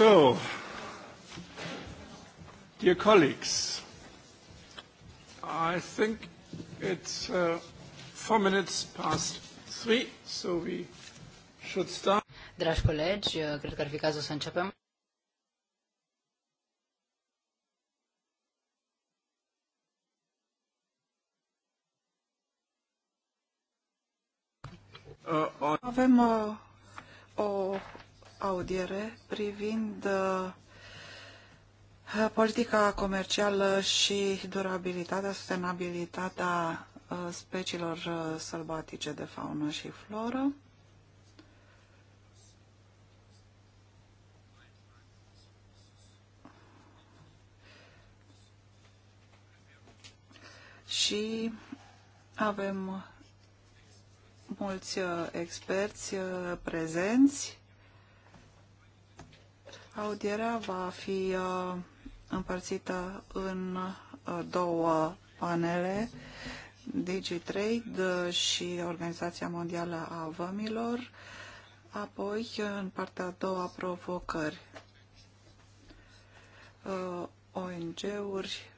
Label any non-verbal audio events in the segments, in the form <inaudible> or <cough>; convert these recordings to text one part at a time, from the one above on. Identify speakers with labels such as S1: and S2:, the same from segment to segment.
S1: So, dear colleagues, I think it's uh, four minutes past three, so we
S2: should start. Dragi colegi, uh, cred că ar fi cazul să începem.
S3: Uh, Avem uh, o audiere privind uh, politica comercială și durabilitatea, sustenabilitatea uh, speciilor uh, sălbatice de faună și floră. Și avem mulți experți prezenți Audierea va fi uh, împărțită în uh, două panele, DigiTrade și Organizația Mondială a Vămilor, apoi în partea a doua provocări uh, ONG-uri,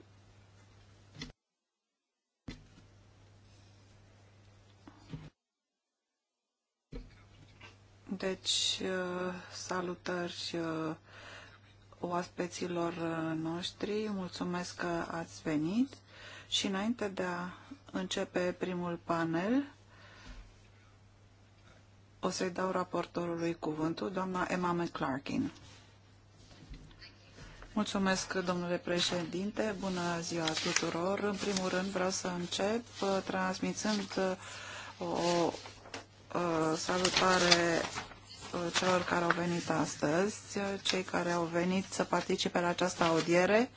S3: Deci, salutări oaspeților uh, noștri. Mulțumesc că ați venit și înainte de a începe primul panel, o să-i dau raportorului cuvântul, doamna Emma McClarkin. Mulțumesc, domnule președinte, bună ziua tuturor. În primul rând vreau să încep uh, transmițând uh, o salutare Uh, celor care au venit astăzi, uh, cei care au venit să participe la această audiere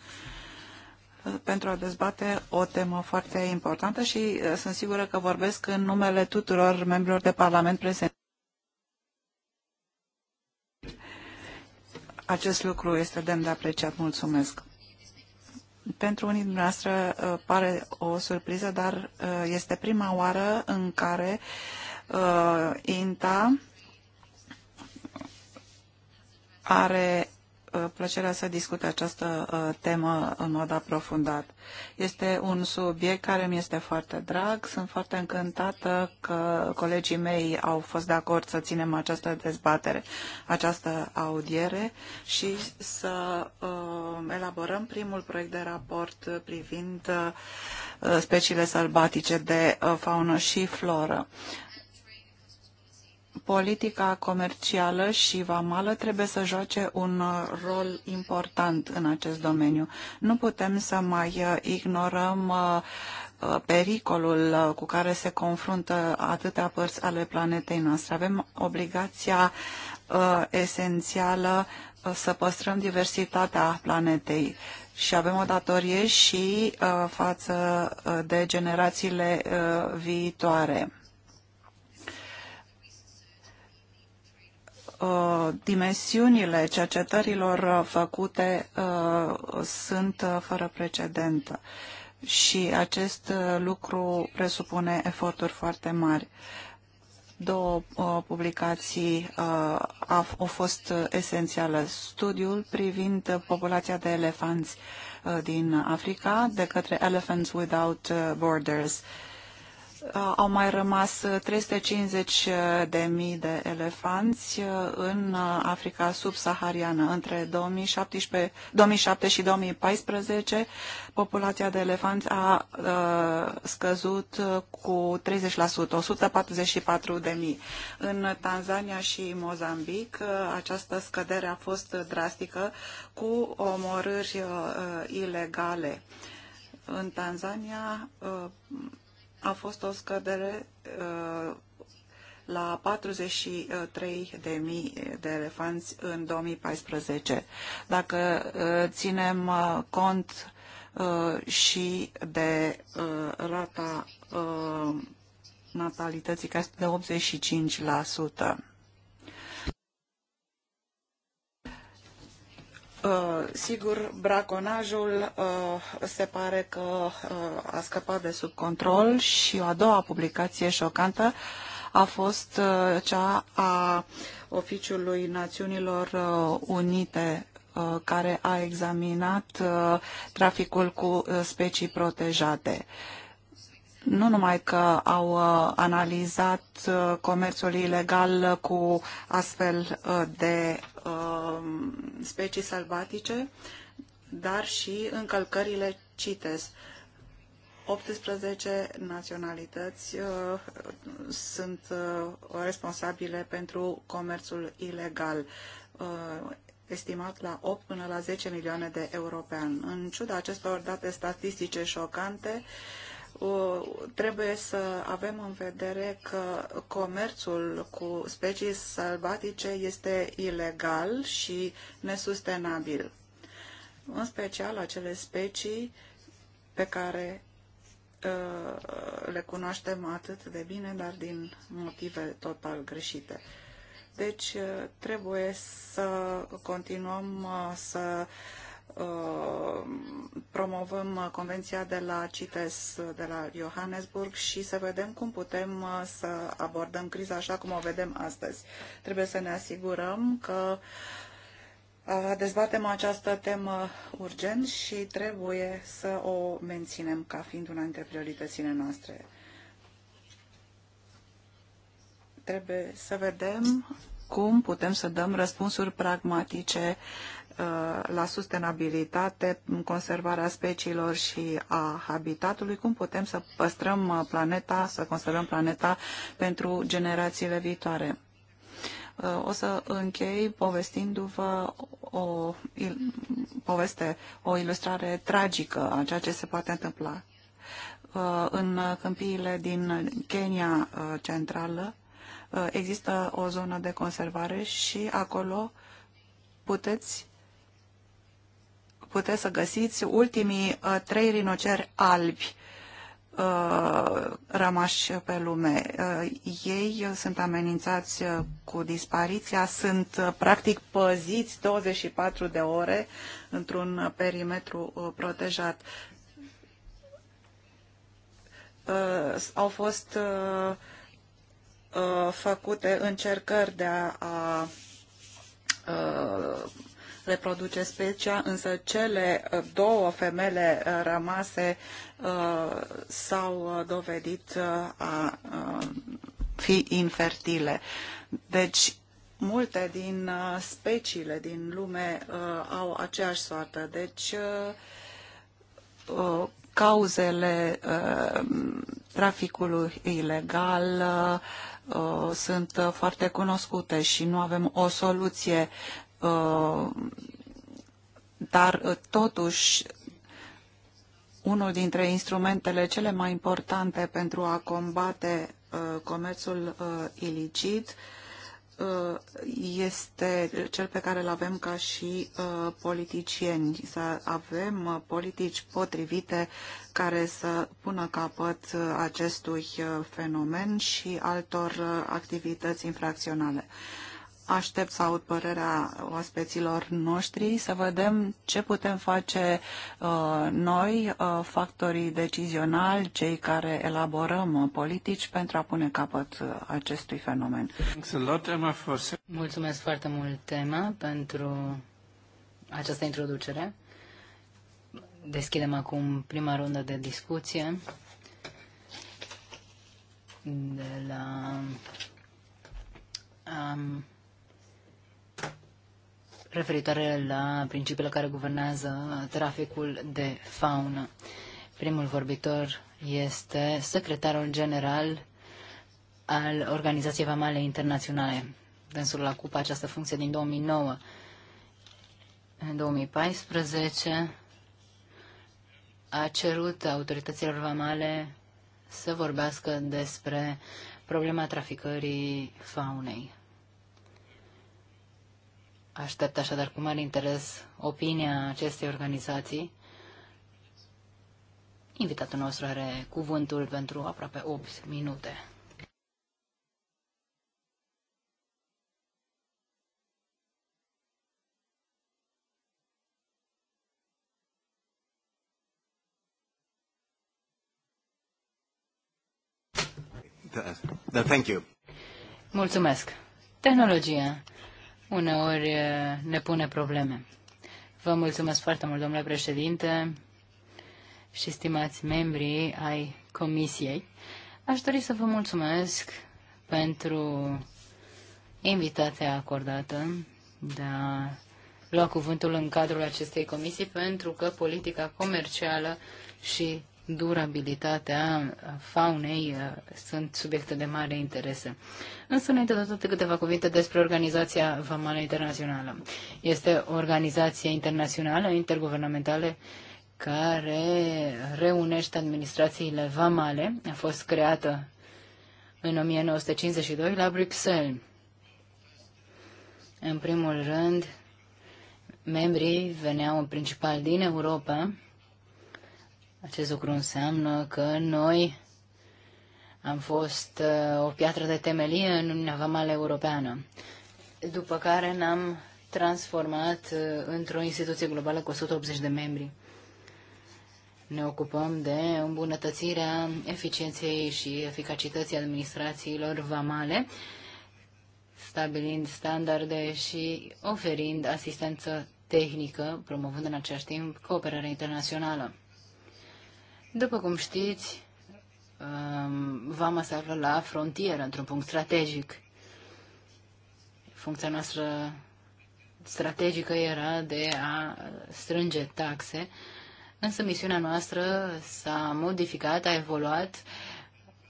S3: uh, pentru a dezbate o temă foarte importantă și sunt sigură că vorbesc în numele tuturor membrilor de Parlament prezenți. Acest lucru este demn de apreciat. Mulțumesc! Pentru unii dumneavoastră pare o surpriză, dar este prima oară în care INTA are uh, plăcerea să discute această uh, temă în mod aprofundat. Este un subiect care mi este foarte drag. Sunt foarte încântată că colegii mei au fost de acord să ținem această dezbatere, această audiere și să uh, elaborăm primul proiect de raport privind uh, speciile sălbatice de uh, faună și floră. Uh, politica comercială și vamală trebuie să joace un rol important în acest domeniu. Nu putem să mai ignorăm uh, uh, pericolul uh, cu care se confruntă atâtea părți ale planetei noastre. Avem obligația esențială să păstrăm diversitatea planetei și avem o datorie și față de generațiile viitoare. Uh, dimensiunile cercetărilor uh, făcute uh, sunt fără precedent și acest lucru presupune eforturi foarte mari. Două publicații au fost esențiale. Studiul privind populația de elefanți din Africa de către Elephants Without Borders Uh, au mai rămas 350 de mii de elefanți uh, în uh, Africa subsahariană. Între 2017, 2007 și 2014, populația de elefanți a scăzut cu 30%, 144 de mii. În Tanzania și Mozambic, această scădere a fost drastică cu omorâri ilegale. În Tanzania, a fost o scădere uh, la 43.000 de mii de elefanți în 2014. Dacă uh, ținem uh, cont și de rata natalității, care este de 85%. Uh, sigur, braconajul uh, se pare că uh, a scăpat de sub control și o a doua publicație șocantă a fost cea a Oficiului Națiunilor Unite care a examinat traficul cu specii protejate. Uh, nu numai că au uh, analizat uh, comerțul ilegal cu astfel uh, de specii sălbatice, dar și încălcările CITES. 18 naționalități uh, sunt uh, responsabile pentru comerțul ilegal, uh, estimat la 8 până la 10 milioane de euro pe an. În ciuda acestor date statistice șocante, uh, Uh, trebuie să avem în vedere că comerțul cu specii sălbatice este ilegal și nesustenabil. În special acele specii pe care uh, le cunoaștem atât de bine, dar din motive total greșite. Deci uh, trebuie să continuăm să uh, Uh, promovăm Convenția de la CITES de la Johannesburg și să vedem cum putem uh, să abordăm criza așa cum o vedem astăzi. Trebuie să ne asigurăm că uh, dezbatem această temă urgent și trebuie să o menținem ca fiind una dintre prioritățile noastre. Trebuie să vedem cum putem să dăm răspunsuri pragmatice uh, la sustenabilitate, conservarea speciilor și a habitatului, cum putem să păstrăm uh, planeta, să conservăm planeta pentru generațiile viitoare. Uh, o să închei povestindu-vă o poveste, o ilustrare tragică a ceea ce se poate întâmpla. Uh, în câmpiile din Kenya centrală există o zonă de conservare și acolo puteți puteți să găsiți ultimii uh, trei rinoceri albi uh, rămași pe lume. Uh, ei uh, sunt amenințați uh, cu dispariția, sunt uh, practic păziți 24 de ore într-un perimetru protejat. Au fost făcute încercări de a, a reproduce specia, însă cele uh, două femele uh, rămase uh, s-au dovedit a fi infertile. Deci, multe din speciile din lume au aceeași soartă. Deci, cauzele traficului ilegal sunt foarte cunoscute și nu avem o soluție Uh, dar uh, totuși unul dintre instrumentele cele mai importante pentru a combate uh, comerțul ilicit este cel pe care îl avem ca și politicieni, să avem politici potrivite care să pună capăt acestui fenomen și altor activități infracționale. Aștept să aud părerea oaspeților noștri, să vedem ce putem face uh, noi, uh, factorii decizionali, cei care elaborăm uh, politici pentru a pune capăt acestui fenomen. Mulțumesc foarte mult, Emma, pentru această introducere.
S2: Deschidem acum prima rundă de discuție de la um, referitoare la principiile care guvernează traficul de faună. Primul vorbitor este secretarul general al Organizației Vamale Internaționale. Dânsul Cupa această funcție din 2009. În 2014 a cerut autorităților vamale să vorbească despre problema traficării faunei. Aștept așadar cu mare interes opinia acestei organizații. Invitatul nostru are cuvântul pentru aproape 8 minute. Da, thank you. Mulțumesc. Tehnologia uneori ne pune probleme. Vă mulțumesc foarte mult, domnule președinte și stimați membrii ai comisiei. Aș dori să vă mulțumesc pentru invitația acordată de a lua cuvântul în cadrul acestei comisii pentru că politica comercială și durabilitatea faunei uh, sunt subiecte de mare interes. Însă, înainte de toate, câteva cuvinte despre Organizația Vamală Internațională. Este o organizație internațională, interguvernamentală, care reunește administrațiile vamale. A fost creată în 1952 la Bruxelles. În primul rând, membrii veneau în principal din Europa, acest lucru înseamnă că noi am fost uh, o piatră de temelie în Uniunea Vamală Europeană, după care ne-am transformat uh, într-o instituție globală cu 180 de membri. Ne ocupăm de îmbunătățirea eficienței și eficacității administrațiilor vamale, stabilind standarde și oferind asistență tehnică, promovând în același timp cooperarea internațională. După cum știți, um, vama se află la frontieră, într-un punct strategic. Funcția noastră strategică era de a strânge taxe, însă misiunea noastră s-a modificat, a evoluat.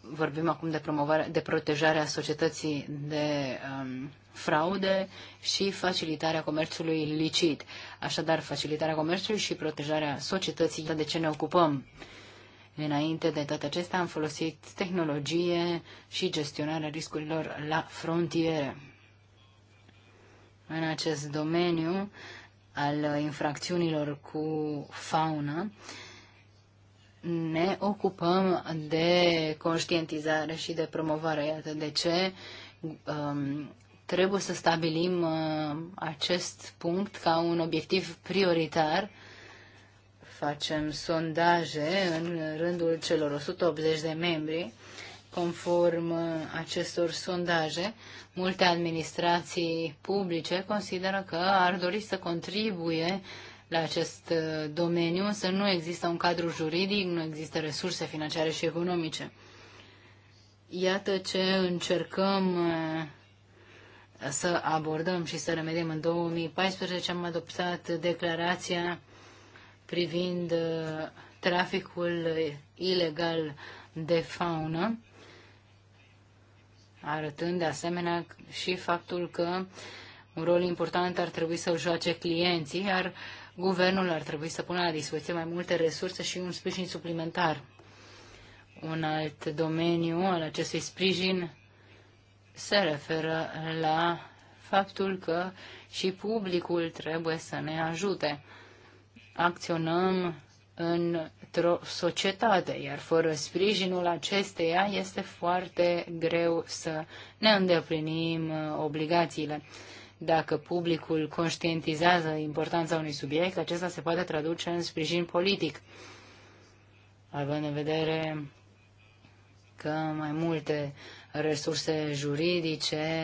S2: Vorbim acum de, promovare, de protejarea societății de um, fraude și facilitarea comerțului licit. Așadar, facilitarea comerțului și protejarea societății de ce ne ocupăm. Înainte de tot acesta am folosit tehnologie și gestionarea riscurilor la frontiere. În acest domeniu al infracțiunilor cu fauna ne ocupăm de conștientizare și de promovare. Iată de ce um, trebuie să stabilim uh, acest punct ca un obiectiv prioritar facem sondaje în rândul celor 180 de membri. Conform uh, acestor sondaje, multe administrații publice consideră că ar dori să contribuie la acest uh, domeniu, însă nu există un cadru juridic, nu există resurse financiare și economice. Iată ce încercăm uh, să abordăm și să remediem. În 2014 am adoptat declarația privind uh, traficul uh, ilegal de faună, arătând de asemenea și faptul că un rol important ar trebui să-l joace clienții, iar guvernul ar trebui să pună la dispoziție mai multe resurse și un sprijin suplimentar. Un alt domeniu al acestui sprijin se referă la faptul că și publicul trebuie să ne ajute acționăm într-o societate, iar fără sprijinul acesteia este foarte greu să ne îndeplinim uh, obligațiile. Dacă publicul conștientizează importanța unui subiect, acesta se poate traduce în sprijin politic, având în vedere că mai multe resurse juridice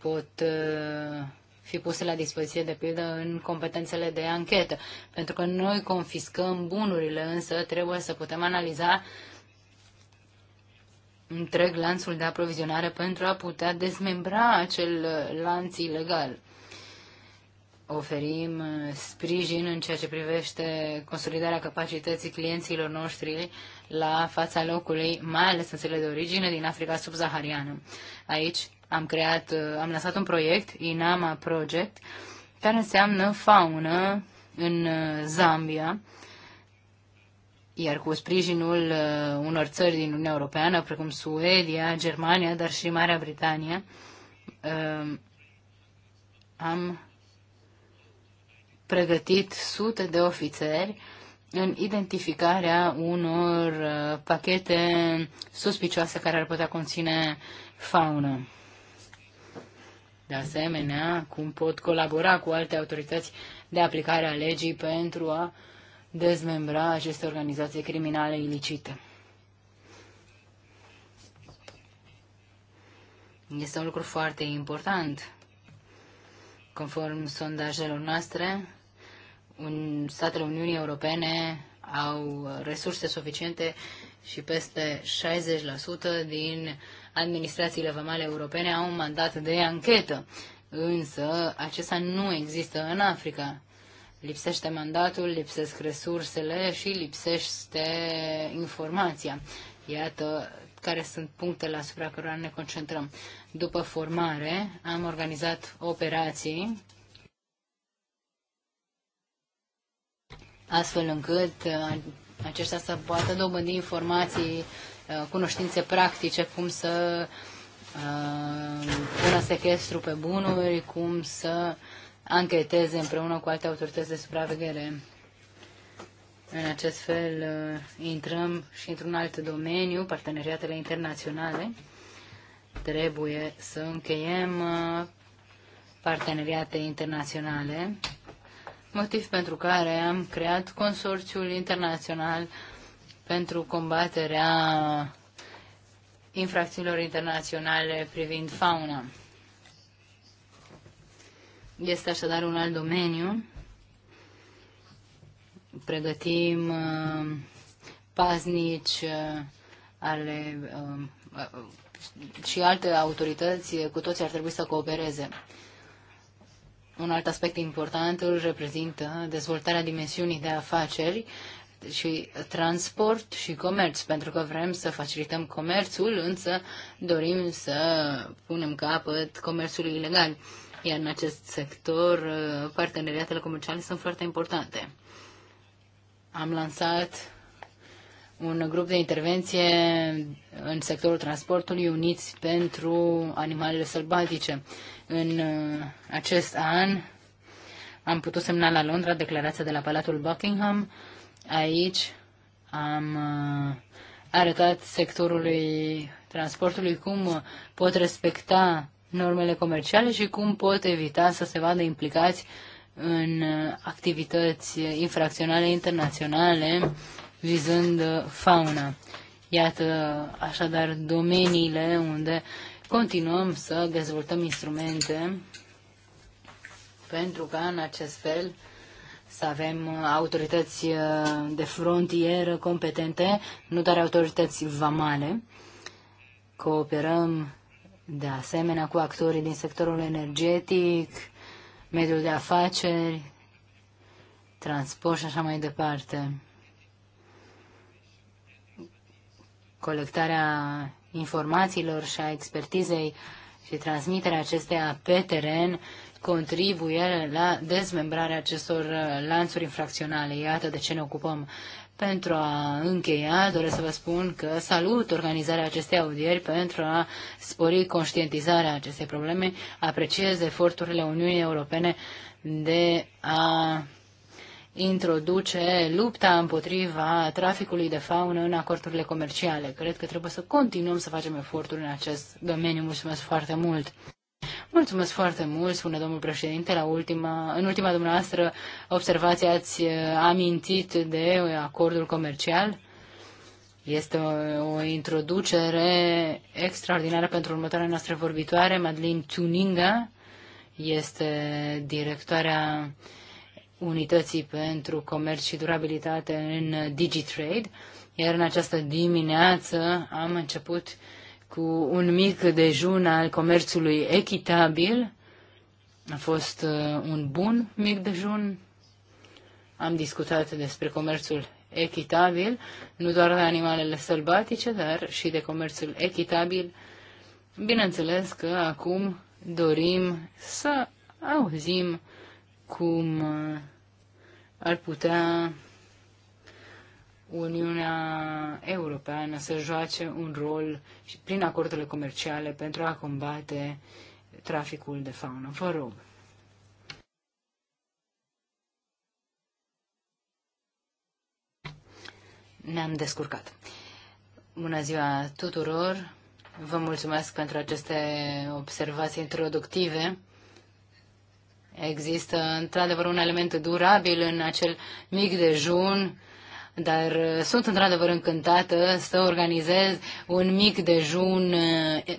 S2: pot uh, fi puse la dispoziție, de pildă, în competențele de anchetă. Pentru că noi confiscăm bunurile, însă trebuie să putem analiza întreg lanțul de aprovizionare pentru a putea dezmembra acel lanț ilegal. Oferim sprijin în ceea ce privește consolidarea capacității clienților noștri la fața locului, mai ales în țările de origine din Africa subsahariană. Aici am creat, am lansat un proiect, Inama Project, care înseamnă faună în uh, Zambia, iar cu sprijinul uh, unor țări din Uniunea Europeană, precum Suedia, Germania, dar și Marea Britanie, uh, am pregătit sute de ofițeri în identificarea unor pachete suspicioase care ar putea conține fauna de asemenea, cum pot colabora cu alte autorități de aplicare a legii pentru a dezmembra aceste organizații criminale ilicite. Este un lucru foarte important. Conform sondajelor noastre, un, statele Uniunii Europene au resurse suficiente și peste 60% din uh, administrațiile vamale europene au un mandat de anchetă, însă acesta nu există în Africa. Lipsește mandatul, lipsesc resursele și lipsește informația. Iată care sunt punctele asupra cărora ne concentrăm. După formare, am organizat operații astfel încât uh, aceștia să poată dobândi informații Uh, cunoștințe practice, cum să uh, pună sequestru pe bunuri, cum să ancheteze împreună cu alte autorități de supraveghere. În acest fel uh, intrăm și într-un alt domeniu, parteneriatele internaționale. Trebuie să încheiem parteneriate internaționale, motiv pentru care am creat Consorțiul Internațional pentru combaterea infracțiunilor internaționale privind fauna. Este așadar un alt domeniu. Pregătim uh, paznici uh, ale, uh, și alte autorități, cu toți ar trebui să coopereze. Un alt aspect important îl reprezintă dezvoltarea dimensiunii de afaceri și transport și comerț, pentru că vrem să facilităm comerțul, însă dorim să punem capăt comerțului ilegal. Iar în acest sector, uh, parteneriatele comerciale sunt foarte importante. Am lansat un grup de intervenție în sectorul transportului uniți pentru animalele sălbatice. În uh, acest an am putut semna la Londra declarația de la Palatul Buckingham Aici am uh, arătat sectorului transportului cum pot respecta normele comerciale și cum pot evita să se vadă implicați în uh, activități infracționale internaționale vizând uh, fauna. Iată așadar domeniile unde continuăm să dezvoltăm instrumente pentru ca în acest fel să avem uh, autorități uh, de frontieră competente, nu doar autorități vamale. Cooperăm de asemenea cu actorii din sectorul energetic, mediul de afaceri, transport și așa mai departe. Colectarea informațiilor și a expertizei și transmiterea acesteia pe teren contribuie la dezmembrarea acestor uh, lanțuri infracționale. Iată de ce ne ocupăm. Pentru a încheia, doresc să vă spun că salut organizarea acestei audieri pentru a spori conștientizarea acestei probleme. Apreciez eforturile Uniunii Europene de a introduce lupta împotriva traficului de faună în acordurile comerciale. Cred că trebuie să continuăm să facem eforturi în acest domeniu. Mulțumesc foarte mult! Mulțumesc foarte mult, spune domnul președinte. La ultima, în ultima dumneavoastră observație ați uh, amintit de acordul comercial. Este o, o introducere extraordinară pentru următoarea noastră vorbitoare, Madeline Tuninga. Este directoarea Unității pentru Comerț și Durabilitate în DigiTrade. Iar în această dimineață am început cu un mic dejun al comerțului echitabil. A fost uh, un bun mic dejun. Am discutat despre comerțul echitabil, nu doar de animalele sălbatice, dar și de comerțul echitabil. Bineînțeles că acum dorim să auzim cum uh, ar putea Uniunea Europeană să joace un rol și prin acordurile comerciale pentru a combate traficul de faună. Vă rog. Ne-am descurcat. Bună ziua tuturor! Vă mulțumesc pentru aceste observații introductive. Există într-adevăr un element durabil în acel mic dejun dar uh, sunt într-adevăr încântată să organizez un mic dejun uh,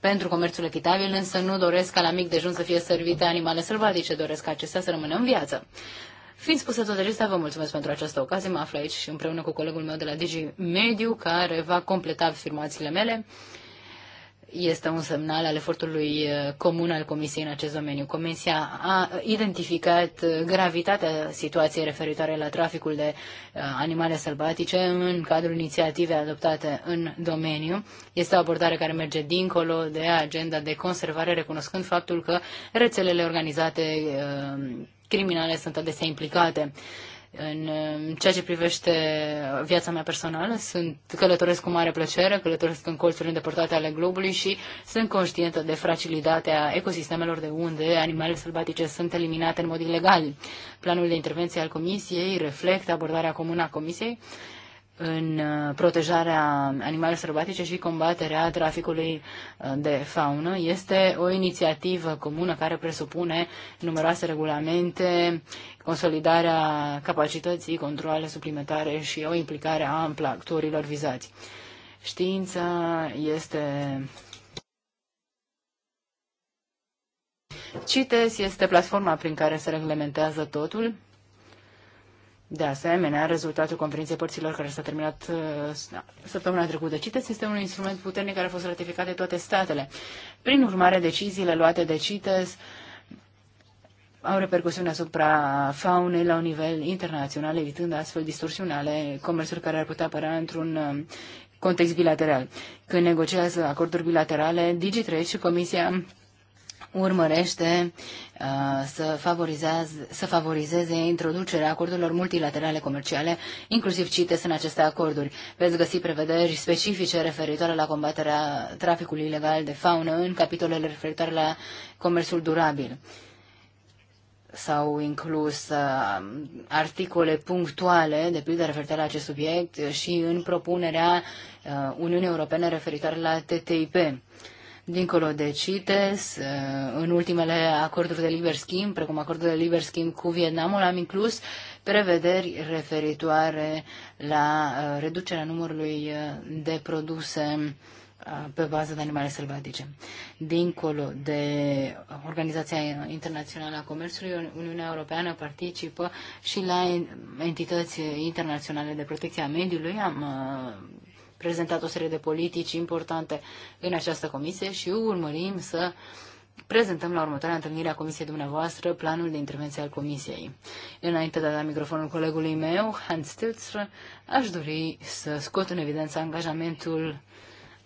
S2: pentru comerțul echitabil, însă nu doresc ca la mic dejun să fie servite animale sălbatice, doresc ca acestea să rămână în viață. Fiind spuse toate acestea, vă mulțumesc pentru această ocazie. Mă aflu aici împreună cu colegul meu de la Digi Mediu, care va completa afirmațiile mele este un semnal al efortului uh, comun al Comisiei în acest domeniu. Comisia a identificat uh, gravitatea situației referitoare la traficul de uh, animale sălbatice în cadrul inițiativei adoptate în domeniu. Este o abordare care merge dincolo de agenda de conservare, recunoscând faptul că rețelele organizate criminale sunt adesea implicate. În um, ceea ce privește viața mea personală, sunt călătoresc cu mare plăcere, călătoresc în colțuri îndepărtate ale globului și sunt conștientă de fragilitatea ecosistemelor de unde animalele sălbatice sunt eliminate în mod ilegal. Planul de intervenție al Comisiei reflectă abordarea comună a Comisiei în uh, protejarea animalelor sălbatice și combaterea traficului uh, de faună. Este o inițiativă comună care presupune numeroase regulamente, consolidarea capacității, controle suplimentare și o implicare amplă a actorilor vizați. Știința este CITES este platforma prin care se reglementează totul. De asemenea, rezultatul conferinței părților care s-a terminat uh, săptămâna trecută, CITES este un instrument puternic care a fost ratificat de toate statele. Prin urmare, deciziile luate de CITES au repercusiune asupra faunei la un nivel internațional, evitând astfel distorsiuni ale comerțului care ar putea apărea într-un um, context bilateral. Când negociază acorduri bilaterale, DigiTrade și Comisia urmărește uh, să, să, să favorizeze introducerea acordurilor multilaterale comerciale, inclusiv CITES în aceste acorduri. Veți găsi prevederi specifice referitoare la combaterea traficului ilegal de faună în capitolele referitoare la comerțul durabil. S-au inclus uh, articole punctuale, de pildă referitoare la acest subiect, și în propunerea uh, Uniunii Europene referitoare la TTIP. Uh, dincolo de CITES. Eh, în ultimele acorduri de liber schimb, precum acordul de liber schimb cu Vietnamul, am inclus prevederi referitoare la eh, reducerea numărului eh, de produse pe bază de animale sălbatice. Dincolo de Organizația Internațională a Comerțului, Uniunea Europeană participă și la entități internaționale de protecție a mediului. Am prezentat o serie de politici importante în această comisie și urmărim să prezentăm la următoarea întâlnire a comisiei dumneavoastră planul de intervenție al comisiei. Înainte de a da microfonul colegului meu, Hans Tiltr, aș dori să scot în evidență angajamentul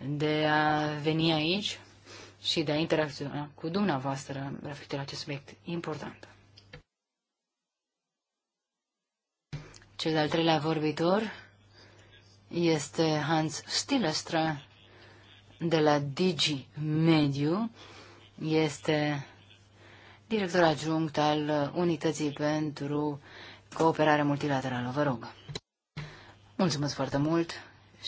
S2: de a veni aici și de a interacționa cu dumneavoastră referitor la acest subiect important. Cel de-al treilea vorbitor este Hans Stilestra de la Digi Mediu. Este director adjunct al Unității pentru Cooperare Multilaterală. Vă rog. Mulțumesc foarte mult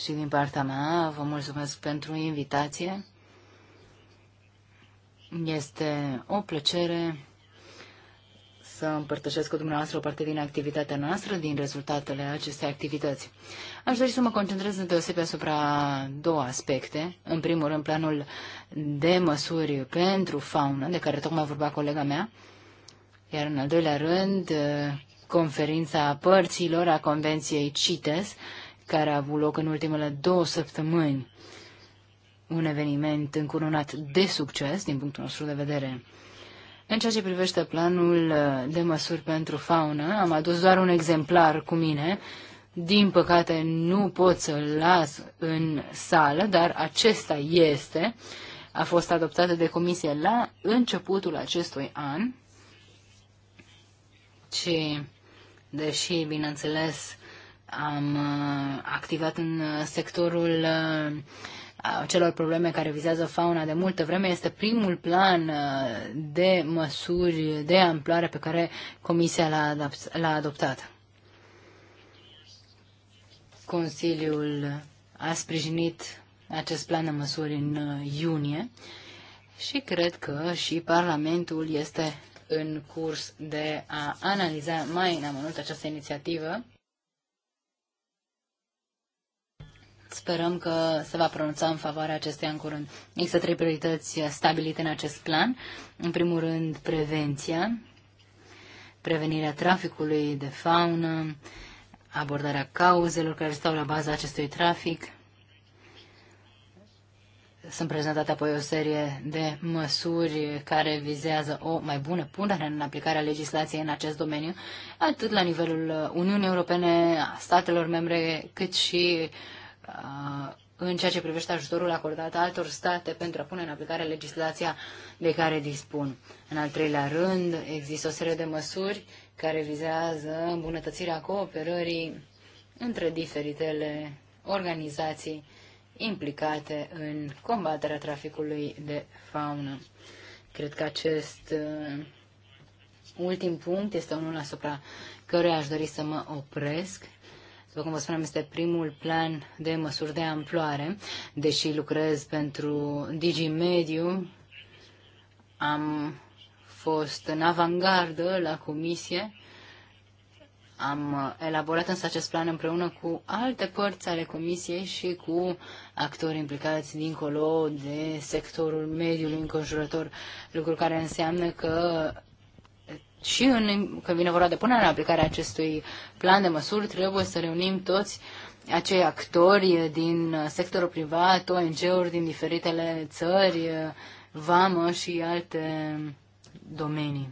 S2: și din partea mea vă mulțumesc pentru invitație. Este o plăcere să împărtășesc cu dumneavoastră o parte din activitatea noastră, din rezultatele acestei activități. Aș dori să mă concentrez deosebire asupra două aspecte. În primul rând, planul de măsuri pentru faună, de care tocmai vorbea colega mea, iar în al doilea rând, conferința părților a Convenției CITES, care a avut loc în ultimele două săptămâni. Un eveniment încununat de succes din punctul nostru de vedere. În ceea ce privește planul uh, de măsuri pentru faună, am adus doar un exemplar cu mine. Din păcate nu pot să-l las în sală, dar acesta este. A fost adoptată de comisie la începutul acestui an și, deși, bineînțeles, am uh, activat în uh, sectorul uh, acelor probleme care vizează fauna de multă vreme este primul plan uh, de măsuri de amploare pe care Comisia l-a adoptat. Consiliul a sprijinit acest plan de măsuri în uh, iunie și cred că și Parlamentul este în curs de a analiza mai în amănunt această inițiativă Sperăm că se va pronunța în favoarea acesteia în curând. Există trei priorități stabilite în acest plan. În primul rând, prevenția, prevenirea traficului de faună, abordarea cauzelor care stau la baza acestui trafic. Sunt prezentate apoi o serie de măsuri care vizează o mai bună punere în aplicarea legislației în acest domeniu, atât la nivelul Uniunii Europene, a statelor membre, cât și uh, Uh, în ceea ce privește ajutorul acordat altor state pentru a pune în aplicare legislația de care dispun. În al treilea rând, există o serie de măsuri care vizează îmbunătățirea cooperării între diferitele organizații implicate în combaterea traficului de faună. Cred că acest uh, ultim punct este unul asupra căruia aș dori să mă opresc după cum vă spuneam, este primul plan de măsuri de amploare. Deși lucrez pentru DigiMediu, am fost în avangardă la comisie. Am elaborat însă acest plan împreună cu alte părți ale comisiei și cu actori implicați dincolo de sectorul mediului înconjurător, lucru care înseamnă că și în, când vine vorba de punerea în aplicare acestui plan de măsuri, trebuie să reunim toți acei actori din sectorul privat, ONG-uri din diferitele țări, vamă și alte domenii.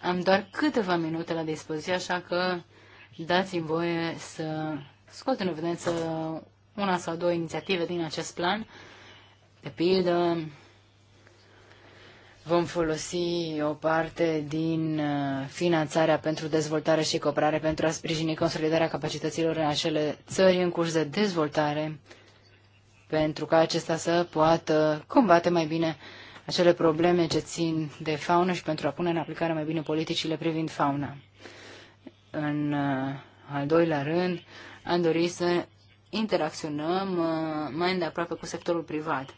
S2: Am doar câteva minute la dispoziție, așa că dați-mi voie să scot în evidență una sau două inițiative din acest plan. De pildă, Vom folosi o parte din uh, finanțarea pentru dezvoltare și cooperare pentru a sprijini consolidarea capacităților în acele țări în curs de dezvoltare, pentru ca acesta să poată combate mai bine acele probleme ce țin de faună și pentru a pune în aplicare mai bine politicile privind fauna. În uh, al doilea rând, am dorit să interacționăm uh, mai îndeaproape cu sectorul privat.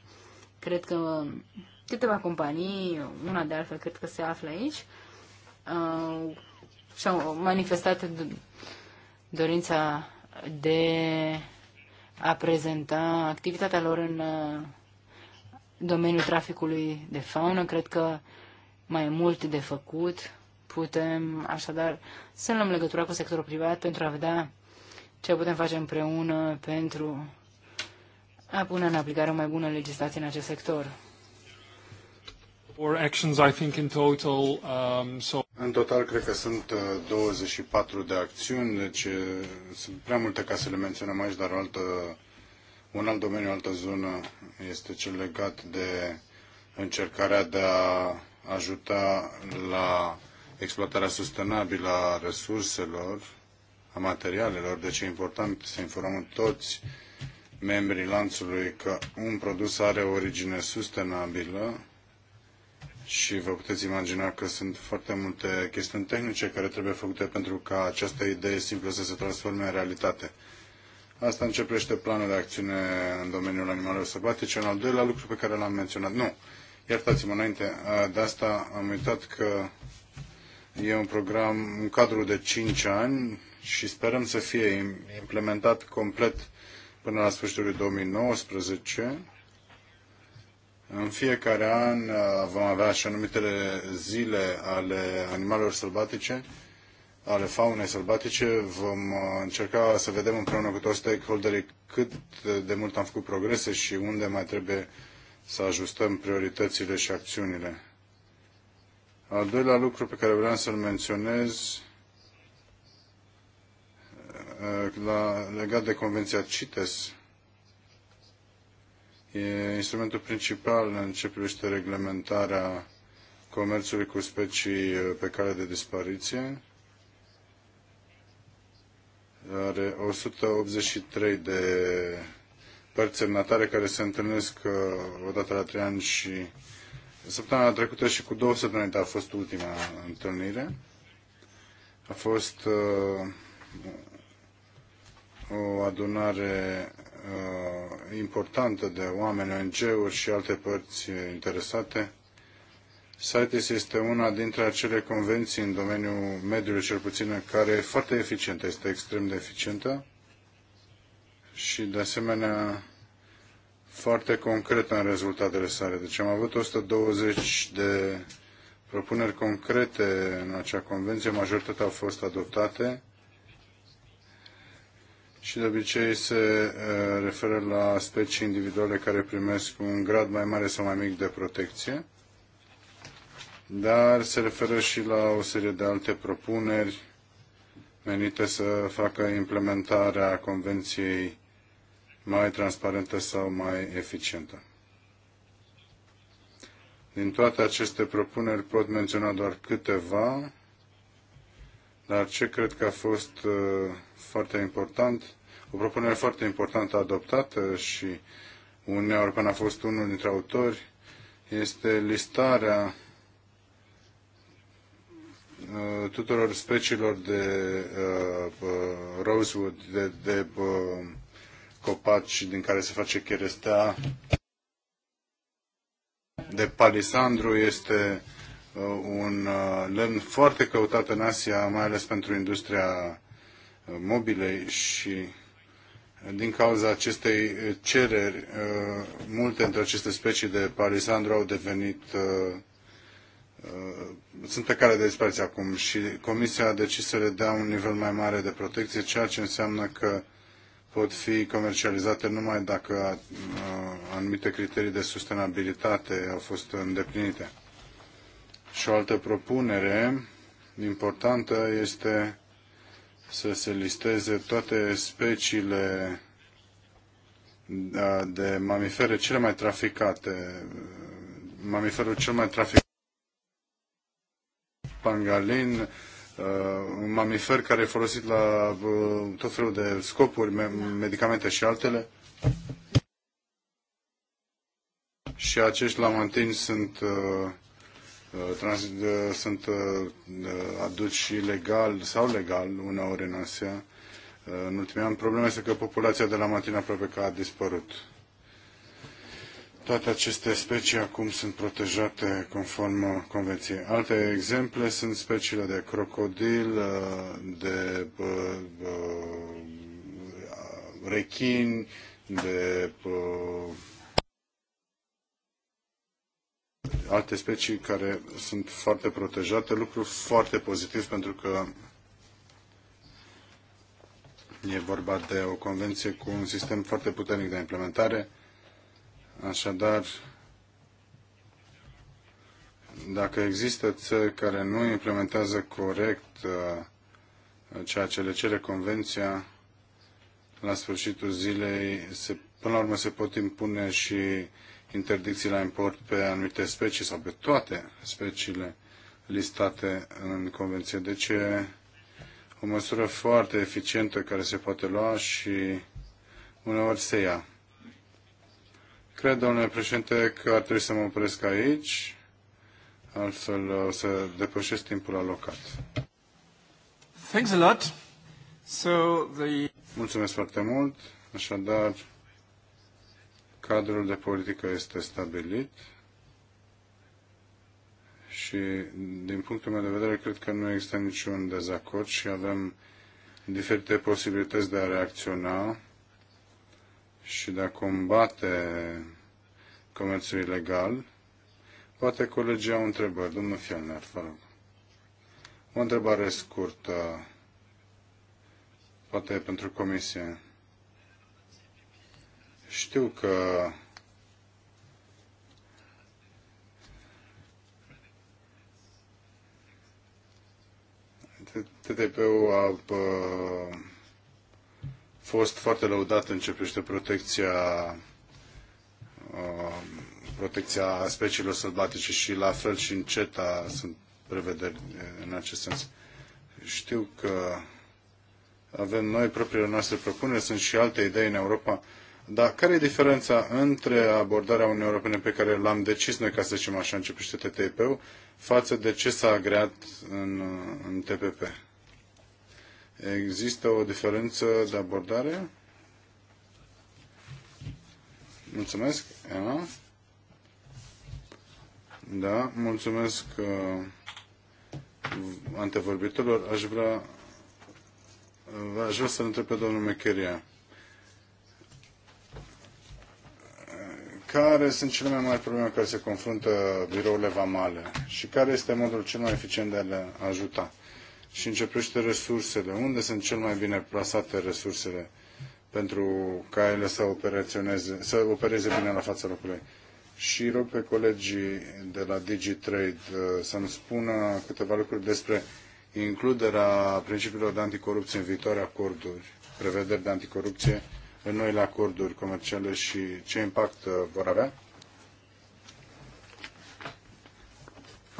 S2: Cred că Câteva companii, una de altfel cred că se află aici, uh, și-au manifestat dorința de a prezenta activitatea lor în uh, domeniul traficului de faună. Cred că mai mult de făcut. Putem așadar să luăm legătura cu sectorul privat pentru a vedea ce putem face împreună pentru a pune în aplicare o mai bună legislație în acest sector.
S3: Um,
S1: În total, cred că sunt 24 uh, de acțiuni, deci uh, sunt prea multe ca să le menționăm aici, dar o altă, un alt domeniu, o altă zonă este cel legat de încercarea de a ajuta la exploatarea sustenabilă a resurselor, a materialelor. Deci e important să informăm toți membrii lanțului că un produs are o origine sustenabilă și vă puteți imagina că sunt foarte multe chestiuni tehnice care trebuie făcute pentru ca această idee simplă să se transforme în realitate. Asta începește planul de acțiune în domeniul animalelor sălbatice. În al doilea lucru pe care l-am menționat, nu, iertați-mă înainte, de asta am uitat că e un program, un cadru de 5 ani și sperăm să fie implementat complet până la sfârșitul 2019 în fiecare an uh, vom avea așa numitele zile ale animalelor sălbatice, ale faunei sălbatice. Vom uh, încerca să vedem împreună cu toți stakeholderii cât de mult am făcut progrese și unde mai trebuie să ajustăm prioritățile și acțiunile. Al doilea lucru pe care vreau să-l menționez uh, la, legat de Convenția CITES, E instrumentul principal în ce privește reglementarea comerțului cu specii pe cale de dispariție. Are 183 de părți semnatare care se întâlnesc uh, odată la trei ani și săptămâna trecută și cu două săptămâni a fost ultima întâlnire. A fost uh, o adunare Uh, importantă de oameni, ONG-uri și alte părți interesate. CITES este una dintre acele convenții în domeniul mediului, cel puțin, care e foarte eficientă, este extrem de eficientă și, de asemenea, foarte concretă în rezultatele sale. Deci am avut 120 de propuneri concrete în acea convenție, majoritatea au fost adoptate și de obicei se uh, referă la specii individuale care primesc un grad mai mare sau mai mic de protecție, dar se referă și la o serie de alte propuneri menite să facă implementarea convenției mai transparentă sau mai eficientă. Din toate aceste propuneri pot menționa doar câteva, dar ce cred că a fost uh, foarte important, o propunere foarte importantă adoptată și Uniunea Europeană a fost unul dintre autori, este listarea uh, tuturor speciilor de uh, uh, rosewood, de, de uh, copaci din care se face cherestea, de palisandru, este uh, un lemn foarte căutat în Asia, mai ales pentru industria mobilei și din cauza acestei cereri, uh, multe dintre aceste specii de palisandru au devenit uh, uh, sunt pe cale de dispariție acum și Comisia a decis să le dea un nivel mai mare de protecție, ceea ce înseamnă că pot fi comercializate numai dacă anumite criterii de sustenabilitate au fost îndeplinite. Și o altă propunere importantă este să se listeze toate speciile da, de mamifere cele mai traficate, mamiferul cel mai traficat, pangalin, uh, un mamifer care e folosit la uh, tot felul de scopuri, medicamente și altele. Și acești lamantini sunt uh, Uh, trans, sunt uh, și legal sau legal uneori în Asia. Uh, în ultimii ani, problema este că populația de la Matina aproape că a dispărut. Toate aceste specii acum sunt protejate conform convenției. Alte exemple sunt speciile de crocodil, de rechini, de alte specii care sunt foarte protejate, lucru foarte pozitiv pentru că e vorba de o convenție cu un sistem foarte puternic de implementare. Așadar, dacă există țări care nu implementează corect uh, ceea ce le cere convenția, la sfârșitul zilei, se, până la urmă se pot impune și interdicții la import pe anumite specii sau pe toate speciile listate în convenție. Deci e o măsură foarte eficientă care se poate lua și uneori se ia. Cred, domnule președinte, că ar trebui să mă opresc aici, altfel o să depășesc timpul alocat. Thanks a lot. So the... Mulțumesc foarte mult. Așadar, cadrul de politică este stabilit și, din punctul meu de vedere, cred că nu există niciun dezacord și avem diferite posibilități de a reacționa și de a combate comerțul ilegal. Poate colegii au întrebări. Domnul Fielner, vă rog. O întrebare scurtă, poate pentru comisie. Știu că TTP-ul a fost foarte lăudat în ce privește protecția protecția speciilor sălbatice și la fel și în CETA sunt prevederi în acest sens. Știu că avem noi propriile noastre propuneri, sunt și alte idei în Europa dar care e diferența între abordarea Uniunii Europene pe care l-am decis noi, ca să zicem așa, începește TTIP-ul, față de ce s-a agreat în, în TPP? Există o diferență de abordare? Mulțumesc, Emma. Da, mulțumesc uh, antevorbitorilor. Aș vrea, aș vrea să-l întreb pe domnul Mecheria. care sunt cele mai mari probleme care se confruntă birourile vamale și care este modul cel mai eficient de a le ajuta. Și începește resursele. Unde sunt cel mai bine plasate resursele pentru ca ele să, operaționeze, să opereze bine la fața locului? Și rog pe colegii de la DigiTrade uh, să-mi spună câteva lucruri despre includerea principiilor de anticorupție în viitoare acorduri, prevederi de anticorupție în noile acorduri comerciale și ce impact uh, vor avea?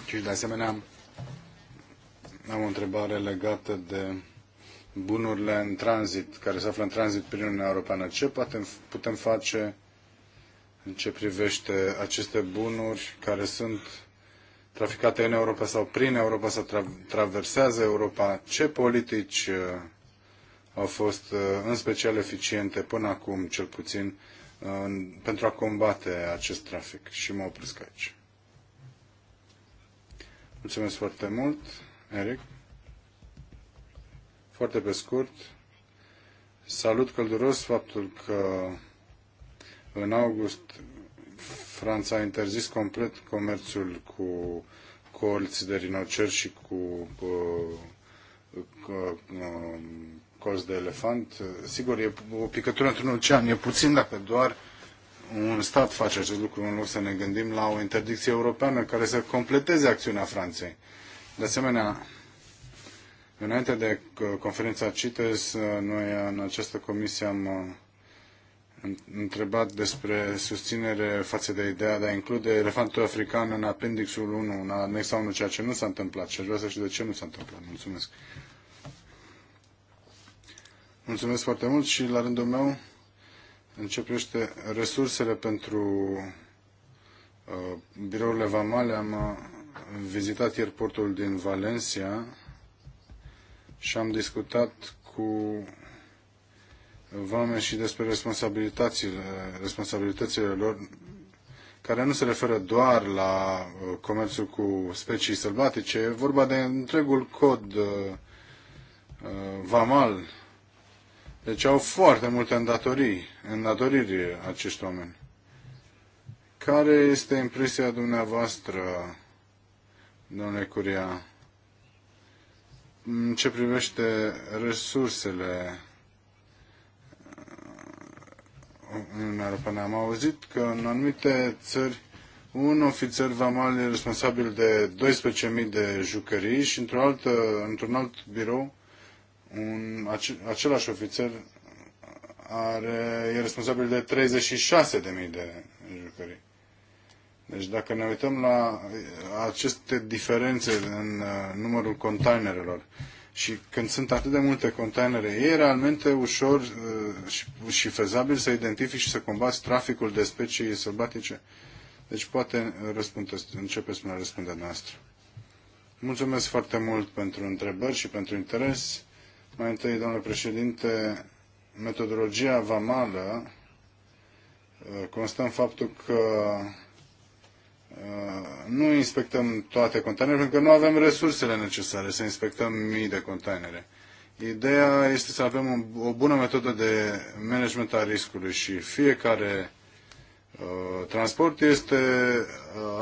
S1: Și de asemenea am o întrebare legată de bunurile în tranzit, care se află în tranzit prin Uniunea Europeană. Ce putem, putem face în ce privește aceste bunuri care sunt traficate în Europa sau prin Europa sau tra- traversează Europa? Ce politici uh, au fost uh, în special eficiente până acum, cel puțin, uh, în, pentru a combate acest trafic. Și mă opresc aici. Mulțumesc foarte mult, Eric. Foarte pe scurt, salut călduros faptul că în august Franța a interzis complet comerțul cu colți de rinocer și cu, uh, cu, cu, cu um, colț de elefant. Sigur, e o picătură într-un ocean, e puțin dacă doar un stat face acest lucru în loc să ne gândim la o interdicție europeană care să completeze acțiunea Franței. De asemenea, înainte de conferința CITES, noi în această comisie am uh, întrebat despre susținere față de ideea de a include elefantul african în apendixul 1, în anexa 1, ceea ce nu s-a întâmplat și aș vrea să știu de ce nu s-a întâmplat. Mulțumesc. Mulțumesc foarte mult și la rândul meu începește resursele pentru uh, birourile vamale. Am uh, vizitat ieri portul din Valencia și am discutat cu vame și despre responsabilitățile, responsabilitățile lor care nu se referă doar la uh, comerțul cu specii sălbatice, e vorba de întregul cod uh, uh vamal deci au foarte multe îndatorii, îndatoriri acești oameni. Care este impresia dumneavoastră, domnule Curia, în ce privește resursele uh, Uniunea Europeană? Am auzit că în anumite țări un ofițer vamal e responsabil de 12.000 de jucării și într-un alt, într alt birou un, același ofițer are, e responsabil de 36.000 de jucării. Deci dacă ne uităm la uh, aceste diferențe în uh, numărul containerelor și când sunt atât de multe containere, e realmente ușor uh, și, și fezabil să identifici și să combați traficul de specii sălbatice? Deci poate răspundeți, începeți până răspunderea noastră. Mulțumesc foarte mult pentru întrebări și pentru interes. Mai întâi, domnule președinte, metodologia vamală uh, constă în faptul că uh, nu inspectăm toate containerele pentru că nu avem resursele necesare să inspectăm mii de containere. Ideea este să avem o bună metodă de management a riscului și fiecare uh, transport este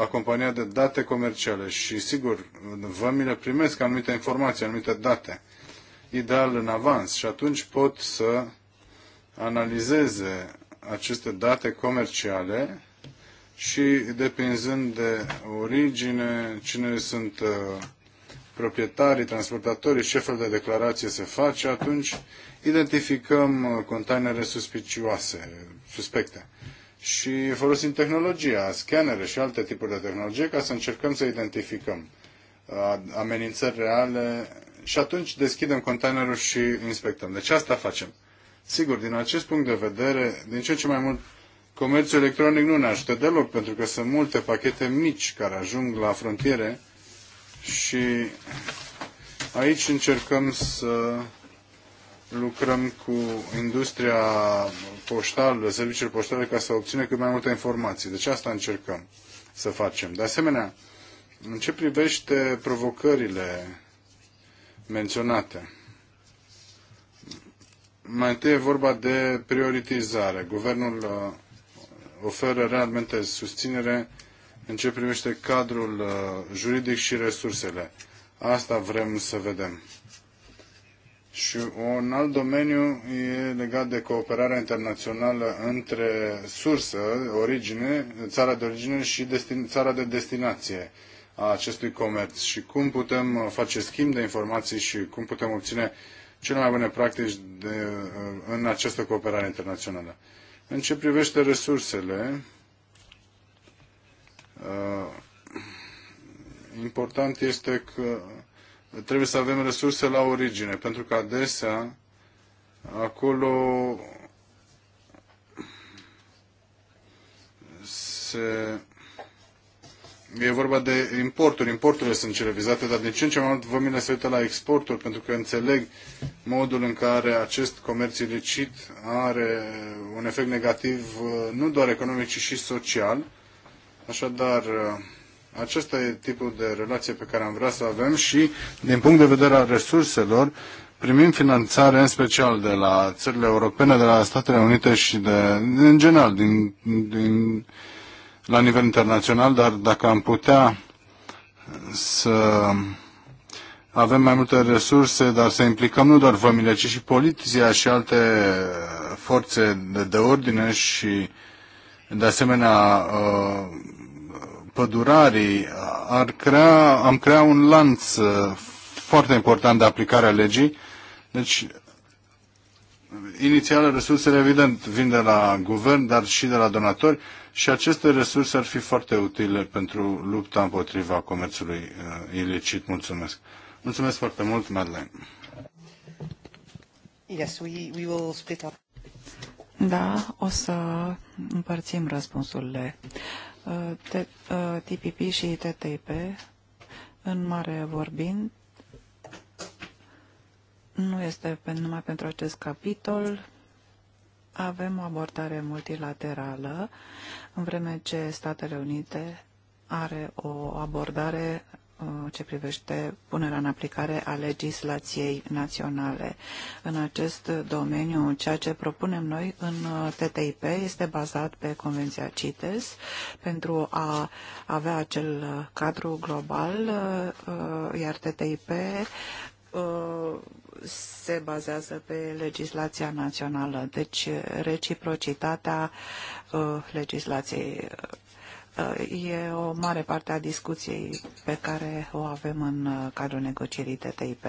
S1: acompaniat de date comerciale și, sigur, vămile primesc anumite informații, anumite date ideal în avans și atunci pot să analizeze aceste date comerciale și depinzând de origine, cine sunt uh, proprietarii, transportatorii, ce fel de declarație se face, atunci identificăm uh, containere suspicioase, suspecte. Și folosim tehnologia, scanere și alte tipuri de tehnologie ca să încercăm să identificăm uh, amenințări reale și atunci deschidem containerul și inspectăm. Deci asta facem. Sigur, din acest punct de vedere, din ce ce mai mult, comerțul electronic nu ne ajută deloc, pentru că sunt multe pachete mici care ajung la frontiere și aici încercăm să lucrăm cu industria poștală, serviciile poștale, ca să obținem cât mai multe informații. Deci asta încercăm să facem. De asemenea, în ce privește provocările menționate. Mai întâi e vorba de prioritizare. Guvernul uh, oferă realmente susținere în ce privește cadrul uh, juridic și resursele. Asta vrem să vedem. Și un alt domeniu e legat de cooperarea internațională între sursă, origine, țara de origine și destin, țara de destinație a acestui comerț și cum putem uh, face schimb de informații și cum putem obține cele mai bune practici de, uh, în această cooperare internațională. În ce privește resursele, uh, important este că trebuie să avem resurse la origine, pentru că adesea acolo se e vorba de importuri. Importurile sunt cele vizate, dar de ce în ce mai mult vămile se uită la exporturi, pentru că înțeleg modul în care acest comerț ilicit are un efect negativ nu doar economic, ci și social. Așadar, acesta e tipul de relație pe care am vrea să avem și, din punct de vedere al resurselor, primim finanțare în special de la țările europene, de la Statele Unite și de, în general, din, din la nivel internațional, dar dacă am putea să avem mai multe resurse, dar să implicăm nu doar vămile, ci și poliția și alte forțe de, de ordine și, de asemenea, pădurarii, ar crea, am crea un lanț foarte important de aplicare a legii. Deci, inițial, resursele, evident, vin de la guvern, dar și de la donatori, și aceste resurse ar fi foarte utile pentru lupta împotriva comerțului uh, ilicit. Mulțumesc. Mulțumesc foarte mult, Madeleine.
S3: Yes, we, we will split up. Da, o să împărțim răspunsurile. Uh, TPP uh, și TTIP, în mare vorbind, nu este numai pentru acest capitol, avem o abordare multilaterală, în vreme ce Statele Unite are o abordare uh, ce privește punerea în aplicare a legislației naționale. În acest domeniu, ceea ce propunem noi în uh, TTIP este bazat pe Convenția CITES pentru a avea acel uh, cadru global, iar TTIP Uh, se bazează pe legislația națională, deci reciprocitatea uh, legislației uh, E o mare parte a discuției pe care o avem în cadrul negocierii TTIP.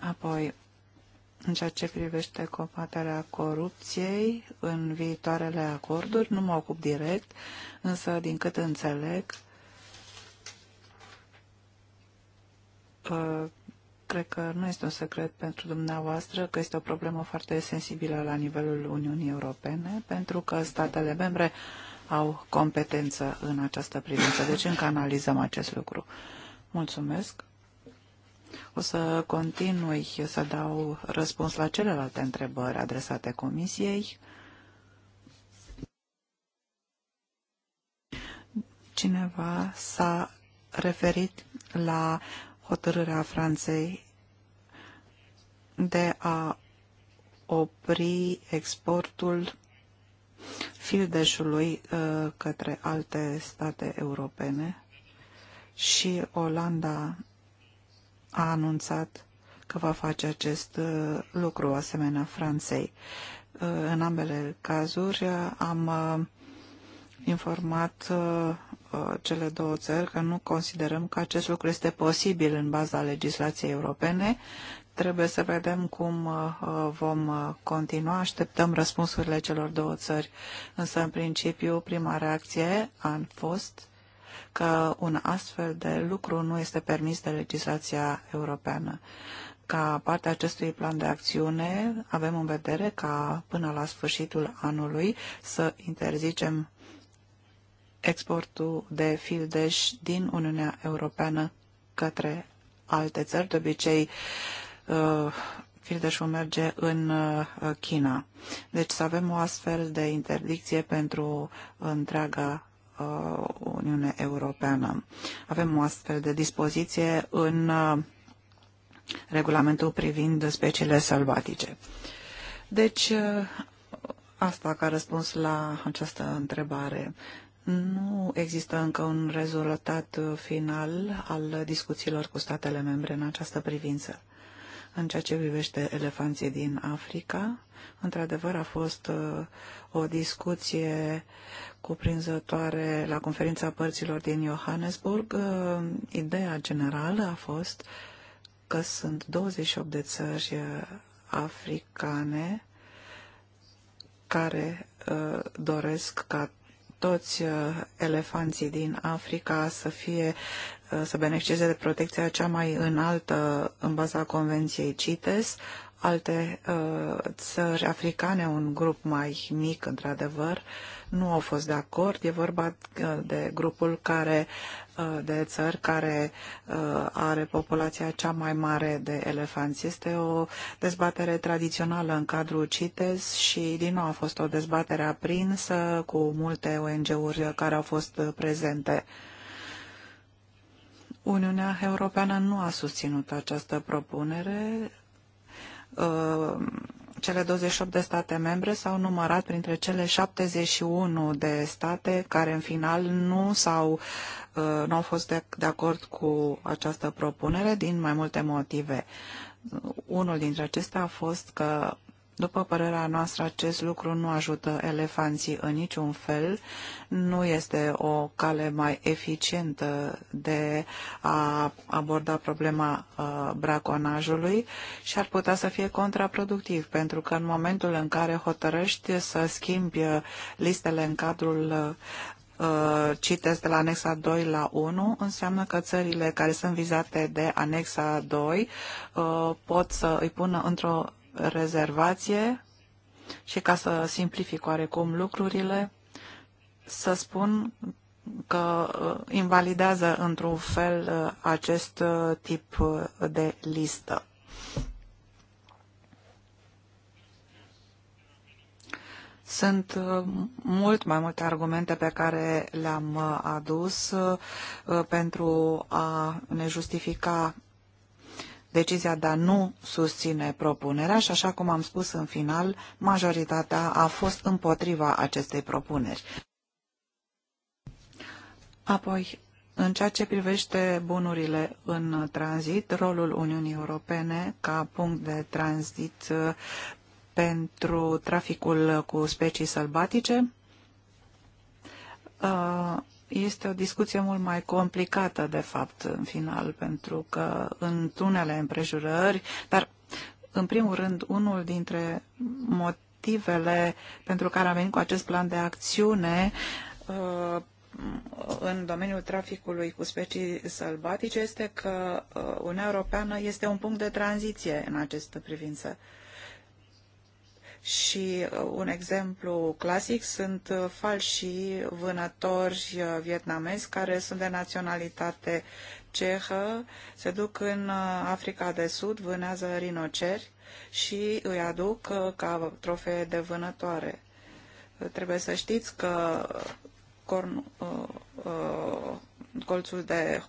S3: Apoi, în ceea ce privește combaterea corupției în viitoarele acorduri, nu mă ocup direct, însă, din cât înțeleg, cred că nu este un secret pentru dumneavoastră că este o problemă foarte sensibilă la nivelul Uniunii Europene, pentru că statele membre au competență în această privință. Deci încă analizăm acest lucru. Mulțumesc. O să continui să dau răspuns la celelalte întrebări adresate Comisiei. Cineva s-a referit la hotărârea Franței de a opri exportul fildeșului uh, către alte state europene și Olanda a anunțat că va face acest uh, lucru asemenea Franței. Uh, în ambele cazuri am informat Uh, cele două țări că nu considerăm că acest lucru este posibil în baza legislației europene. Trebuie să vedem cum uh, uh, vom continua. Așteptăm răspunsurile celor două țări. Însă, în principiu, prima reacție a fost că un astfel de lucru nu este permis de legislația europeană. Ca parte a acestui plan de acțiune, avem în vedere ca până la sfârșitul anului să interzicem exportul de fildeș din Uniunea Europeană către alte țări. De obicei, uh, fildeșul merge în uh, China. Deci să avem o astfel de interdicție pentru întreaga uh, Uniune Europeană. Avem o astfel de dispoziție în regulamentul privind speciile sălbatice. Deci, asta ca răspuns la această întrebare. Nu există încă un rezultat uh, final al discuțiilor cu statele membre în această privință. În ceea ce privește elefanții din Africa, într-adevăr a fost uh, o discuție cuprinzătoare la conferința părților din Johannesburg. Uh, ideea generală a fost că sunt 28 de țări africane care doresc ca toți uh, elefanții din Africa să fie uh, să beneficieze de protecția cea mai înaltă în baza Convenției CITES, alte uh, țări africane, un grup mai mic, într-adevăr, nu au fost de acord. E vorba uh, de grupul care, uh, de țări care uh, are populația cea mai mare de elefanți. Este o dezbatere tradițională în cadrul CITES și din nou a fost o dezbatere aprinsă cu multe ONG-uri care au fost prezente. Uniunea Europeană nu a susținut această propunere cele 28 de state membre s-au numărat printre cele 71 de state care în final nu s-au uh, nu au fost de, de acord cu această propunere din mai multe motive. Unul dintre acestea a fost că după părerea noastră, acest lucru nu ajută elefanții în niciun fel, nu este o cale mai eficientă de a aborda problema uh, braconajului și ar putea să fie contraproductiv, pentru că în momentul în care hotărăști să schimbi uh, listele în cadrul uh, citesc de la anexa 2 la 1, înseamnă că țările care sunt vizate de anexa 2 pot să îi pună într-o rezervație și ca să simplific oarecum lucrurile, să spun că uh, invalidează într-un fel uh, acest uh, tip de listă. Sunt mult mai multe argumente pe care le-am adus pentru a ne justifica decizia de a nu susține propunerea și, așa cum am spus în final, majoritatea a fost împotriva acestei propuneri. Apoi, în ceea ce privește bunurile în tranzit, rolul Uniunii Europene ca punct de tranzit uh, pentru traficul cu specii sălbatice, uh, este o discuție mult mai complicată, de fapt, în final, pentru că în unele împrejurări, dar, în primul rând, unul dintre motivele pentru care am venit cu acest plan de acțiune uh, în domeniul traficului cu specii sălbatice este că uh, Uniunea Europeană este un punct de tranziție în această privință și uh, un exemplu clasic sunt uh, falși vânători uh, vietnamezi care sunt de naționalitate cehă, se duc în Africa de Sud, vânează rinoceri și îi aduc ca trofee de vânătoare. Trebuie să știți că corn, uh, uh, colțul de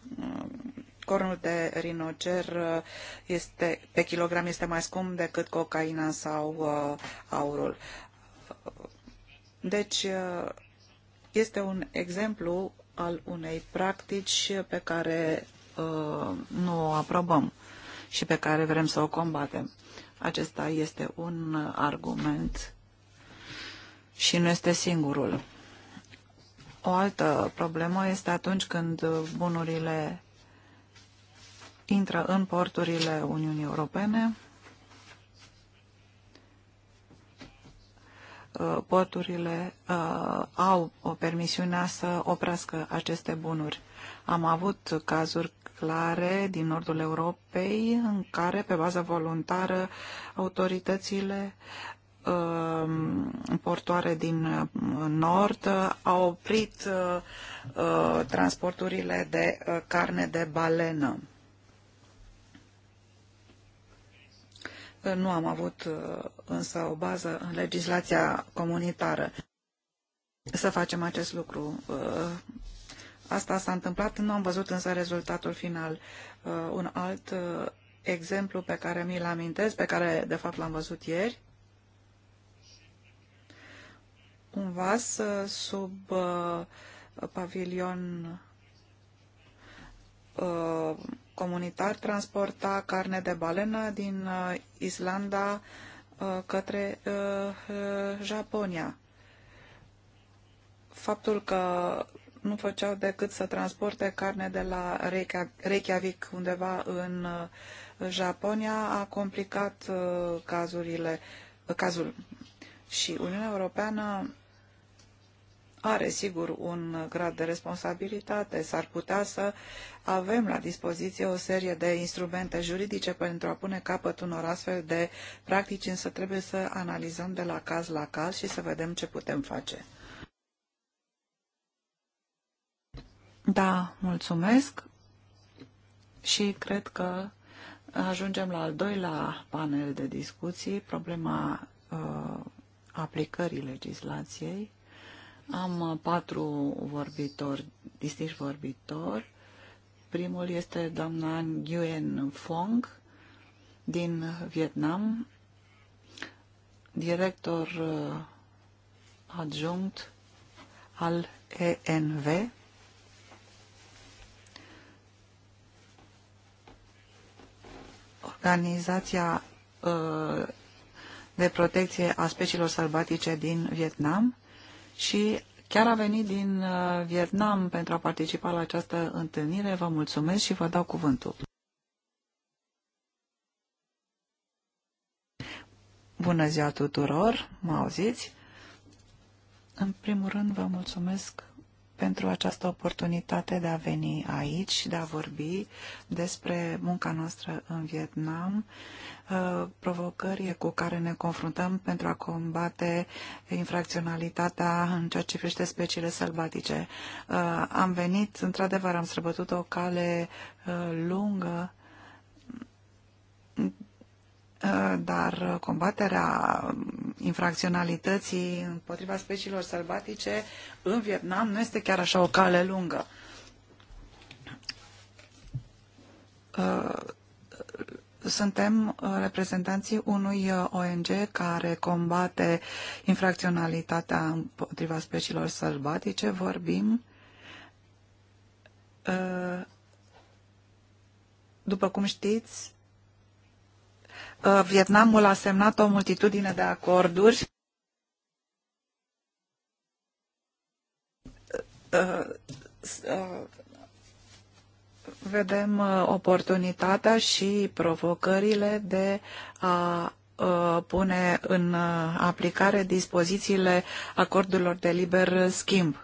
S3: cornul de rinocer uh, este, pe kilogram este mai scump decât cocaina sau uh, aurul. Deci, uh, este un exemplu al unei practici pe care nu o aprobăm și pe care vrem să o combatem. Acesta este un argument și nu este singurul. O altă problemă este atunci când bunurile intră în porturile Uniunii Europene, uh, porturile uh, au o permisiunea să oprească aceste bunuri. Am avut cazuri clare din nordul Europei în care, pe bază voluntară, autoritățile uh, portoare din uh, nord au oprit uh, uh transporturile de carne de balenă. Nu am avut uh, însă o bază în legislația comunitară să facem acest lucru. Uh, asta s-a întâmplat, nu am văzut însă rezultatul final. Uh, un alt exemplu pe care mi-l amintesc, pe care de fapt l-am văzut ieri, un vas sub pavilion comunitar transporta carne de balenă din uh, Islanda uh, către uh, Japonia. Faptul că nu făceau decât să transporte carne de la Reykjavik undeva în Japonia a complicat cazurile, cazul. Și Uniunea Europeană are sigur un grad de responsabilitate. S-ar putea să avem la dispoziție o serie de instrumente juridice pentru a pune capăt unor astfel de practici, însă trebuie să analizăm de la caz la caz și să vedem ce putem face. Da, mulțumesc și cred că ajungem la al doilea panel de discuții, problema uh, aplicării legislației. Am uh, patru vorbitori, distinși vorbitori. Primul este doamna Nguyen Fong din Vietnam, director uh, adjunct al ENV. Organizația uh, de protecție a speciilor sălbatice din Vietnam și chiar a venit din uh, Vietnam pentru a participa la această întâlnire. Vă mulțumesc și vă dau cuvântul. Bună ziua tuturor, mă auziți? În primul rând vă mulțumesc pentru această oportunitate de a veni aici și de a vorbi despre munca noastră în Vietnam, uh, provocările cu care ne confruntăm pentru a combate infracționalitatea în ceea ce privește speciile sălbatice. Uh, am venit, într-adevăr, am străbătut o cale uh, lungă Uh, dar combaterea um, infracționalității împotriva speciilor sălbatice în Vietnam nu este chiar așa o cale lungă. Uh, suntem uh, reprezentanții unui ONG care combate infracționalitatea împotriva speciilor sălbatice. Vorbim după cum știți, Uh, Vietnamul a semnat o multitudine de acorduri uh, uh, vedem oportunitatea și provocările de a pune în aplicare dispozițiile acordurilor de liber schimb.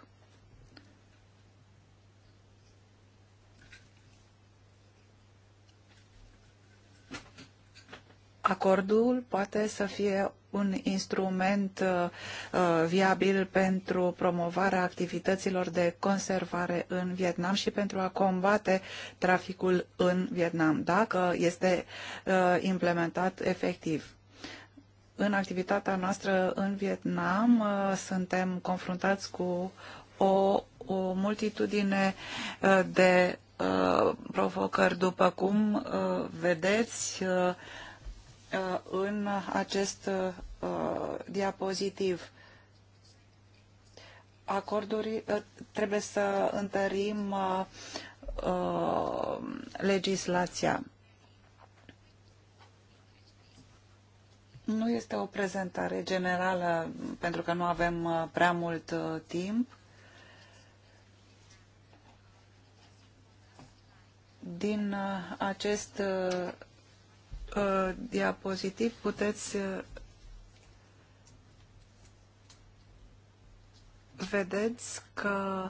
S3: acordul poate să fie un instrument uh, uh, viabil pentru promovarea activităților de conservare în Vietnam și pentru a combate traficul în Vietnam, dacă este uh, implementat efectiv. În activitatea noastră în Vietnam uh, suntem confruntați cu o, o multitudine uh, de uh, provocări, după cum vedeți, Uh, în acest uh, diapozitiv. Acorduri, uh, trebuie să întărim legislația. Nu este o prezentare generală, pentru că nu avem prea mult timp. Din acest uh, diapozitiv puteți uh, vedeți că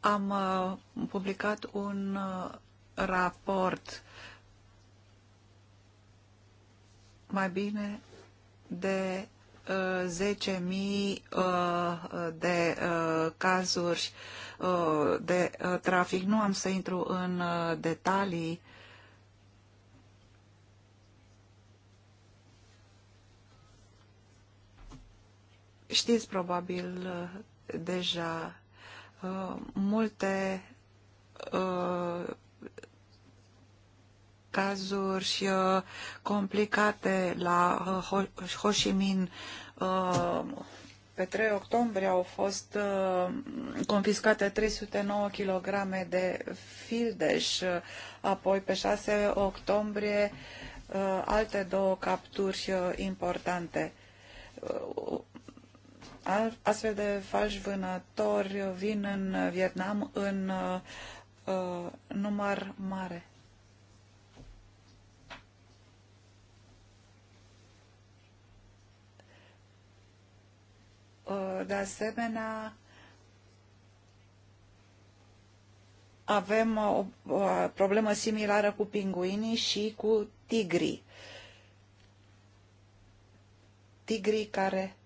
S3: am uh, publicat un uh, raport mai bine de 10.000 uh, uh, de uh, cazuri de trafic. Nu am să intru în detalii Știți probabil uh, deja uh, multe uh, cazuri și complicate la Ho Chi Minh pe 3 octombrie au fost confiscate 309 kg de fildeș, apoi pe 6 octombrie alte două capturi importante astfel de falși vânători vin în Vietnam în uh, număr mare. Uh, de asemenea, avem uh, o, o problemă similară cu pinguinii și cu tigrii. Tigrii care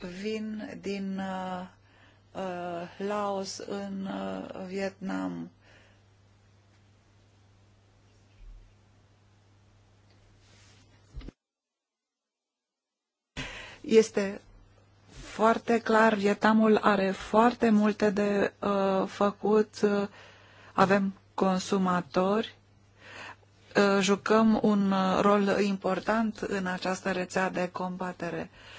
S3: vin din uh, uh, Laos în uh, Vietnam. Este foarte clar, Vietnamul are foarte multe de uh, făcut. Avem consumatori, uh, jucăm un rol important în această rețea de combatere. Uh,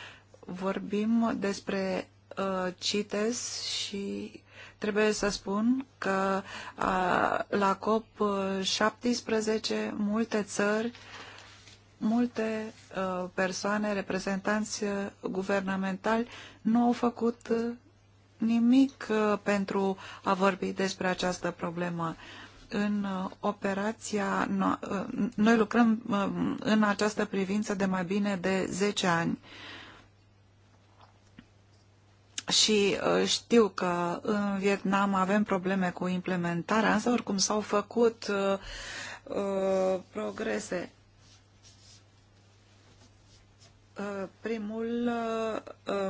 S3: vorbim despre uh, CITES și trebuie să spun că uh, la COP17 uh, multe țări, multe uh, persoane, reprezentanți uh, guvernamentali nu au făcut uh, nimic pentru a vorbi despre această problemă în operația, noi lucrăm în această privință de mai bine de 10 ani și uh, știu că în Vietnam avem probleme cu implementarea, însă oricum s-au făcut uh, uh progrese. Uh, primul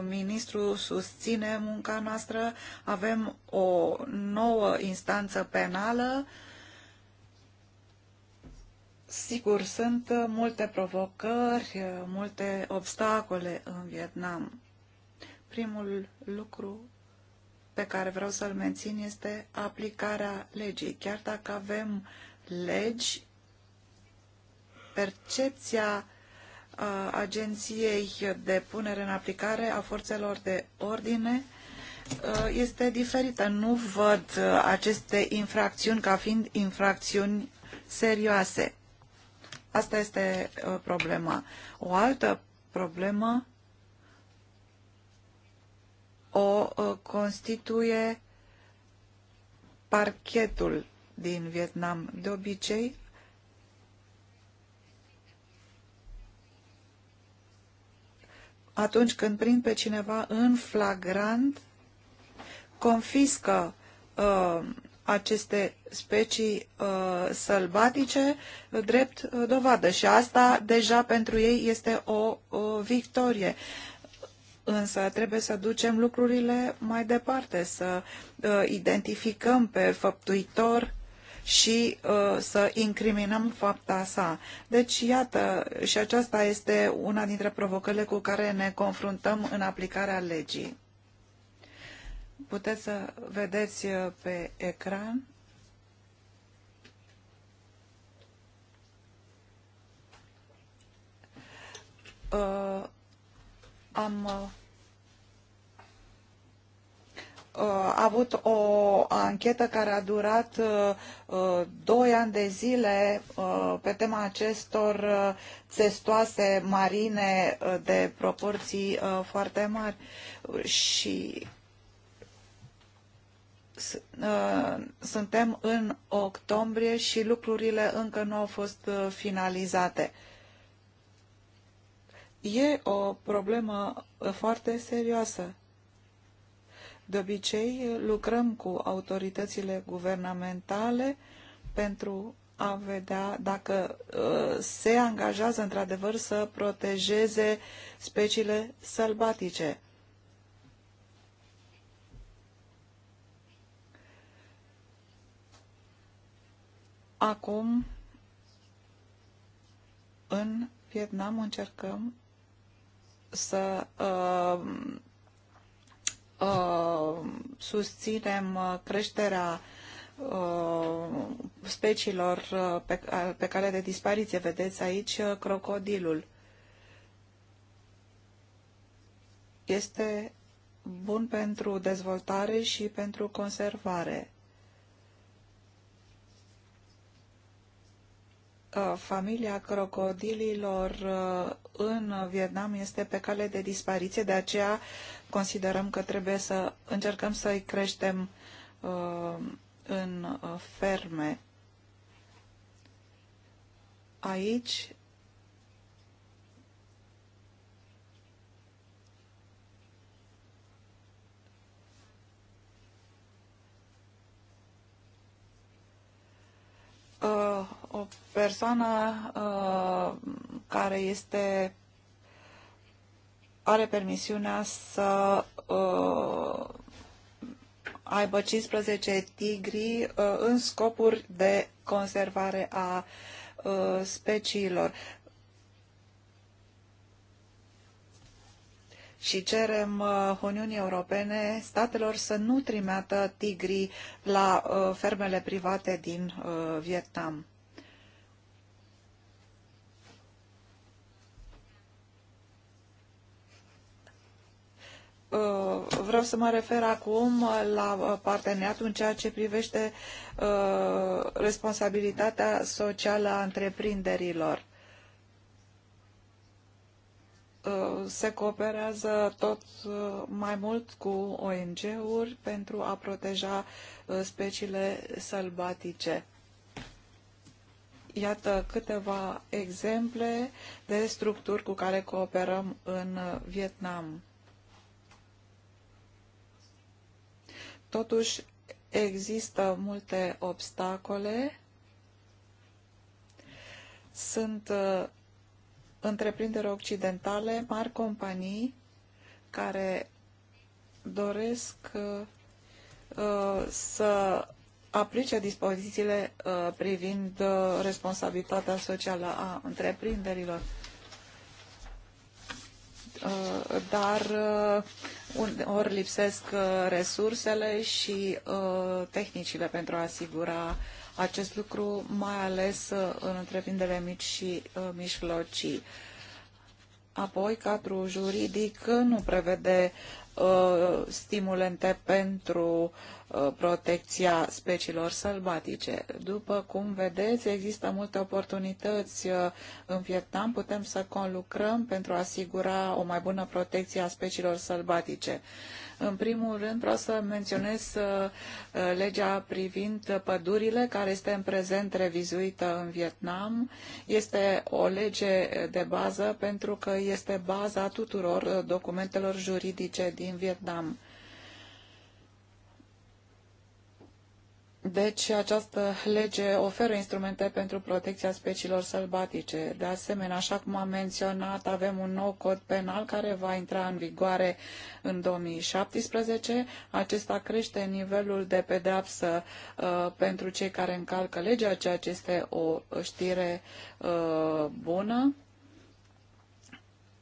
S3: ministru susține munca noastră, avem o nouă instanță penală. Sigur, sunt multe provocări, multe obstacole în Vietnam Primul lucru pe care vreau să-l mențin este aplicarea legii. Chiar dacă avem legi, percepția uh, agenției de punere în aplicare a forțelor de ordine uh, este diferită. Nu văd uh, aceste infracțiuni ca fiind infracțiuni serioase. Asta este problema. O altă problemă o constituie parchetul din Vietnam. De obicei, atunci când prind pe cineva în flagrant, confiscă uh, aceste specii uh, sălbatice uh, drept uh, dovadă și asta deja pentru ei este o, o victorie. Uh, Însă trebuie să ducem lucrurile mai departe, să uh, identificăm pe făptuitor și uh, să incriminăm fapta sa. Deci, iată, și aceasta este una dintre provocările cu care ne confruntăm în aplicarea legii. Puteți să vedeți uh, pe ecran. Uh, am uh, avut o anchetă care a durat uh, doi ani de zile uh, pe tema acestor țestoase uh, marine de proporții foarte mari și suntem în octombrie și lucrurile încă nu au fost finalizate. E o problemă foarte serioasă. De obicei, lucrăm cu autoritățile guvernamentale pentru a vedea dacă uh, se angajează într-adevăr să protejeze speciile sălbatice. Acum, în Vietnam, încercăm să uh, uh, susținem uh, creșterea uh, speciilor uh, pe, uh, pe care de dispariție. Vedeți aici crocodilul. Este bun pentru dezvoltare și pentru conservare. familia crocodililor uh, în Vietnam este pe cale de dispariție, de aceea considerăm că trebuie să încercăm să-i creștem uh, în uh, ferme. Aici uh, o persoană uh, care este are permisiunea să uh, aibă 15 tigri uh, în scopuri de conservare a uh, speciilor. și cerem uh, Uniunii Europene statelor să nu trimeată tigrii la uh, fermele private din uh, Vietnam. Vreau să mă refer acum la parteneriatul în ceea ce privește responsabilitatea socială a întreprinderilor Uh, se cooperează tot uh, mai mult cu ONG-uri pentru a proteja uh, speciile sălbatice. Iată câteva exemple de structuri cu care cooperăm în Vietnam. Totuși, există multe obstacole. Sunt întreprinderi occidentale, mari companii care doresc uh, să aplice dispozițiile uh, privind uh, responsabilitatea socială a întreprinderilor. Uh, dar uh, ori lipsesc uh, resursele și tehnicile pentru a asigura acest lucru mai ales uh, în întreprinderile mici și uh, mijlocii. Apoi, cadrul juridic nu prevede Uh, stimulente pentru uh, protecția speciilor sălbatice. După cum vedeți, există multe oportunități uh, în Vietnam. Putem să conlucrăm pentru a asigura o mai bună protecție a speciilor sălbatice. În primul rând vreau să menționez legea privind pădurile, care este în prezent revizuită în Vietnam. Este o lege de bază pentru că este baza tuturor documentelor juridice din din Vietnam. Deci această lege oferă instrumente pentru protecția speciilor sălbatice. De asemenea, așa cum am menționat, avem un nou cod penal care va intra în vigoare în 2017. Acesta crește nivelul de pedeapsă uh, pentru cei care încalcă legea, ceea ce este o știre uh, bună.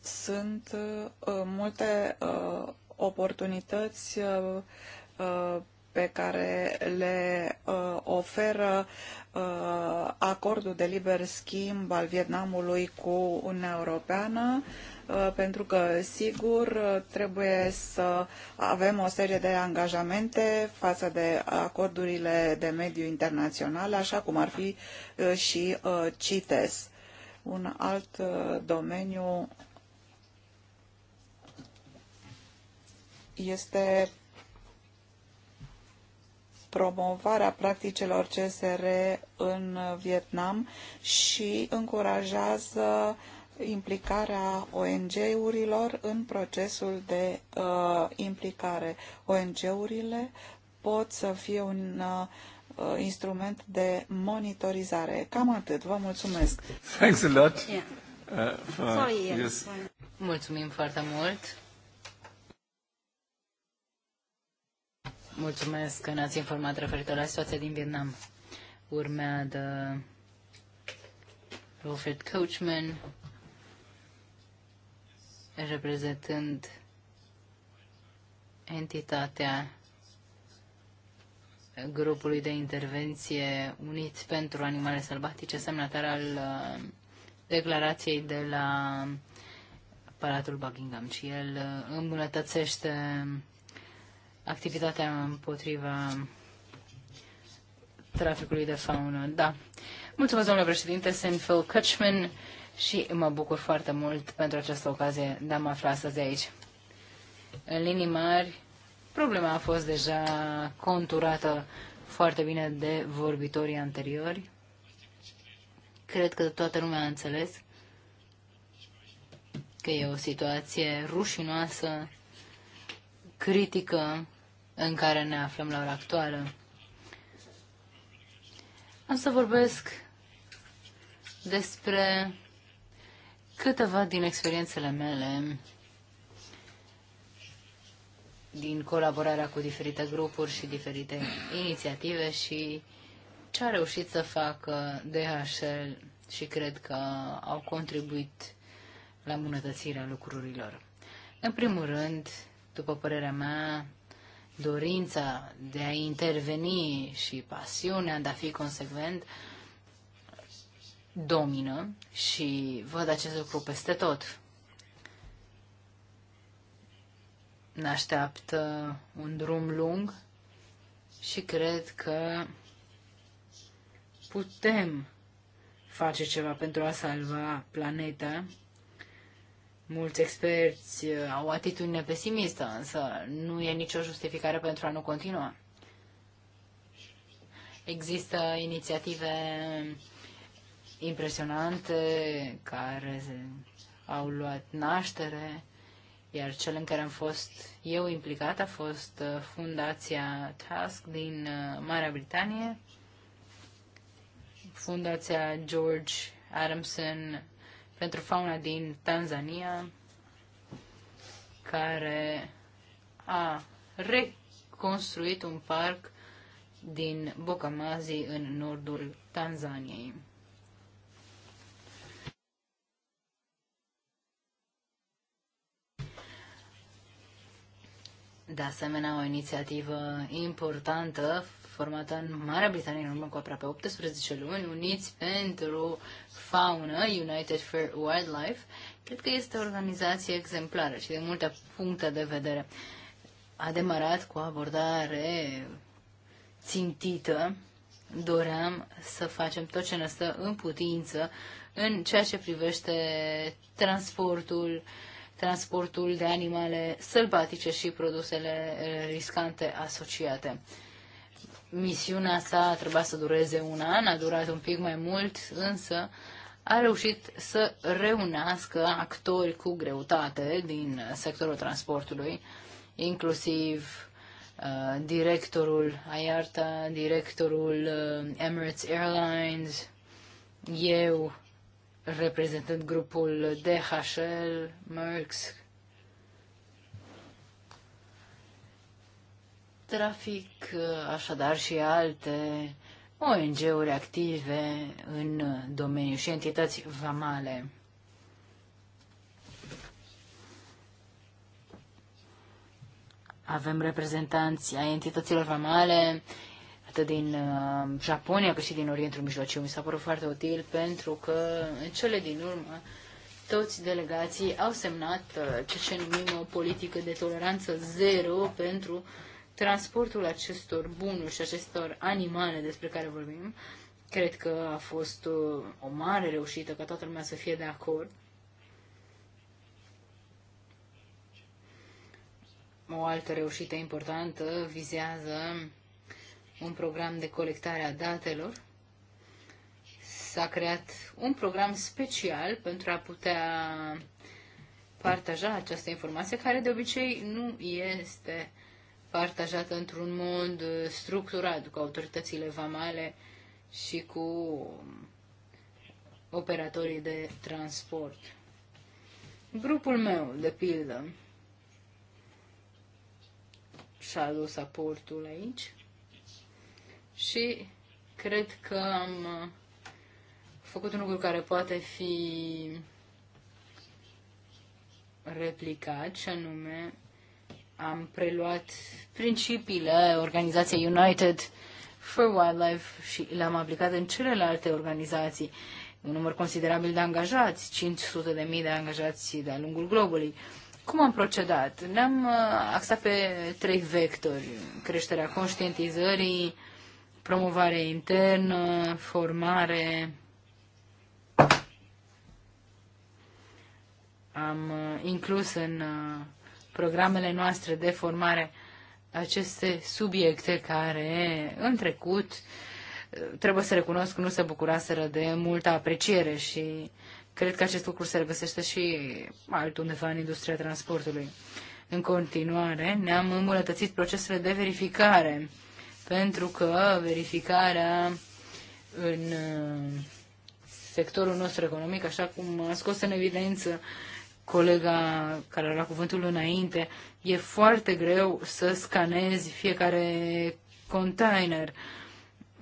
S3: Sunt uh, multe uh, oportunități uh, uh, pe care le uh, oferă acordul de liber schimb al Vietnamului cu Uniunea Europeană, pentru că, sigur, trebuie să avem o serie de angajamente față de acordurile de mediu internațional, așa cum ar fi și CITES. Un alt domeniu este promovarea practicelor CSR în Vietnam și încurajează implicarea ONG-urilor în procesul de uh, implicare. ONG-urile pot să fie un uh, instrument de monitorizare. Cam atât. Vă mulțumesc. Thanks a lot.
S2: Yeah. Uh, for... Sorry, yes. Mulțumim foarte mult Mulțumesc că ne-ați informat referitor la situația din Vietnam. Urmează Wilfred Coachman, reprezentând entitatea grupului de intervenție unit pentru animale sălbatice, semnatar al uh, declarației de la Palatul Buckingham și el uh, îmbunătățește activitatea împotriva traficului de faună. Da. Mulțumesc, domnule președinte, sunt Phil Kutchman și mă bucur foarte mult pentru această ocazie de a mă afla astăzi aici. În linii mari, problema a fost deja conturată foarte bine de vorbitorii anteriori. Cred că toată lumea a înțeles că e o situație rușinoasă, critică, în care ne aflăm la ora actuală. Am să vorbesc despre câteva din experiențele mele din colaborarea cu diferite grupuri și diferite inițiative și ce a reușit să facă DHL și cred că au contribuit la îmbunătățirea lucrurilor. În primul rând, după părerea mea, dorința de a interveni și pasiunea de a fi consecvent domină și văd acest lucru peste tot. Ne așteaptă un drum lung și cred că putem face ceva pentru a salva planeta Mulți experți uh, au atitudine pesimistă, însă nu e nicio justificare pentru a nu continua. Există inițiative impresionante care au luat naștere, iar cel în care am fost eu implicat a fost uh, Fundația Task din uh, Marea Britanie, Fundația George Adamson pentru fauna din Tanzania, care a reconstruit un parc din Bokamazi în nordul Tanzaniei. De asemenea, o inițiativă importantă formată în Marea Britanie în urmă cu aproape 18 luni, Uniți pentru Faună, United for Wildlife, cred că este o organizație exemplară și de multe puncte de vedere. A demarat cu o abordare țintită, doream să facem tot ce ne stă în putință în ceea ce privește transportul, transportul de animale sălbatice și produsele riscante asociate misiunea sa trebuia să dureze un an, a durat un pic mai mult, însă a reușit să reunească actori cu greutate din sectorul transportului, inclusiv uh, directorul IARTA, directorul uh, Emirates Airlines, eu reprezentând grupul DHL, Merckx, Trafic, așadar, și alte ONG-uri active în domeniu și entități vamale. Avem reprezentanți ai entităților vamale, atât din uh, Japonia cât și din Orientul Mijlociu. Mi s-a părut foarte util pentru că în cele din urmă toți delegații au semnat uh, ce, ce numim o politică de toleranță zero pentru uh, transportul acestor bunuri și acestor animale despre care vorbim, cred că a fost uh, o mare reușită ca toată lumea să fie de acord. O altă reușită importantă vizează un program de colectare a datelor. S-a creat un program special pentru a putea partaja această informație, care de obicei nu este uh, partajată într-un mod uh, structurat cu autoritățile vamale și cu operatorii de transport. Grupul meu, de pildă, și-a adus aportul aici și cred că am uh, făcut un lucru care poate fi replicat, și anume am preluat principiile organizației United for Wildlife și le-am aplicat în celelalte organizații. Un număr considerabil de angajați, 500 de mii de angajați de-a lungul globului. Cum am procedat? Ne-am uh, axat pe trei vectori. Creșterea conștientizării, promovare internă, formare. Am uh, inclus în uh, programele noastre de formare aceste subiecte care în trecut trebuie să recunosc nu se bucuraseră de multă apreciere și cred că acest lucru se regăsește și altundeva în industria transportului. În continuare, ne-am îmbunătățit procesele de verificare, pentru că verificarea în uh, sectorul nostru economic, așa cum a scos în evidență uh, colega care a luat cuvântul înainte, e foarte greu să scanezi fiecare container.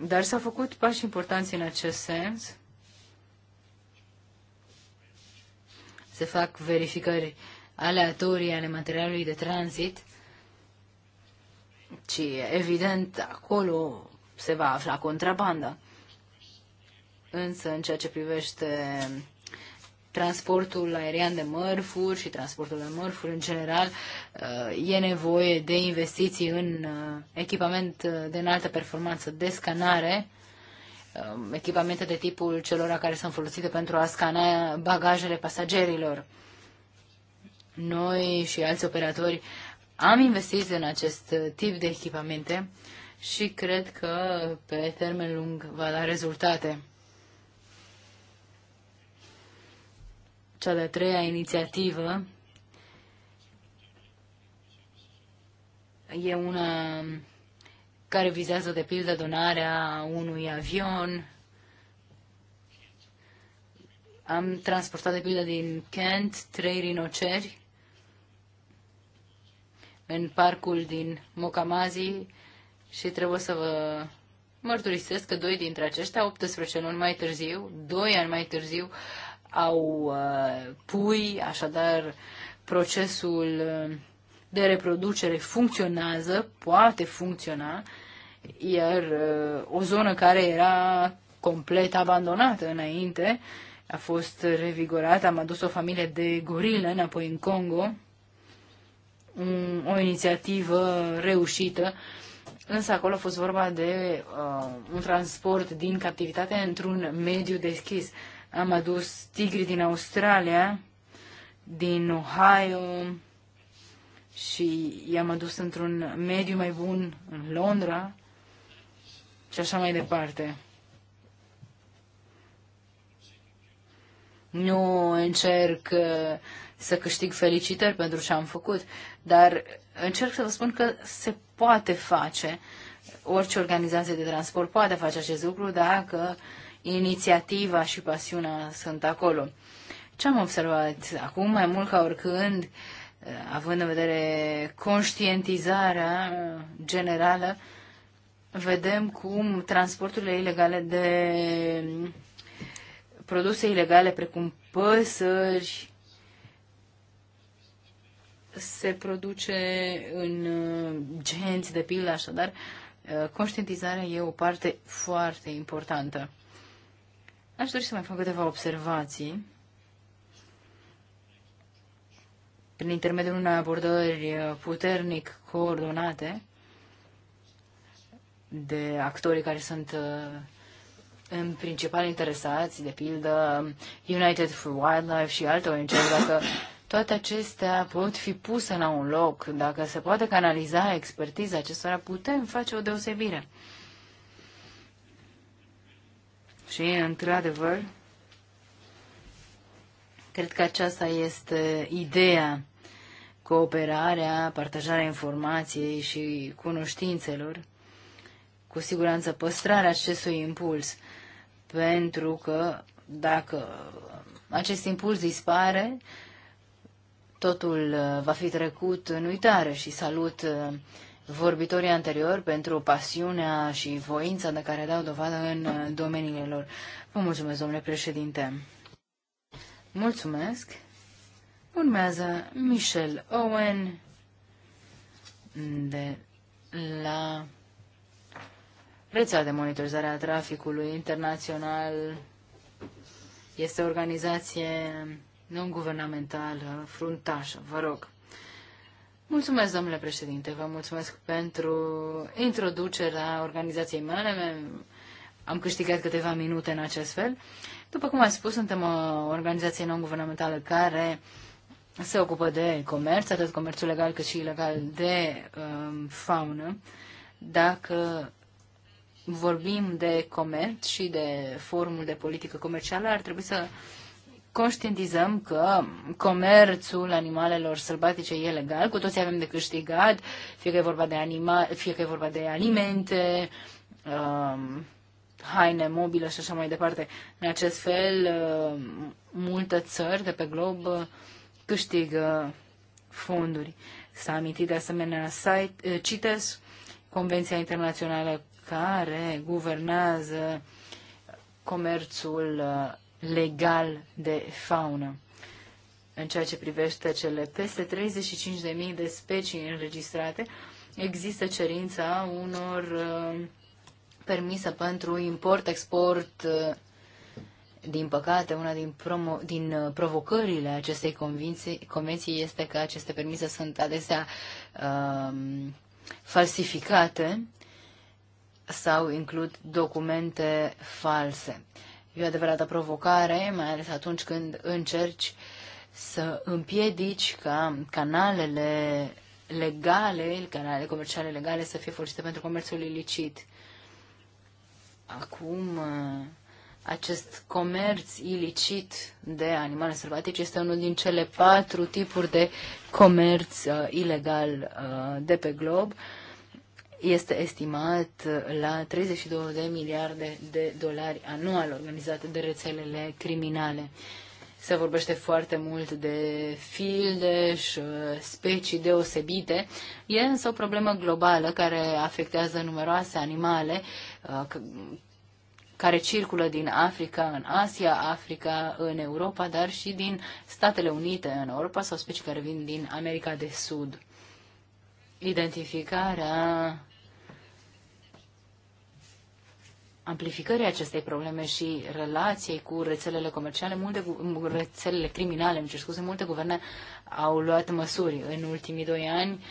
S2: Dar s-au făcut pași importanți în acest sens. Se fac verificări aleatorii ale materialului de tranzit și, evident, acolo se va afla contrabanda. Însă, în ceea ce privește transportul aerian de mărfuri și transportul de mărfuri în general, uh, e nevoie de investiții în uh, echipament uh, de înaltă performanță de scanare, um, echipamente de tipul celor care sunt folosite pentru a scana bagajele pasagerilor. Noi și alți operatori am investit în acest tip de echipamente și cred că pe termen lung va da rezultate. cea de-a treia inițiativă e una care vizează de pildă donarea unui avion. Am transportat de pildă din Kent trei rinoceri în parcul din Mocamazi și trebuie să vă mărturisesc că doi dintre aceștia, 18 luni mai târziu, doi ani mai târziu, au uh, pui, așadar procesul uh, de reproducere funcționează, poate funcționa, iar uh, o zonă care era complet abandonată înainte a fost revigorată. Am adus o familie de gorile înapoi în Congo, o inițiativă reușită, însă acolo a fost vorba de uh, un transport din captivitate într-un mediu deschis. Uh, am adus tigri din Australia, din Ohio și i-am adus într-un mediu mai bun în Londra și așa mai departe. Nu încerc uh, să câștig felicitări pentru ce am făcut, dar încerc să vă spun că se poate face. Orice organizație de transport poate face acest lucru dacă inițiativa și pasiunea sunt acolo. Ce am observat acum, mai mult ca oricând, eh, având în vedere conștientizarea eh, generală, vedem cum transporturile ilegale de produse ilegale precum păsări se produce în eh, genți de pildă, așadar conștientizarea e o parte foarte importantă. Aș dori să mai fac câteva observații. Prin intermediul unei abordări uh, puternic coordonate de actorii care sunt uh, în principal interesați, de pildă United for Wildlife și alte ong dacă toate acestea pot fi puse la un loc, dacă se poate canaliza expertiza acestora, putem face o deosebire. Și, într-adevăr, cred că aceasta este ideea, cooperarea, partajarea informației și cunoștințelor, cu siguranță păstrarea acestui impuls, pentru că dacă acest impuls dispare, totul uh, va fi trecut în uitare și salut uh, vorbitorii anteriori pentru pasiunea și voința de care dau dovadă în domeniile lor. Vă mulțumesc, domnule președinte. Mulțumesc. Urmează Michel Owen de la rețea de monitorizare a traficului internațional. Este o organizație non-guvernamentală, fruntașă, vă rog. Mulțumesc, domnule președinte, vă mulțumesc pentru introducerea organizației mele. Am câștigat câteva minute în acest fel. După cum am spus, suntem o organizație non-guvernamentală care se ocupă de comerț, atât comerțul legal cât și ilegal de um, faună. Dacă vorbim de comerț și de formul de politică comercială, ar trebui să uh, conștientizăm că comerțul animalelor sălbatice e legal, cu toții avem de câștigat, fie că e vorba de, anima, fie că e vorba de alimente, um, haine mobile și așa mai departe. În acest fel, um, multe țări de pe glob uh, câștigă fonduri. S-a amintit de asemenea site, uh, CITES, Convenția Internațională care guvernează comerțul uh, legal de faună. În ceea ce privește cele peste 35.000 de specii înregistrate, există cerința unor uh, permise pentru import-export. Uh, din păcate, una din, promo, din uh, provocările acestei convenții, convenții este că aceste permise sunt adesea um, falsificate sau includ documente false. Uh, E o adevărată provocare, mai ales atunci când încerci să împiedici ca canalele legale, canalele comerciale legale să fie folosite pentru comerțul ilicit. Acum, acest comerț ilicit de animale sălbatice este unul din cele patru tipuri de comerț uh, ilegal uh, de pe glob. Uh, este estimat la 32 de miliarde de dolari anual organizate de rețelele criminale. Se vorbește foarte mult de filde și specii deosebite. E însă o problemă globală care afectează numeroase animale uh, care circulă din Africa în Asia, Africa în Europa, dar și din Statele Unite în Europa sau specii care vin din America de Sud identificarea amplificării acestei probleme și relației cu rețelele comerciale, multe rețelele criminale, îmi cer scuze, multe guverne au luat măsuri. În ultimii doi ani,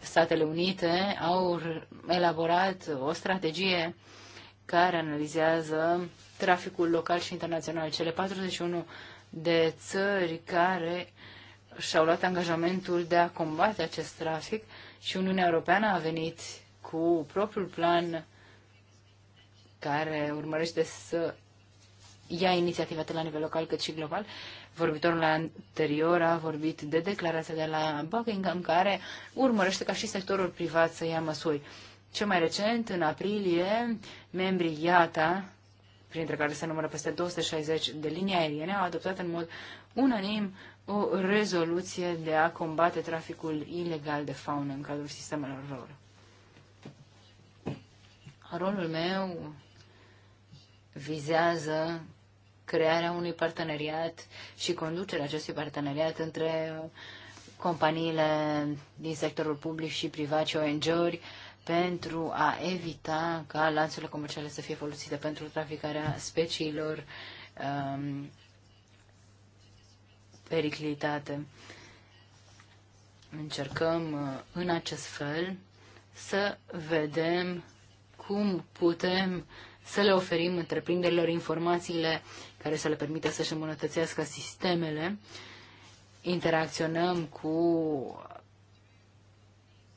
S2: Statele Unite au elaborat o strategie care analizează traficul local și internațional. Cele 41 de țări care și-au luat angajamentul de a combate acest trafic și Uniunea Europeană a venit cu propriul plan care urmărește să ia inițiativa atât la nivel local cât și global. Vorbitorul anterior a vorbit de declarația de la Buckingham care urmărește ca și sectorul privat să ia măsuri. Cel mai recent, în aprilie, membrii IATA, printre care se numără peste 260 de linii aeriene, au adoptat în mod unanim o rezoluție de a combate traficul ilegal de faună în cadrul sistemelor lor. Rolul meu vizează crearea unui parteneriat și conducerea acestui parteneriat între companiile din sectorul public și privat și ONG-uri pentru a evita ca lanțurile comerciale să fie folosite pentru traficarea speciilor um, periclitate. Încercăm uh, în acest fel să vedem cum putem să le oferim întreprinderilor informațiile care să le permită să-și îmbunătățească sistemele. Interacționăm cu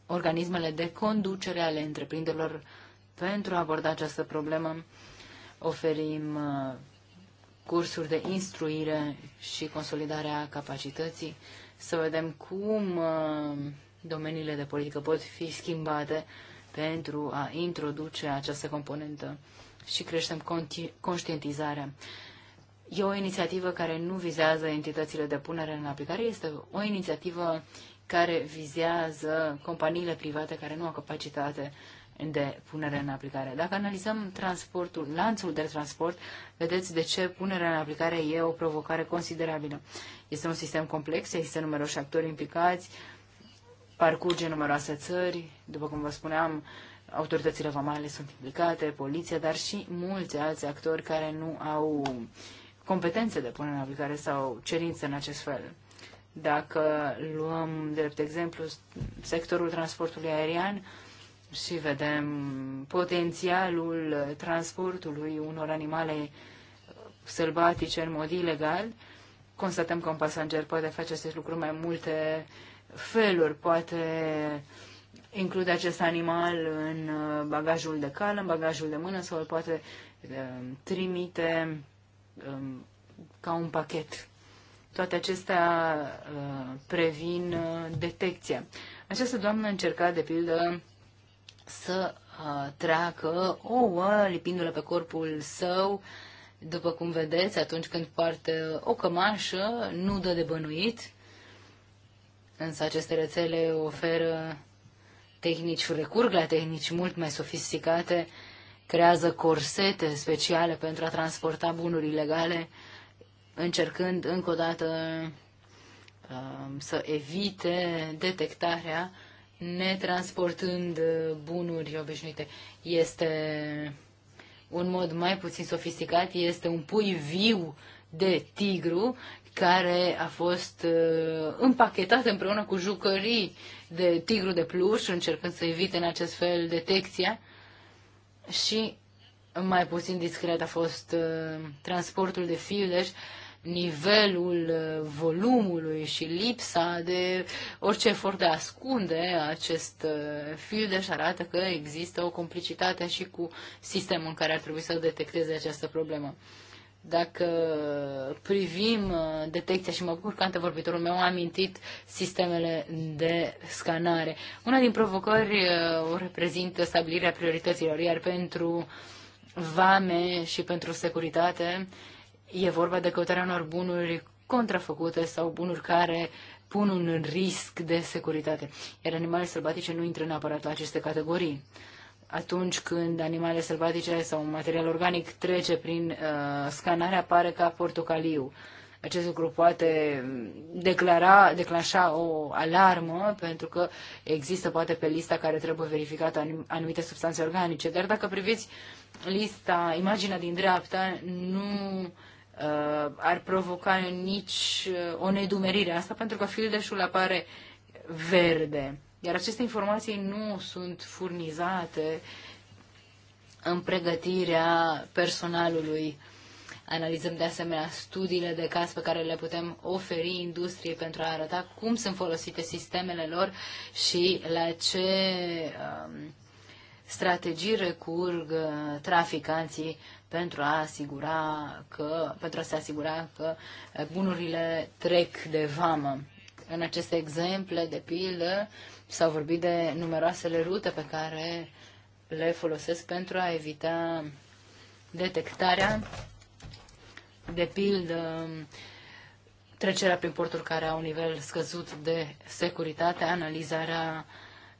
S2: organismele de conducere ale întreprinderilor pentru a aborda această problemă. Oferim uh, cursuri de instruire și consolidarea capacității, să vedem cum uh, domeniile de politică pot fi schimbate pentru a introduce această componentă și creștem conștientizarea. E o inițiativă care nu vizează entitățile de punere în aplicare, este o inițiativă care vizează companiile private care nu au capacitate de punere în aplicare. Dacă analizăm transportul, lanțul de transport, vedeți de ce punerea în aplicare e o provocare considerabilă. Este un sistem complex, există numeroși actori implicați, parcurge numeroase țări, după cum vă spuneam, uh, autoritățile vamale sunt implicate, poliția, dar și mulți alți actori care nu au competențe de punere în aplicare sau cerințe în acest fel. Dacă luăm, drept exemplu, sectorul transportului aerian și vedem potențialul transportului unor animale sălbatice în mod ilegal, constatăm că un pasager poate face acest lucru mai multe feluri, poate uh, include acest animal în uh, bagajul de cal, în bagajul de mână sau îl poate um, trimite um, ca un pachet. Toate acestea uh, previn uh, detecția. Această doamnă încerca, de pildă, să treacă ouă lipindu-le pe corpul său. După cum vedeți, atunci când poartă o cămașă, nu dă de bănuit, însă aceste rețele oferă tehnici recurg la tehnici mult mai sofisticate, creează corsete speciale pentru a transporta bunuri ilegale, încercând încă o dată um, să evite detectarea netransportând bunuri obișnuite. Este un mod mai puțin sofisticat, este un pui viu de tigru care a fost uh, împachetat împreună cu jucării de tigru de pluș, încercând să evite în acest fel detecția. Și mai puțin discret a fost uh, transportul de fileș, nivelul uh, volumului și lipsa de orice efort de ascunde acest uh, fileș arată că există o complicitate și cu sistemul în care ar trebui să detecteze această problemă. Uh, dacă privim uh, detecția și mă bucur că antevorbitorul meu a amintit sistemele de scanare. Una din provocări uh, o reprezintă stabilirea priorităților, iar pentru vame și pentru securitate e vorba de căutarea unor bunuri contrafăcute sau bunuri care pun un risc de securitate. Iar animalele sălbatice nu intră neapărat la aceste categorii atunci când animale sălbatice sau material organic trece prin uh, scanare, apare ca portocaliu. Acest lucru poate declara, declanșa o alarmă pentru că există poate pe lista care trebuie verificată anumite substanțe organice. Dar dacă priviți lista, imaginea din dreapta, nu uh, ar provoca nici uh, o nedumerire asta pentru că fildeșul apare verde iar aceste informații nu sunt furnizate în pregătirea personalului. Analizăm de asemenea studiile de caz pe care le putem oferi industriei pentru a arăta cum sunt folosite sistemele lor și la ce um, strategii recurg uh, traficanții pentru a asigura că, pentru a se asigura că bunurile trec de vamă. În aceste exemple, de pildă, s-au vorbit de numeroasele rute pe care le folosesc pentru a evita detectarea, de pildă, trecerea prin porturi care au un nivel scăzut de securitate, analizarea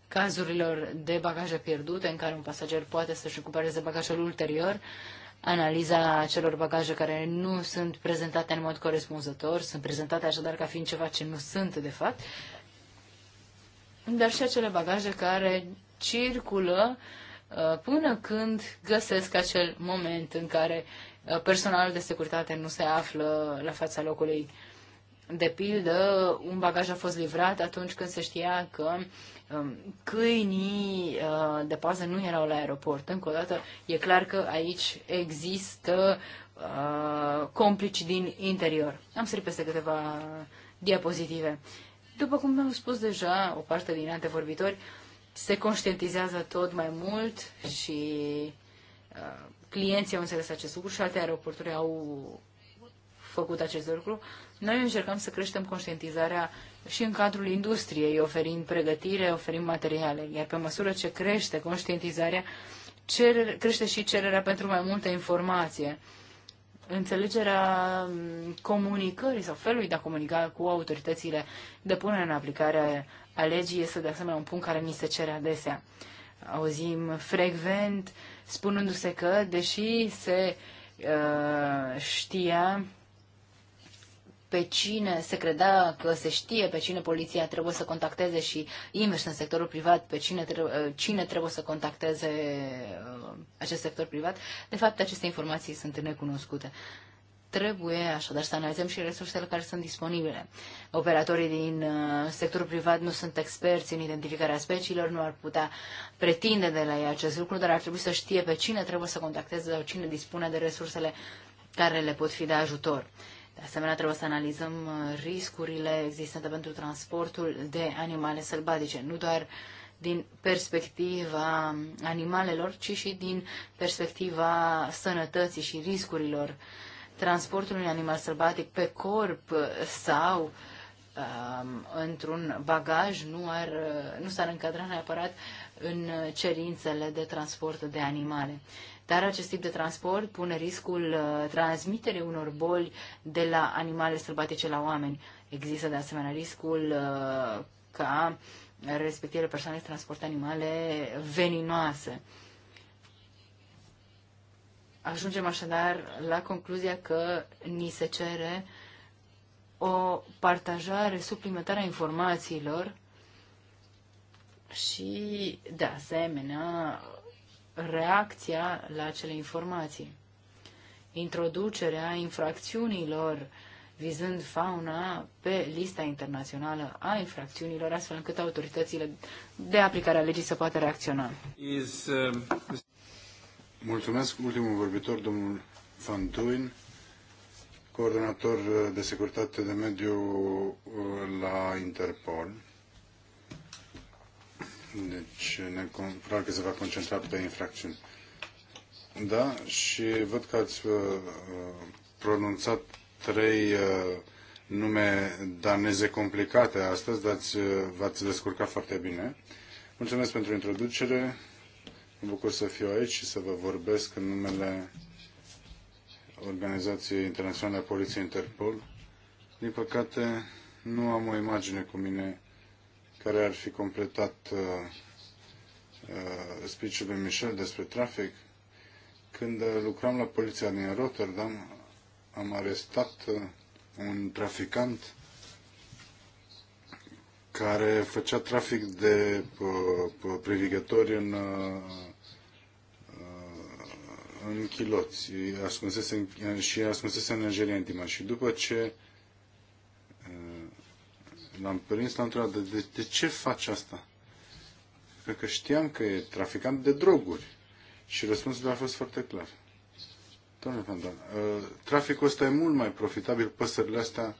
S2: cazurilor de bagaje pierdute în care un pasager poate să-și recupereze bagajul ulterior, analiza celor bagaje care nu sunt prezentate în mod corespunzător, sunt prezentate așadar ca fiind ceva ce nu sunt de fapt, dar și acele bagaje care circulă uh, până când găsesc acel moment în care uh, personalul de securitate nu se află la fața locului. De pildă, un bagaj a fost livrat atunci când se știa că Um, câinii uh, de pază nu erau la aeroport. Încă o dată, e clar că aici există uh, complici din interior. Am sărit peste câteva diapozitive. După cum am spus deja, o parte din antevorbitori se conștientizează tot mai mult și uh, clienții au înțeles acest lucru și alte aeroporturi au făcut acest lucru. Noi încercăm să creștem conștientizarea și în cadrul industriei, oferind pregătire, oferind materiale. Iar pe măsură ce crește conștientizarea, cer, crește și cererea pentru mai multă informație. Înțelegerea comunicării sau felului de a comunica cu autoritățile de punere în aplicare a legii este de asemenea un punct care ni se cere adesea. Auzim frecvent spunându-se că, deși se uh, știa pe cine se credea că se știe, pe cine poliția trebuie să contacteze și invers în sectorul privat, pe cine, trebuie, ă, cine trebuie să contacteze ă, acest sector privat. De fapt, aceste informații sunt necunoscute. Trebuie așadar să analizăm și resursele care sunt disponibile. Operatorii din ă, sectorul privat nu sunt experți în identificarea speciilor, nu ar putea pretinde de la ei acest lucru, dar ar trebui să știe pe cine trebuie să contacteze sau cine dispune de resursele care le pot fi de ajutor. De asemenea, trebuie să analizăm uh, riscurile existente pentru transportul de animale sălbatice, nu doar din perspectiva animalelor, ci și din perspectiva sănătății și riscurilor transportul unui animal sălbatic pe corp sau um, într-un bagaj nu, ar, uh, nu s-ar încadra neapărat în cerințele de transport de animale. Dar acest tip de transport pune riscul uh, transmiterii unor boli de la animale sălbatice la oameni. Există de asemenea riscul uh, ca respectivele persoane să transportă animale veninoase. Ajungem așadar la concluzia că ni se cere o partajare suplimentară a informațiilor și, de asemenea, reacția la acele informații. Introducerea infracțiunilor vizând fauna pe lista internațională a infracțiunilor, astfel încât autoritățile de aplicare a legii să poată reacționa.
S1: Is, uh... Mulțumesc. Ultimul vorbitor, domnul Van Duin, coordonator de securitate de mediu uh, la Interpol. Deci, ne, probabil că se va concentra pe infracțiuni. Da, și văd că ați uh, pronunțat trei uh, nume daneze complicate astăzi, dar uh, v-ați descurcat foarte bine. Mulțumesc pentru introducere. Mă bucur să fiu aici și să vă vorbesc în numele Organizației Internaționale a Poliției Interpol. Din păcate, nu am o imagine cu mine care ar fi completat uh, uh, speech-ul lui Michel despre trafic. Când uh, lucram la poliția din Rotterdam, am arestat uh, un traficant care făcea trafic de uh, privigători în, uh, în chiloți, ascunsese, și ascunsese în înjeria intimă. Și după ce uh, l-am prins, l-am întrebat, de, de ce faci asta? Cred că știam că e traficant de droguri. Și răspunsul a fost foarte clar. Domnule Pandan, ă, traficul ăsta e mult mai profitabil, păsările astea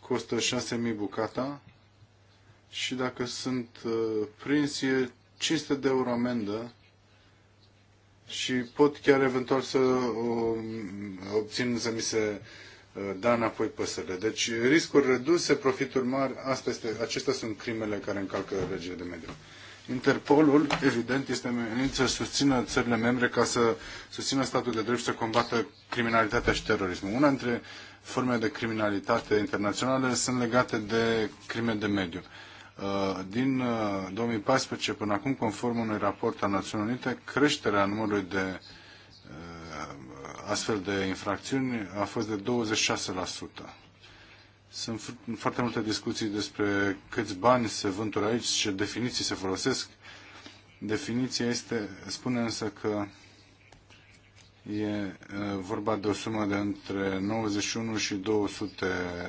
S1: costă 6.000 bucata și dacă sunt ă, prins e 500 de euro amendă și pot chiar eventual să obțin să mi se Eh, da înapoi păsările. Deci riscuri reduse, profituri mari, asta este, acestea sunt crimele care încalcă legile de mediu. Interpolul, evident, este menit să susțină țările membre ca să susțină statul de drept și să combată criminalitatea și terorismul. Una dintre formele de criminalitate internaționale sunt legate de crime de mediu. Eh, din 2014 eh, până acum, conform unui raport al Națiunilor Unite, creșterea numărului de astfel de infracțiuni a fost de 26%. Sunt foarte multe discuții despre câți bani se vântură aici, ce definiții se folosesc. Definiția este, spune însă că e vorba de o sumă de între 91 și 200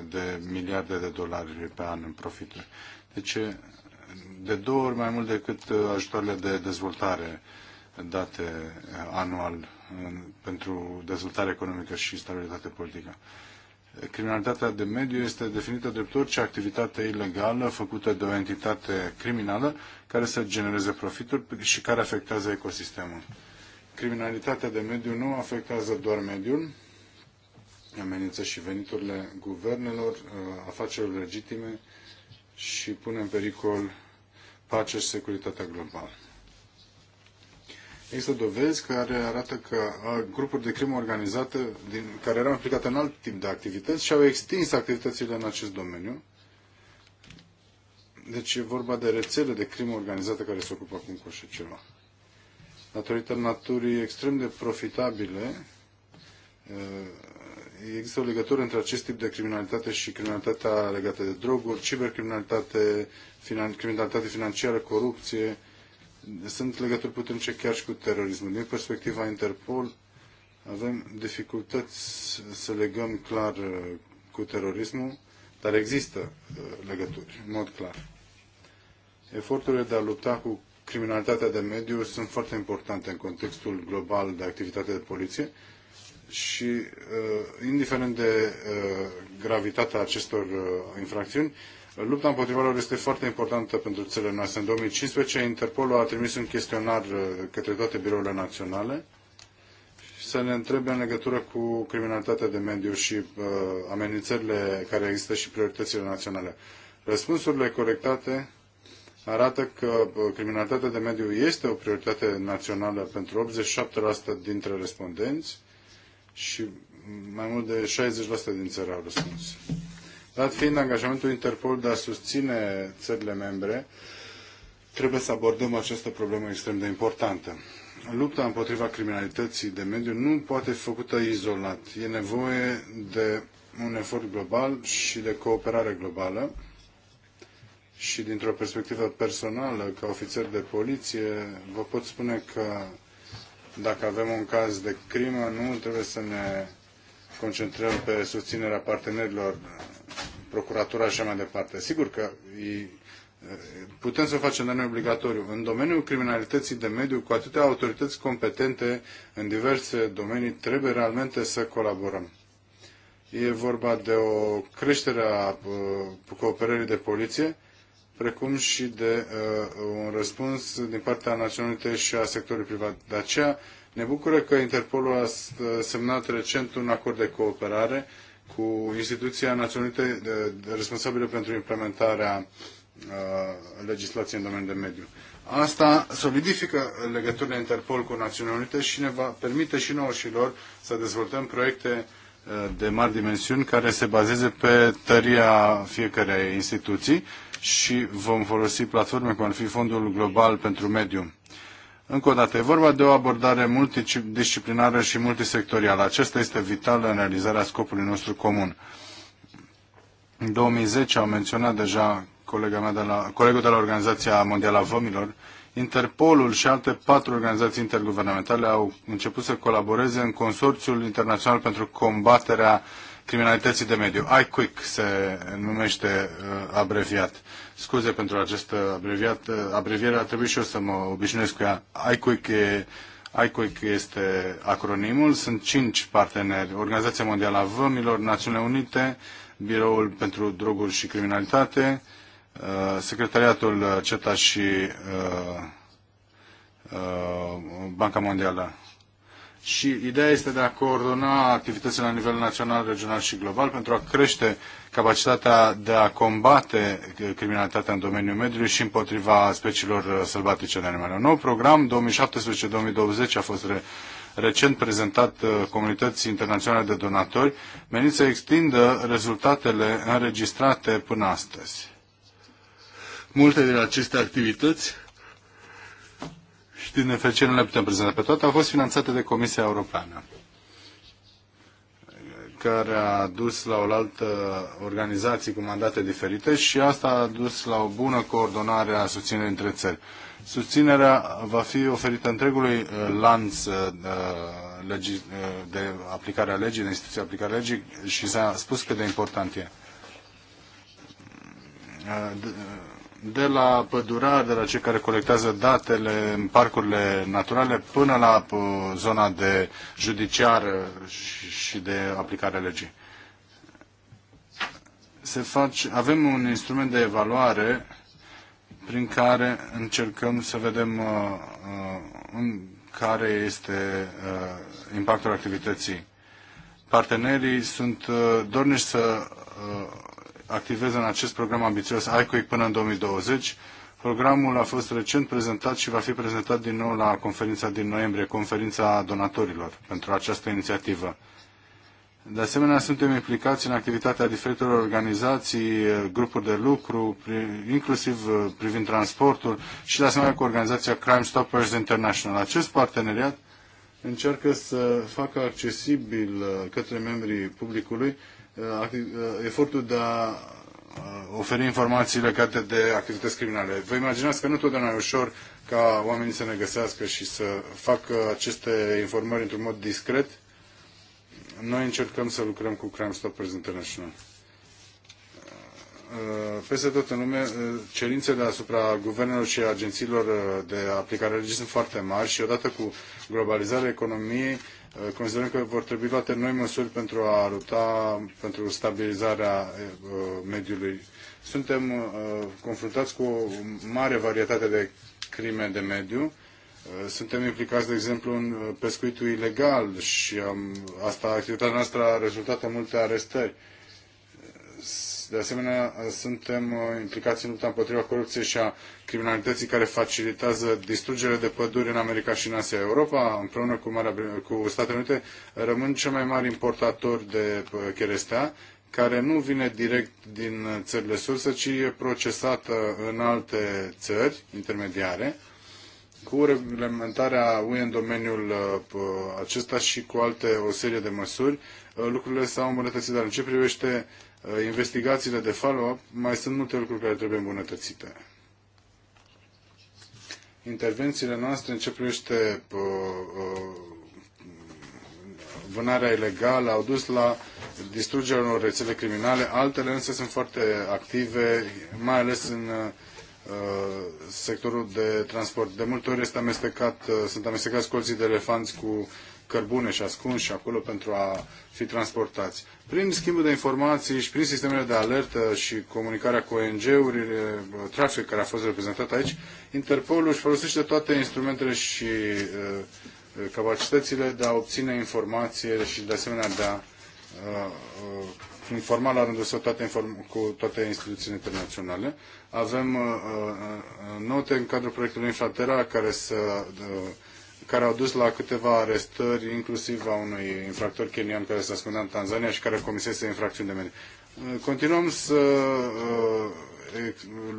S1: de miliarde de dolari pe an în profituri. Deci de două ori mai mult decât uh, ajutoarele de dezvoltare date uh, anual pentru dezvoltare economică și stabilitate politică. Criminalitatea de mediu este definită drept orice activitate ilegală făcută de o entitate criminală care să genereze profituri și care afectează ecosistemul. Criminalitatea de mediu nu afectează doar mediul, amenință și veniturile guvernelor, uh, afacerilor legitime și pune în pericol pacea și securitatea globală. Există dovezi care arată că grupuri de crimă organizată din, care erau implicate în alt tip de activități și-au extins activitățile în acest domeniu. Deci e vorba de rețele de crimă organizată care se ocupă acum cu așa ceva. Datorită naturii extrem de profitabile, există o legătură între acest tip de criminalitate și criminalitatea legată de droguri, cibercriminalitate, finan- criminalitate financiară, corupție, sunt legături puternice chiar și cu terorismul. Din perspectiva Interpol, avem dificultăți să legăm clar uh, cu terorismul, dar există uh, legături, în mod clar. Eforturile de a lupta cu criminalitatea de mediu sunt foarte importante în contextul global de activitate de poliție și, uh, indiferent de gravitatea acestor infracțiuni, Lupta împotriva lor este foarte importantă pentru țările noastre. În 2015, Interpolul a trimis un chestionar uh, către toate birourile naționale să ne întrebe în legătură cu criminalitatea de mediu și uh, amenințările care există și prioritățile naționale. Răspunsurile colectate arată că uh, criminalitatea de mediu este o prioritate națională pentru 87% dintre respondenți și mai mult de 60% din țări au răspuns. Dat fiind angajamentul Interpol de a susține țările membre, trebuie să abordăm această problemă extrem de importantă. Lupta împotriva criminalității de mediu nu poate fi făcută izolat. E nevoie de un efort global și de cooperare globală. Și dintr-o perspectivă personală, ca ofițer de poliție, vă pot spune că dacă avem un caz de crimă, nu trebuie să ne concentrăm pe susținerea partenerilor procuratura și așa mai departe. Sigur că e, putem să facem, dar nu obligatoriu. În domeniul criminalității de mediu, cu atâtea autorități competente în diverse domenii, trebuie realmente să colaborăm. E vorba de o creștere a uh, cooperării de poliție, precum și de uh, un răspuns din partea naționalității și a sectorului privat. De aceea ne bucură că Interpolul a semnat recent un acord de cooperare uh, cu instituția națională responsabilă pentru implementarea uh, legislației în domeniul de mediu. Asta solidifică legăturile Interpol cu Națiunile Unite și ne va permite și nouă și lor să dezvoltăm proiecte uh, de mari dimensiuni care se bazeze pe tăria fiecarei instituții și vom folosi platforme cum ar fi Fondul Global pentru Mediu încă o dată, e vorba de o abordare multidisciplinară și multisectorială. Acesta este vital în realizarea scopului nostru comun. În 2010 au menționat deja colega mea de la, colegul de la Organizația Mondială a Vămilor, Interpolul și alte patru organizații interguvernamentale au început să colaboreze în Consorțiul Internațional pentru Combaterea Criminalității de Mediu. IQUIC se numește uh, abreviat. Scuze pentru această abreviat, abreviere, a trebuit și eu să mă obișnuiesc cu ea. IQIC, e, IQIC este acronimul, sunt cinci parteneri. Organizația Mondială a Vămilor, Națiunile Unite, Biroul pentru Droguri și Criminalitate, uh, Secretariatul uh, CETA și uh, Banca Mondială și ideea este de a coordona activitățile la nivel național, regional și global pentru a crește capacitatea de a combate criminalitatea în domeniul mediului și împotriva speciilor sălbatice de animale. Un nou program 2017-2020 a fost re- recent prezentat uh, comunității internaționale de donatori, menit să extindă rezultatele înregistrate până astăzi. Multe din aceste activități din nefericire nu le putem prezenta pe toate, au fost finanțate de Comisia Europeană care a dus la altă organizație cu mandate diferite și asta a dus la o bună coordonare a susținerii între țări. Susținerea va fi oferită întregului uh, lanț uh, uh, de aplicare a legii, de instituția aplicare a legii și s-a spus cât de important e de la pădurari, de la cei care colectează datele în parcurile naturale, până la uh, zona de judiciar uh, și de aplicare a legii. Se face, avem un instrument de evaluare prin care încercăm să vedem uh, uh, care este uh, impactul activității. Partenerii sunt uh, dorniși să uh, activeze în acest program ambițios ICOIC până în 2020. Programul a fost recent prezentat și va fi prezentat din nou la conferința din noiembrie, conferința donatorilor pentru această inițiativă. De asemenea, suntem implicați în activitatea diferitelor organizații, grupuri de lucru, inclusiv uh, privind transportul și de asemenea cu organizația Crime Stoppers International. Acest parteneriat încearcă să facă accesibil uh, către membrii publicului Uh, efortul de a uh, oferi informații legate de activități criminale. Vă imaginați că nu totdeauna e ușor ca oamenii să ne găsească și să facă aceste informări într-un mod discret. Noi încercăm să lucrăm cu Crime Stoppers International. Uh, peste tot în lume, cerințele asupra guvernelor și agențiilor de aplicare a legii sunt foarte mari și odată cu globalizarea economiei, Uh, considerăm că vor trebui luate noi măsuri pentru a lupta pentru stabilizarea uh, mediului. Suntem uh, confruntați cu o mare varietate de crime de mediu. Suntem implicați, de exemplu, în pescuitul ilegal și asta, activitatea noastră a rezultat în multe arestări. De asemenea, suntem uh, implicați în lupta împotriva corupției și a criminalității care facilitează distrugerea de păduri în America și în Asia. Europa, împreună cu, Marea, cu Statele Unite, rămân cel mai mari importatori de uh, cherestea, care nu vine direct din uh, țările sursă, ci e procesată în alte țări intermediare cu reglementarea UE în domeniul acesta și cu alte o serie de măsuri, lucrurile s-au îmbunătățit. Dar în ce privește Eh, investigațiile de follow-up, mai sunt multe lucruri care trebuie îmbunătățite. Intervențiile noastre în ce privește eh, eh, vânarea ilegală au dus la distrugerea unor rețele criminale, altele însă sunt foarte active, mai ales în sectorul de transport. De multe ori este amestecat, sunt amestecați colții de elefanți cu cărbune și ascunși acolo pentru a fi transportați. Prin schimbul de informații și prin sistemele de alertă și comunicarea cu ONG-urile, trafic care a fost reprezentat aici, Interpolul își folosește toate instrumentele și uh, capacitățile de a obține informație și de asemenea de a uh, uh, informa la rândul său toate inform- cu toate instituțiile internaționale. Avem uh, uh note în cadrul proiectului Infratera care să uh, care au dus la câteva arestări, inclusiv a unui infractor kenian care se ascundea în Tanzania și care comisese infracțiuni de mediu. Continuăm să uh,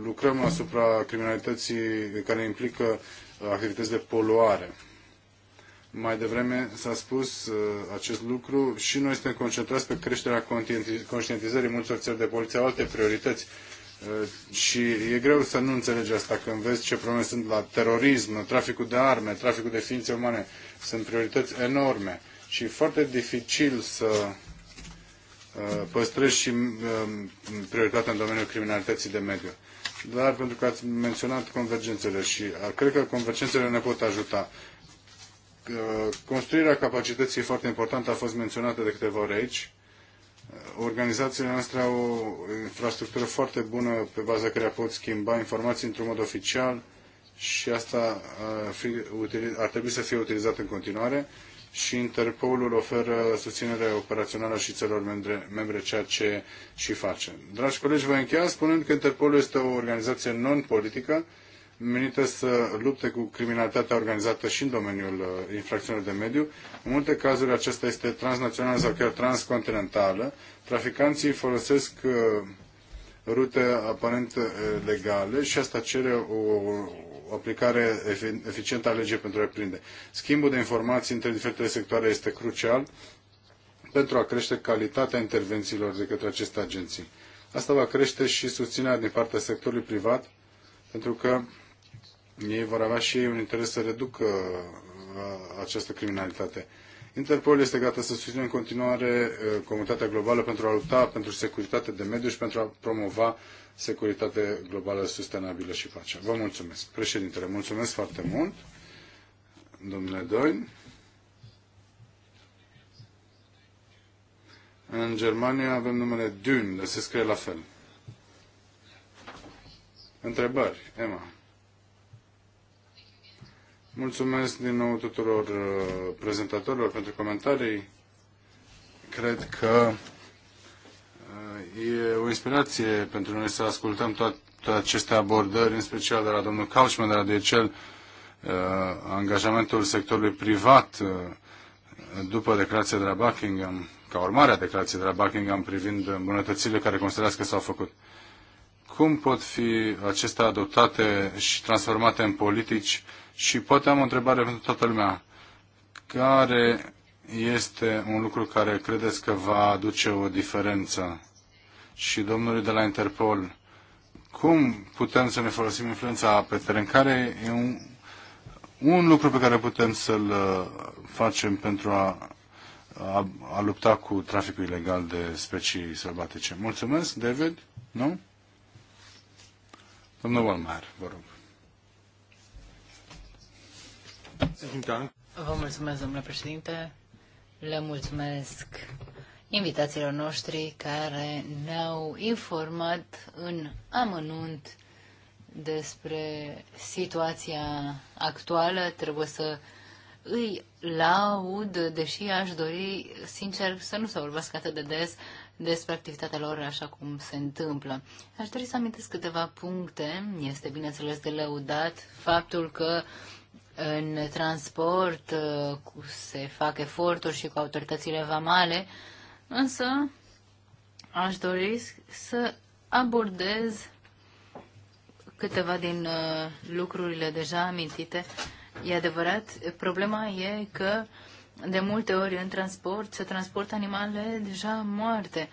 S1: lucrăm asupra criminalității care implică uh, activități de poluare. Mai devreme s-a spus uh, acest lucru și noi suntem concentrați pe creșterea conștientizării multor țări de poliție alte priorități Eh, și e greu să nu înțelegi asta când vezi ce probleme sunt la terorism, traficul de arme, traficul de ființe umane. Sunt priorități enorme și foarte dificil să eh, păstrezi și eh, prioritatea în domeniul criminalității de mediu. Dar pentru că ați menționat convergențele și cred că convergențele ne pot ajuta. Construirea capacității foarte importantă a fost menționată de câteva ori aici Organizațiile noastre au o infrastructură foarte bună pe baza care pot schimba informații într-un mod oficial și asta ar, trebui să fie utilizat în continuare și Interpolul oferă susținere operațională și țărilor membre, membre, ceea ce și face. Dragi colegi, vă încheia spunând că Interpolul este o organizație non-politică menită să lupte cu criminalitatea organizată și în domeniul uh, infracțiunilor de mediu. În multe cazuri aceasta este transnațională sau chiar transcontinentală. Traficanții folosesc uh, rute aparent uh, legale și asta cere o aplicare eficientă a legii pentru a prinde. Schimbul de informații între diferitele sectoare este crucial pentru a crește calitatea intervențiilor de către aceste agenții. Asta va crește și susținerea din partea sectorului privat, pentru că ei vor avea și ei un interes să reducă uh, această criminalitate. Interpol este gata să susțină în continuare uh, comunitatea globală pentru a lupta pentru securitate de mediu și pentru a promova securitate globală sustenabilă și pacea. Vă mulțumesc. Președintele, mulțumesc foarte mult. Domnule Doin. În Germania avem numele Dün, se scrie la fel. Întrebări, Emma. Mulțumesc din nou tuturor uh, prezentatorilor pentru comentarii. Cred că uh, e o inspirație pentru noi să ascultăm toate aceste abordări, în special de la domnul Kaufman, de la DHL, uh, angajamentul sectorului privat după declarația de la Buckingham, ca urmare a declarației de la Buckingham privind îmbunătățirile care considerați că s-au făcut. Cum pot fi acestea adoptate și transformate în politici și poate am o întrebare pentru toată lumea. Care este un lucru care credeți că va aduce o diferență? Și domnului de la Interpol, cum putem să ne folosim influența pe teren? Care e un, un lucru pe care putem să-l uh, facem pentru a, a, a lupta cu traficul ilegal de specii sălbatice? Mulțumesc, David. Nu? Domnul Walmer, vă rog. Vă mulțumesc,
S2: domnule președinte. Le mulțumesc invitațiilor noștri care ne-au informat în amănunt despre situația actuală. Trebuie să îi laud, deși aș dori, sincer, să nu se vorbească atât de des despre activitatea lor așa cum se întâmplă. Aș dori să amintesc câteva puncte. Este bineînțeles de lăudat faptul că în transport uh, se fac eforturi și cu autoritățile vamale, însă aș dori să abordez câteva din uh, lucrurile deja amintite. E adevărat, problema e că de multe ori în transport se transportă animale deja moarte.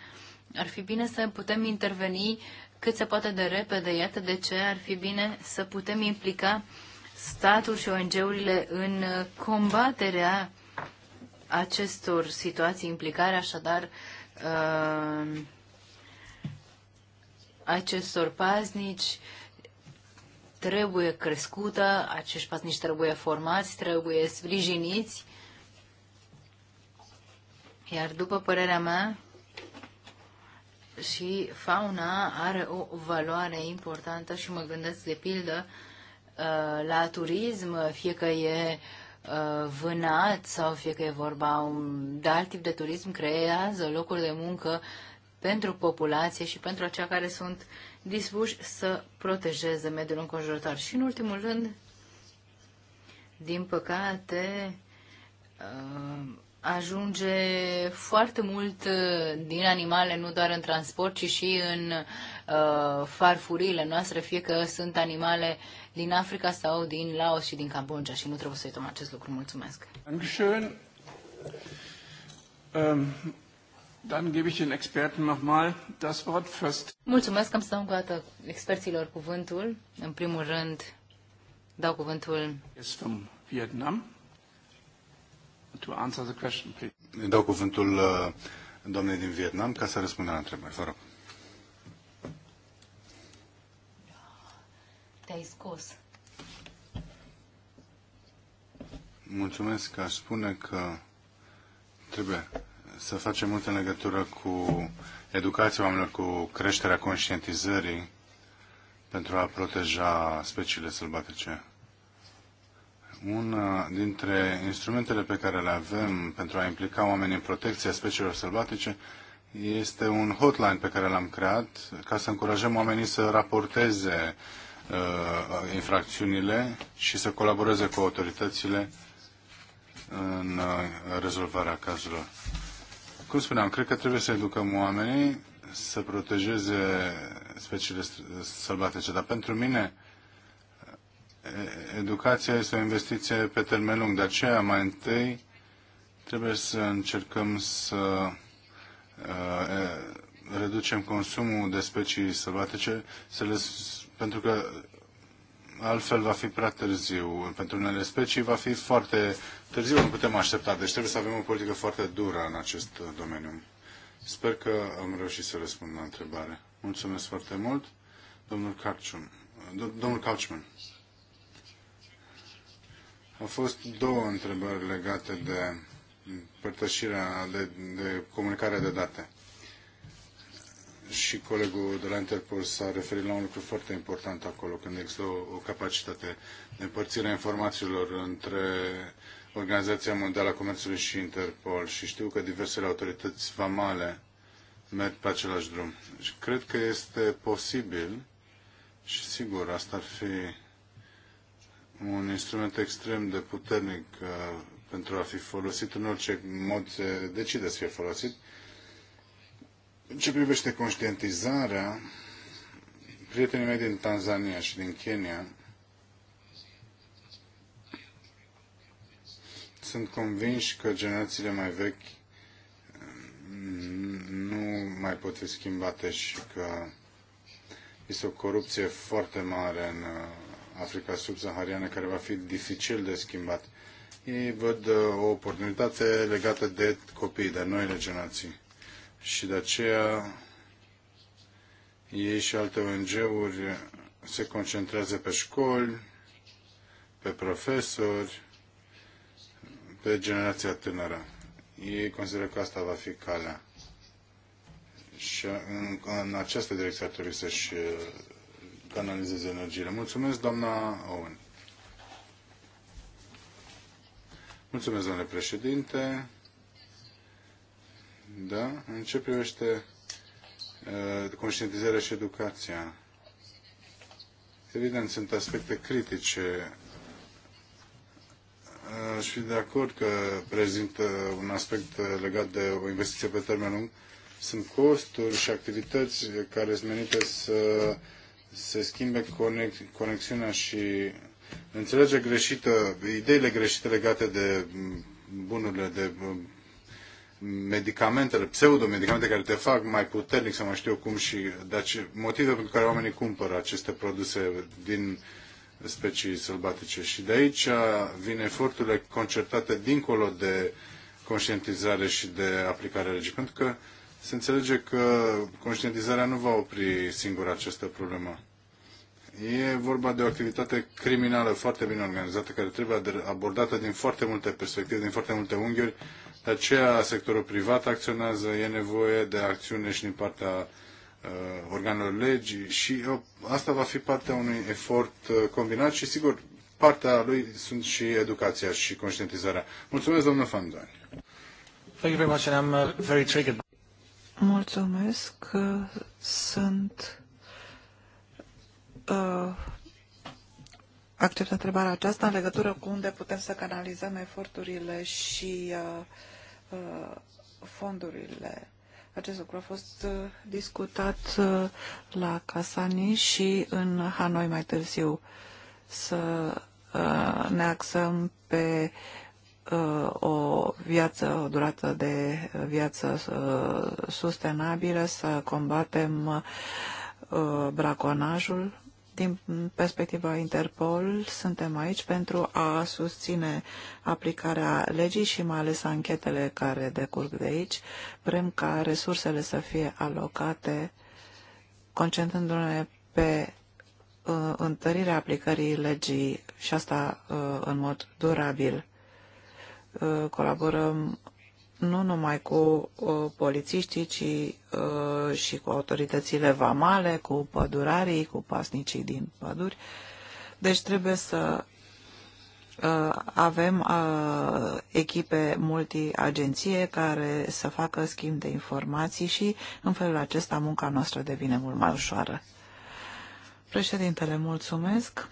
S2: Ar fi bine să putem interveni cât se poate de repede. Iată de ce ar fi bine să putem implica uh, statul și ONG-urile în uh, combaterea acestor situații, implicare așadar uh, acestor paznici trebuie crescută, acești paznici trebuie formați, trebuie sprijiniți. Iar după părerea mea, și fauna are o valoare importantă și mă gândesc de pildă uh, Uh, la turism, fie că e uh, vânat sau fie că e vorba de alt tip de turism, creează locuri de muncă pentru populație și pentru aceia care sunt dispuși să protejeze mediul înconjurător. Și în ultimul rând, din păcate, uh, ajunge foarte mult din animale, nu doar în transport, ci și în farfurile noastre, fie că sunt animale uh, din Africa sau din Laos și din Cambodgia și nu trebuie să uităm acest lucru. Mulțumesc.
S1: Dankeschön. Um, dann gebe ich den Experten nochmal das Wort first.
S2: Mulțumesc, am să dau încă dată experților cuvântul. În primul rând, dau cuvântul... Este from Vietnam.
S1: To answer the question, please. Dau cuvântul uh, doamnei din Vietnam ca să răspundă la întrebări. Vă rog. te-ai scos. Mulțumesc. Aș spune că trebuie să facem mult în legătură cu educația oamenilor, cu creșterea conștientizării pentru a proteja speciile sălbatice. Una uh, dintre instrumentele pe care le avem pentru a implica oamenii în protecția speciilor sălbatice este un hotline pe care l-am creat ca să încurajăm oamenii să raporteze Uh, infracțiunile și să colaboreze cu autoritățile în uh, rezolvarea cazurilor. Cum spuneam, cred că trebuie să educăm oamenii să protejeze speciile sălbatice, dar pentru mine uh, educația este o investiție pe termen lung, de aceea mai întâi trebuie să încercăm să uh, reducem consumul de specii sălbatice, să le pentru că altfel va fi prea târziu. Pentru unele specii va fi foarte târziu, nu putem aștepta. Deci trebuie să avem o politică foarte dură în acest domeniu. Sper că am reușit să răspund la întrebare. Mulțumesc foarte mult, domnul Carciun. Domnul Couchman. Au fost două întrebări legate de părtășirea, de, de comunicarea de date și colegul de la Interpol s-a referit la un lucru foarte important acolo, când există o, o capacitate de împărțire a informațiilor între Organizația Mondială a Comerțului și Interpol și știu că diversele autorități vamale merg pe același drum. Și cred că este posibil și sigur, asta ar fi un instrument extrem de puternic uh, pentru a fi folosit în orice mod se decide să fie folosit, ce privește conștientizarea, prietenii mei din Tanzania și din Kenya sunt convinși că generațiile mai vechi mm, nu mai pot fi schimbate și că este o corupție foarte mare în uh, Africa subsahariană care va fi dificil de schimbat. Ei văd uh, o oportunitate legată de copii, de noile generații și de aceea ei și alte ONG-uri se concentrează pe școli, pe profesori, pe generația tânără. Ei consideră că asta va fi calea. Și în, în această direcție ar trebui să-și uh, canalizeze energiile. Mulțumesc, doamna Owen. Mulțumesc, domnule președinte. Da? În ce privește uh, conștientizarea și educația? Evident, sunt aspecte critice. Aș fi de acord că prezintă un aspect legat de o investiție pe termen lung. Sunt costuri și activități care sunt menite să se schimbe conex conexiunea și înțelege greșită, ideile greșite legate de bunurile, de medicamentele, pseudomedicamente care te fac mai puternic sau mai știu cum și deci, motive pentru care oamenii cumpără aceste produse din specii sălbatice. Și de aici vin eforturile concertate dincolo de conștientizare și de aplicare legii, pentru că se înțelege că conștientizarea nu va opri singură această problemă. E vorba de o activitate criminală foarte bine organizată, care trebuie abordată din foarte multe perspective, din foarte multe unghiuri de aceea sectorul privat acționează, e nevoie de acțiune și din partea uh, organelor legii și eu, uh, asta va fi partea unui efort uh, combinat și sigur partea lui sunt și educația și conștientizarea. Mulțumesc, domnul Fandan. Thank you very much and I'm uh, very triggered.
S3: Mulțumesc că sunt uh, acceptat întrebarea aceasta în legătură cu unde putem să canalizăm eforturile și uh, Uh, fondurile. Acest lucru a fost uh, discutat uh, la Casani și în Hanoi mai târziu să ne axăm pe o viață, o durată de viață sustenabilă, să combatem braconajul din perspectiva Interpol, suntem aici pentru a susține aplicarea legii și mai ales anchetele care decurg de aici. Vrem ca resursele să fie alocate concentrându-ne pe uh, întărirea aplicării legii și asta uh, în mod durabil. Uh, colaborăm nu numai cu uh, polițiștii, ci uh, și cu autoritățile vamale, cu pădurarii, cu pasnicii din păduri. Deci trebuie să uh, avem uh, echipe multiagenție care să facă schimb de informații și în felul acesta munca noastră devine mult mai ușoară. Președintele, mulțumesc.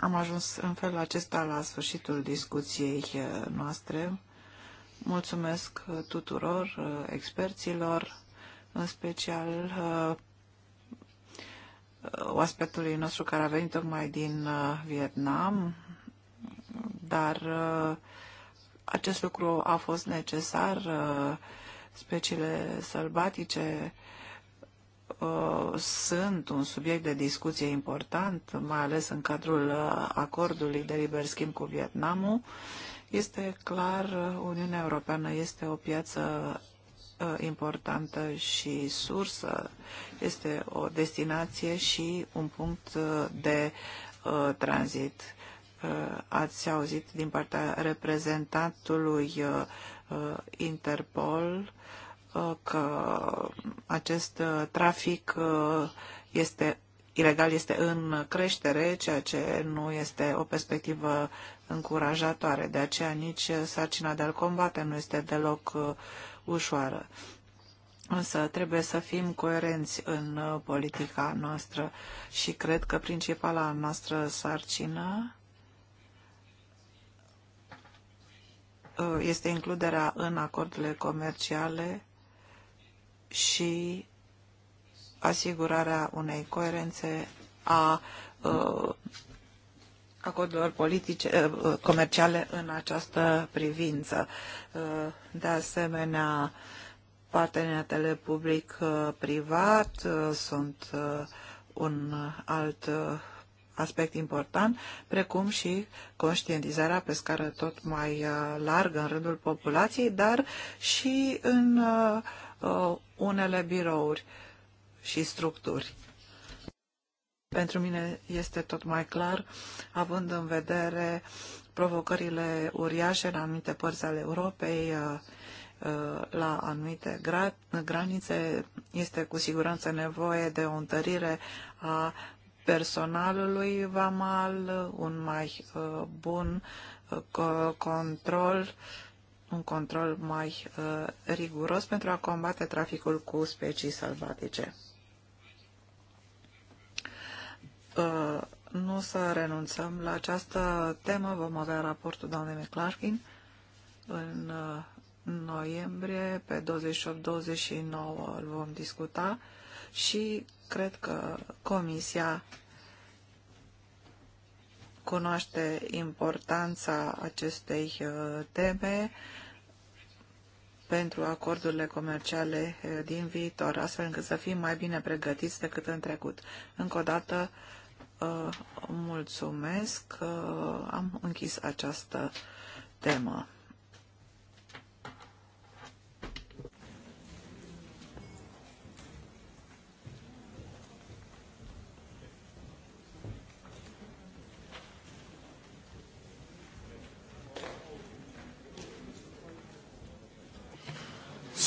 S3: Am ajuns în felul acesta la sfârșitul discuției eh, noastre. Mulțumesc eh, tuturor eh, experților, în special oaspetului nostru care a venit tocmai din Vietnam, dar acest lucru a fost necesar. Speciile sălbatice Uh, sunt un subiect de discuție important, mai ales în cadrul uh, acordului de liber schimb cu Vietnamul. Este clar, uh, Uniunea Europeană este o piață importantă și sursă. Este o destinație și un punct de tranzit. ați auzit din partea reprezentantului uh, Interpol că acest uh, trafic uh, este ilegal este în creștere, ceea ce nu este o perspectivă încurajatoare. De aceea nici sarcina de a-l combate nu este deloc uh, ușoară. Însă trebuie să fim coerenți în politica noastră și cred că principala noastră sarcină este includerea în acordurile comerciale și asigurarea unei coerențe a uh, acordurilor politice, uh, uh, comerciale în această privință. De asemenea, parteneriatele public-privat sunt un alt aspect important, precum și conștientizarea pe scară tot mai largă în rândul populației, dar și în uh, uh, unele birouri și structuri. Pentru mine este tot mai clar, având în vedere provocările uriașe în anumite părți ale Europei, uh, uh, la anumite granițe, este cu siguranță nevoie de o întărire a personalului vamal, un mai uh, bun control un control mai uh, riguros pentru a combate traficul cu specii sălbatice. Uh, nu să renunțăm la această temă. Vom avea raportul doamnei McClarkin în uh, noiembrie, pe 28-29 îl vom discuta și cred că Comisia cunoaște importanța acestei uh, teme pentru acordurile comerciale eh, din viitor, astfel încât să fim mai bine pregătiți decât în trecut. Încă o dată, eh, mulțumesc, eh, am închis această temă.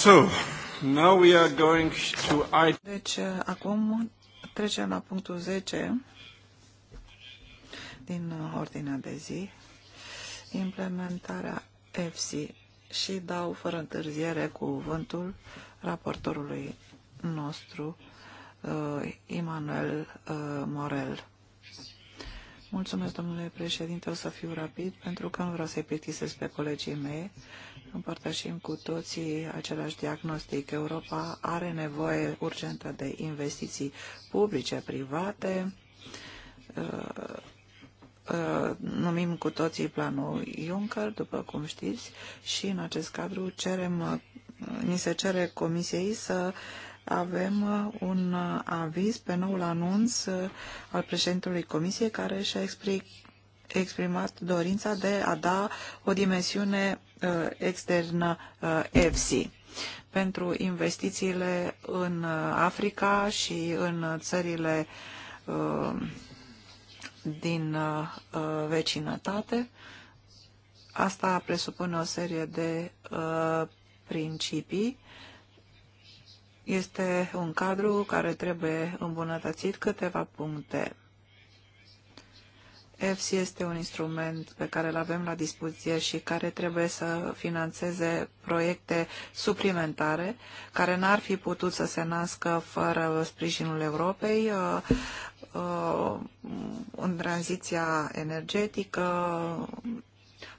S3: So, now we are going to... Deci, acum trecem la punctul 10 din ordinea de zi, implementarea EFSI și dau fără întârziere cuvântul raportorului nostru, Emanuel uh, uh, Morel. Mulțumesc, domnule președinte, o să fiu rapid, pentru că nu vreau să-i plictisesc pe colegii mei Împărtășim cu toții același diagnostic. Europa are nevoie urgentă de investiții publice, private. Uh, uh, numim cu toții planul Juncker, după cum știți, și în acest cadru cerem, uh, ni se cere Comisiei să avem un aviz pe noul anunț al președintelui Comisiei care și-a exprimat dorința de a da o dimensiune uh, externă EFSI uh, pentru investițiile în uh, Africa și în țările din vecinătate. Asta presupune o serie de principii. Este un cadru care trebuie îmbunătățit câteva puncte EFSI este un instrument pe care îl avem la dispoziție și care trebuie să financeze proiecte suplimentare care n-ar fi putut să se nască fără sprijinul Europei uh, uh, în tranziția energetică,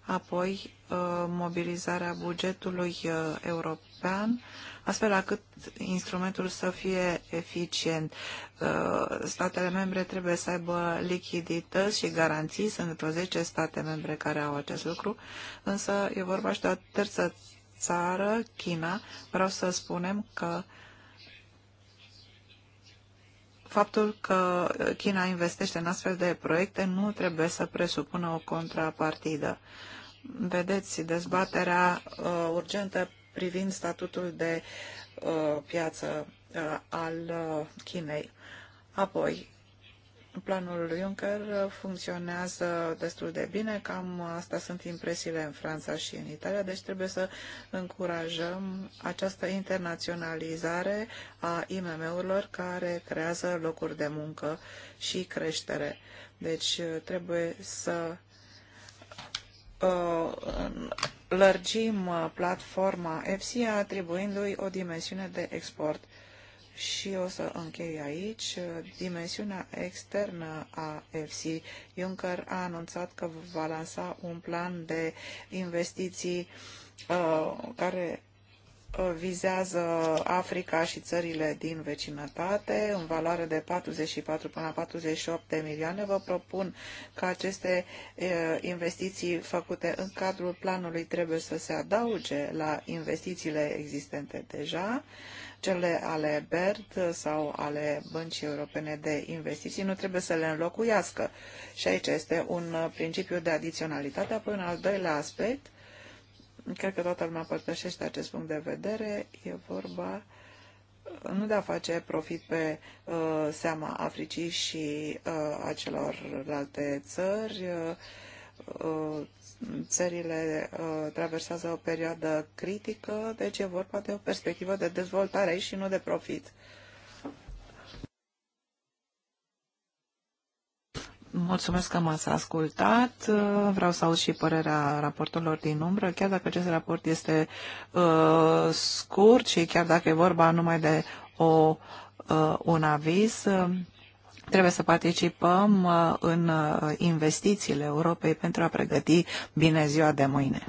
S3: apoi uh, mobilizarea bugetului european astfel încât instrumentul să fie eficient. Uh, statele membre trebuie să aibă lichidități și garanții, sunt vreo 10 state membre care au acest lucru, însă e vorba și de o terță țară, China. Vreau să spunem că faptul că China investește în astfel de proiecte nu trebuie să presupună o contrapartidă. Vedeți, dezbaterea uh, urgentă privind statutul de uh, piață uh, al uh, Chinei. Apoi, planul Juncker funcționează destul de bine, cam asta sunt impresiile în Franța și în Italia, deci trebuie să încurajăm această internaționalizare a IMM-urilor care creează locuri de muncă și creștere. Deci trebuie să uh, lărgim uh, platforma EFSI atribuindu-i o dimensiune de export. Și o să închei aici. Uh, dimensiunea externă a EFSI. Juncker a anunțat că va lansa un plan de investiții uh, care vizează Africa și țările din vecinătate în valoare de 44 până la 48 de milioane. Vă propun că aceste investiții făcute în cadrul planului trebuie să se adauge la investițiile existente deja. Cele ale BERD sau ale Băncii Europene de Investiții nu trebuie să le înlocuiască. Și aici este un principiu de adiționalitate. Apoi un al doilea aspect cred că toată lumea părtășește acest punct de vedere, e vorba uh, nu de a face profit pe uh, seama Africii și uh, acelorlalte țări. Uh, uh, țările uh, traversează o perioadă critică, deci e vorba de o perspectivă de dezvoltare aici și nu de profit. Uh, Mulțumesc că m-ați ascultat. Vreau să aud și părerea raportorilor din umbră, chiar dacă acest raport este uh, scurt și chiar dacă e vorba numai de o, uh, un aviz. Uh, trebuie să participăm uh, în uh, investițiile Europei pentru a pregăti bine ziua de mâine.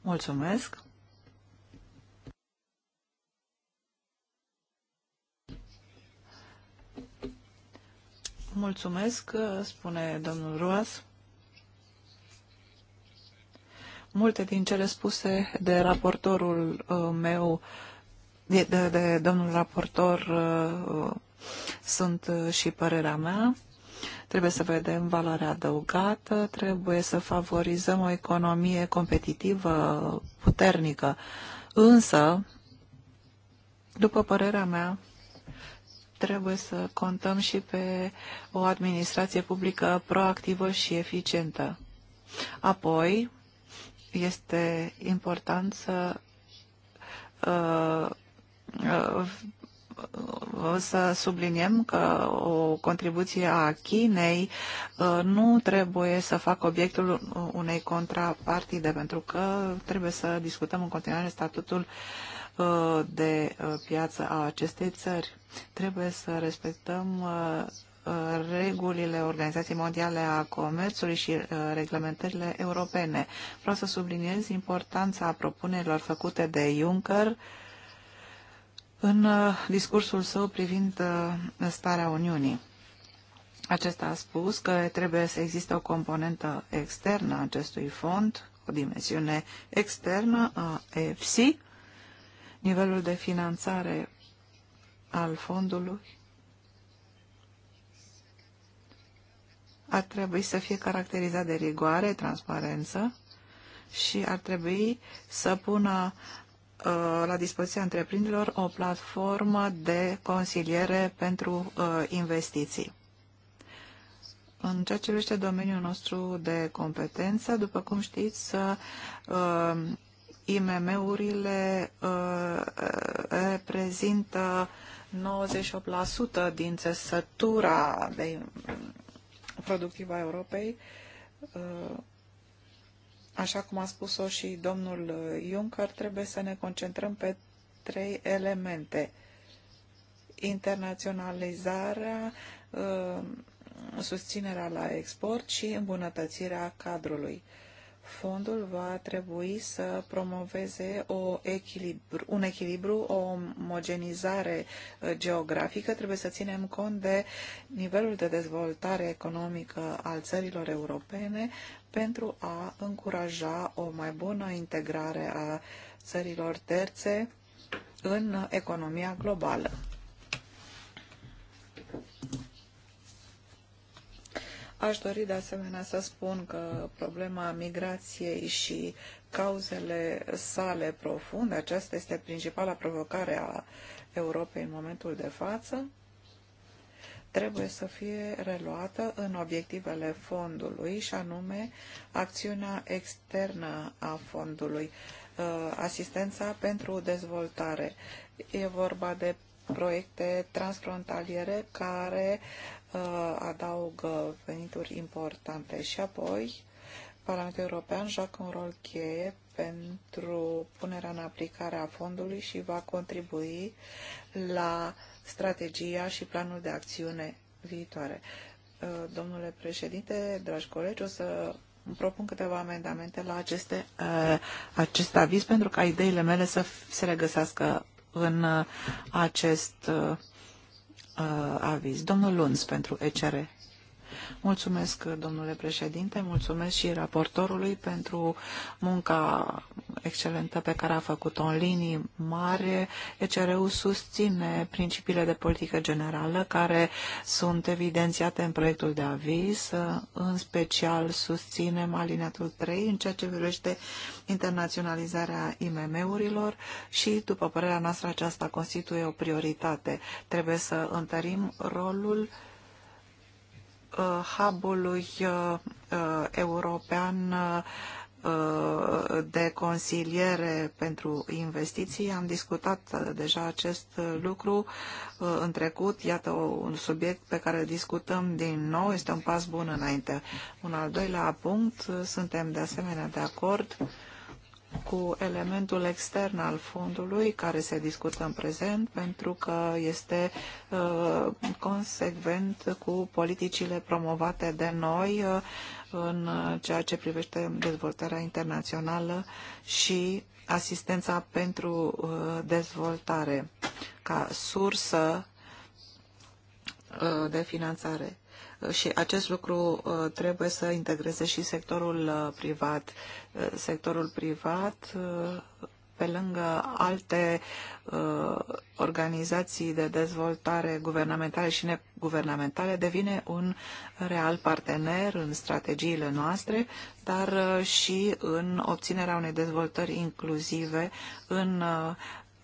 S3: Mulțumesc. Mulțumesc, spune domnul Ruas. Multe din cele spuse de raportorul uh, meu, de, de, de domnul raportor, uh, sunt uh, și părerea mea. Trebuie să vedem valoarea adăugată, trebuie să favorizăm o economie competitivă puternică. Însă, după părerea mea, trebuie să contăm și pe o administrație publică proactivă și eficientă. Apoi, este important să uh, uh, să subliniem că o contribuție a Chinei uh, nu trebuie să facă obiectul unei contrapartide, pentru că trebuie să discutăm în continuare statutul Uh, de uh, piață a acestei țări. Trebuie să respectăm uh, regulile Organizației Mondiale a Comerțului și reglementările europene. Vreau să subliniez importanța propunerilor făcute de Juncker în discursul său privind starea Uniunii. Acesta a spus că trebuie să existe o componentă externă a acestui fond, o dimensiune externă a EFSI, nivelul de finanțare al fondului ar trebui să fie caracterizat de rigoare, transparență și ar trebui să pună uh, la dispoziția întreprinderilor o platformă de consiliere pentru uh, investiții. În ceea ce privește domeniul nostru de competență, după cum știți, uh, IMM-urile uh, uh reprezintă 98% din țesătura de productivă a Europei, uh, așa cum a spus-o și domnul Juncker, trebuie să ne concentrăm pe trei elemente. Internaționalizarea, uh, susținerea la export și îmbunătățirea cadrului. Fondul va trebui să promoveze o echilibru, un echilibru, o omogenizare uh, geografică. Trebuie să ținem cont de nivelul de dezvoltare economică al țărilor europene pentru a încuraja o mai bună integrare a țărilor terțe în economia globală. Aș dori de asemenea să spun că problema migrației și cauzele sale profunde, aceasta este principala provocare a Europei în momentul de față, trebuie să fie reluată în obiectivele fondului și anume acțiunea externă a fondului, uh, asistența pentru dezvoltare. E vorba de proiecte transfrontaliere care Uh, adaugă venituri importante și apoi Parlamentul European joacă un rol cheie pentru punerea în aplicare a fondului și va contribui la strategia și planul de acțiune viitoare. Uh, domnule președinte, dragi colegi, o să îmi propun câteva amendamente la aceste, uh, acest aviz pentru ca ideile mele să se regăsească în acest Uh, aviz. Domnul Lunz pentru ECR. Mulțumesc, domnule președinte, mulțumesc și raportorului pentru munca excelentă pe care a făcut-o în linii mari. ECR-ul susține principiile de politică generală care sunt evidențiate în proiectul de aviz. În special susținem alineatul 3 în ceea ce privește internaționalizarea IMM-urilor și, după părerea noastră, aceasta constituie o prioritate. Trebuie să întărim rolul Uh, hubului uh, uh, european de consiliere pentru investiții. Am discutat deja acest lucru în trecut. Iată un subiect pe care discutăm din nou. Este un pas bun înainte. Un al doilea punct. Suntem de asemenea de acord cu elementul extern al fondului care se discută în prezent pentru că este uh, consecvent cu politicile promovate de noi uh, în ceea ce privește dezvoltarea internațională și asistența pentru uh, dezvoltare ca sursă uh, de finanțare și acest lucru uh, trebuie să integreze și sectorul uh, privat. Uh, sectorul privat, pe lângă alte organizații de dezvoltare guvernamentale și neguvernamentale, devine un real partener în strategiile noastre, dar și în obținerea unei dezvoltări inclusive în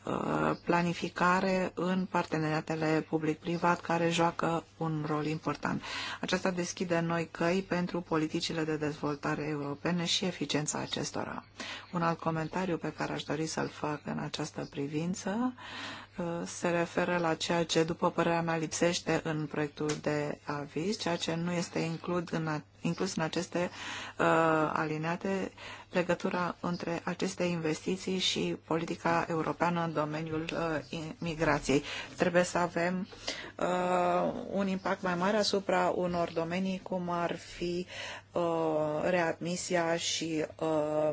S3: Uh, planificare în parteneriatele public-privat care joacă un rol important. Aceasta deschide noi căi pentru politicile de dezvoltare europene și eficiența acestora. Un alt comentariu pe care aș dori să-l fac în această privință uh, se referă la ceea ce, după părerea mea, lipsește în proiectul de aviz, ceea ce nu este inclus în aceste uh, alineate uh, legătura între aceste investiții și politica europeană în domeniul uh, migrației. Trebuie să avem uh, un impact mai mare asupra unor domenii, cum ar fi uh, readmisia și uh,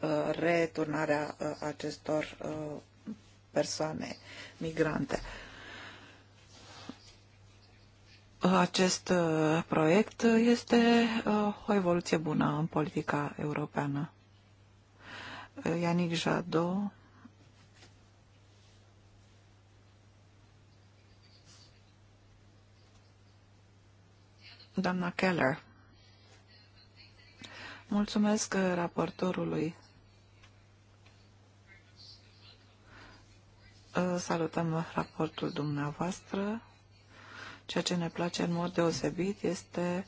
S3: uh, returnarea uh, acestor uh, persoane migrante. Uh, acest uh, proiect este uh, o evoluție bună în politica europeană. Uh, Yannick Jadot Doamna Keller Mulțumesc raportorului Salutăm raportul dumneavoastră Ceea ce ne place în mod deosebit este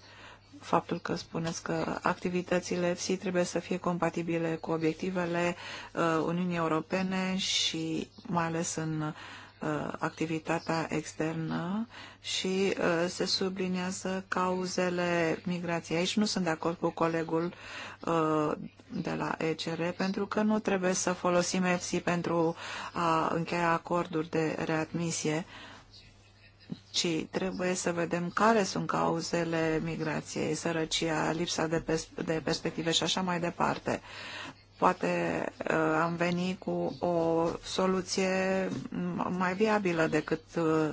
S3: faptul că spuneți că activitățile FSI trebuie să fie compatibile cu obiectivele uh, Uniunii Europene și mai ales în uh, activitatea externă și uh, se subliniază cauzele migrației. Aici nu sunt de acord cu colegul de la ECR pentru că nu trebuie să folosim EFSI pentru a încheia acorduri de readmisie. Uh, ci trebuie să vedem care sunt cauzele migrației, sărăcia, lipsa de, pers de perspective și așa mai departe. Poate uh, am venit cu o soluție mai viabilă decât uh,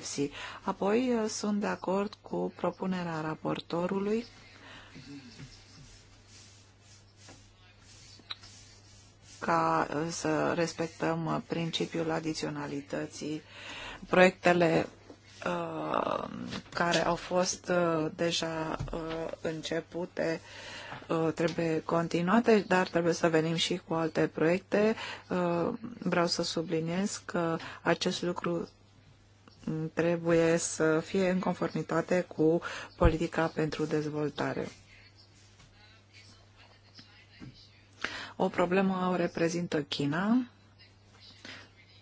S3: FC. Apoi uh, sunt de acord cu propunerea raportorului ca uh, să respectăm uh, principiul adiționalității. Proiectele Uh, care au fost uh, deja uh, începute trebuie continuate, dar trebuie să venim și cu alte proiecte. Vreau să subliniez că acest lucru trebuie să fie în conformitate cu politica pentru dezvoltare. O problemă o reprezintă China.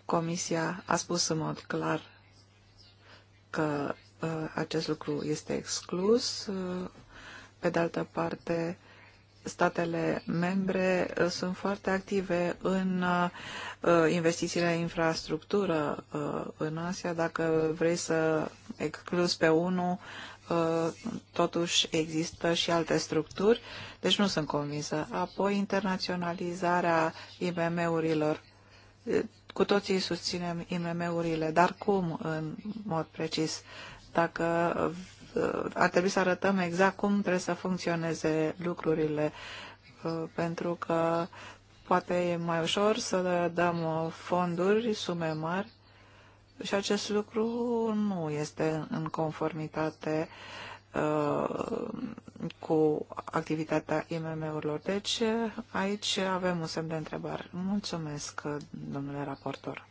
S3: Comisia a spus în mod clar că uh, acest lucru este exclus. Uh, pe de altă parte, statele membre uh, sunt foarte active în investițiile în infrastructură în Asia. Dacă vrei să excluzi pe unul, totuși există și alte structuri, deci nu sunt convinsă. Apoi, internaționalizarea IMM-urilor cu toții susținem IMM-urile, dar cum în mod precis? Dacă uh, ar trebui să arătăm exact cum trebuie să funcționeze lucrurile, uh, pentru că poate e mai ușor să dăm uh, fonduri, sume mari, și acest lucru nu este în conformitate uh, Uh, cu activitatea IMM-urilor. Deci aici avem un semn de întrebare. Mulțumesc, domnule raportor.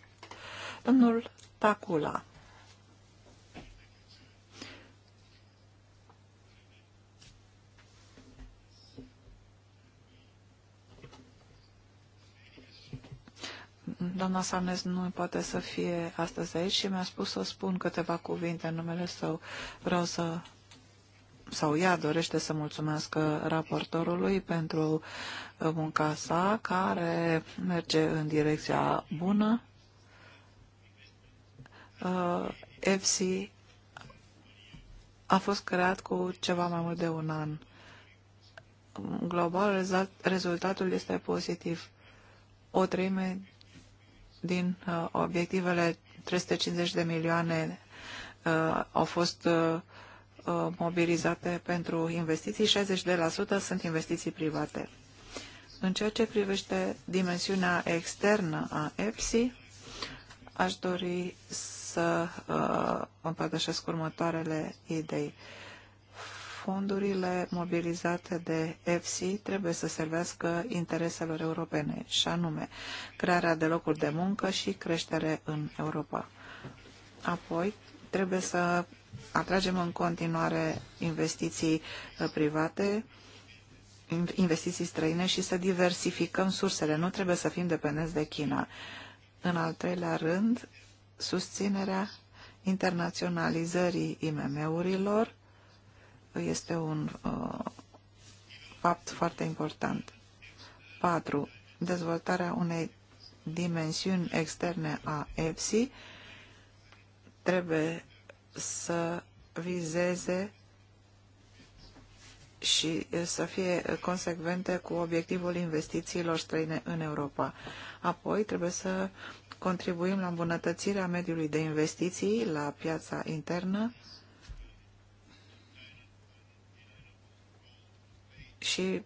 S3: Domnul Tacula. Doamna Sarnes nu poate să fie astăzi aici și mi-a spus să spun câteva cuvinte în numele său. Vreau să sau ea dorește să mulțumească raportorului pentru uh, munca sa, care merge în direcția bună. Uh, FC a fost creat cu ceva mai mult de un an. Global, rezultatul este pozitiv. O treime din uh, obiectivele 350 de milioane au fost Uh, mobilizate pentru investiții, 60% sunt investiții private. În ceea ce privește dimensiunea externă a EPSI, aș dori să uh, împărtășesc următoarele idei. Fondurile mobilizate de EFSI trebuie să servească intereselor europene, și anume crearea de locuri de muncă și creștere în Europa. Apoi, trebuie să atragem în continuare investiții uh, private, investiții străine și să diversificăm sursele. Nu trebuie să fim dependenți de China. În al treilea rând, susținerea internaționalizării IMM-urilor este un uh, fapt foarte important. 4. Dezvoltarea unei dimensiuni externe a EPSI trebuie să vizeze și să fie consecvente cu obiectivul investițiilor străine în Europa. Apoi trebuie să contribuim la îmbunătățirea mediului de investiții, la piața internă și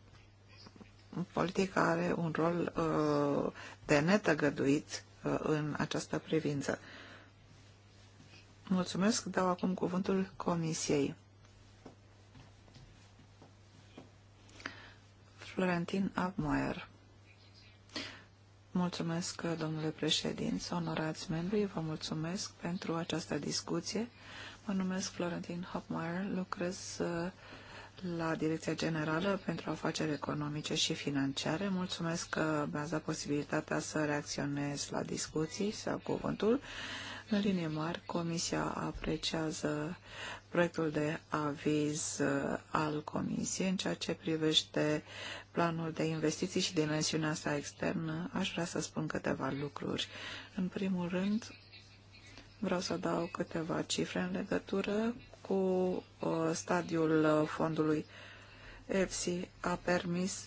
S3: politica are un rol uh, de netăgăduit uh, în această privință. Mulțumesc. Dau acum cuvântul Comisiei. Florentin Abmaier. Mulțumesc, domnule președinte, onorați membri, vă mulțumesc pentru această discuție. Mă numesc Florentin Hopmeyer, lucrez uh, la Direcția Generală pentru Afaceri Economice și Financiare. Mulțumesc că mi-ați dat posibilitatea să reacționez la discuții sau cuvântul. În linie mari, Comisia apreciază proiectul de aviz uh, al Comisiei în ceea ce privește planul de investiții și dimensiunea sa externă. Aș vrea să spun câteva lucruri. În primul rând, vreau să dau câteva cifre în legătură cu uh, stadiul uh, fondului. EFSI a permis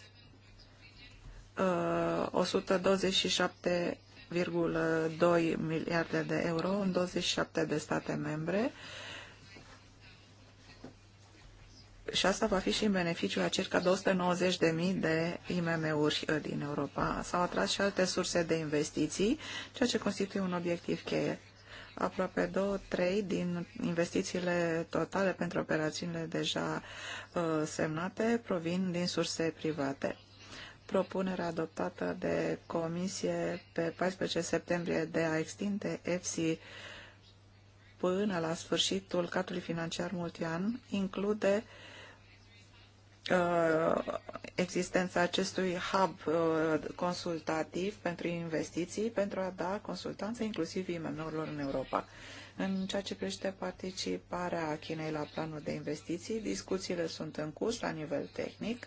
S3: uh, 127,2 miliarde de euro în 27 de state membre și asta va fi și în beneficiul a circa 290.000 de IMM-uri uh, din Europa. S-au atras și alte surse de investiții, ceea ce constituie un obiectiv cheie aproape 2-3 din investițiile totale pentru operațiunile deja uh, semnate provin din surse private. Propunerea adoptată de Comisie pe 14 septembrie de a extinde EFSI până la sfârșitul cadrului financiar multian include uh, Uh, existența acestui hub uh, consultativ pentru investiții, pentru a da consultanță inclusiv imenorilor în Europa. În ceea ce privește participarea Chinei la planul de investiții, discuțiile sunt în curs la nivel tehnic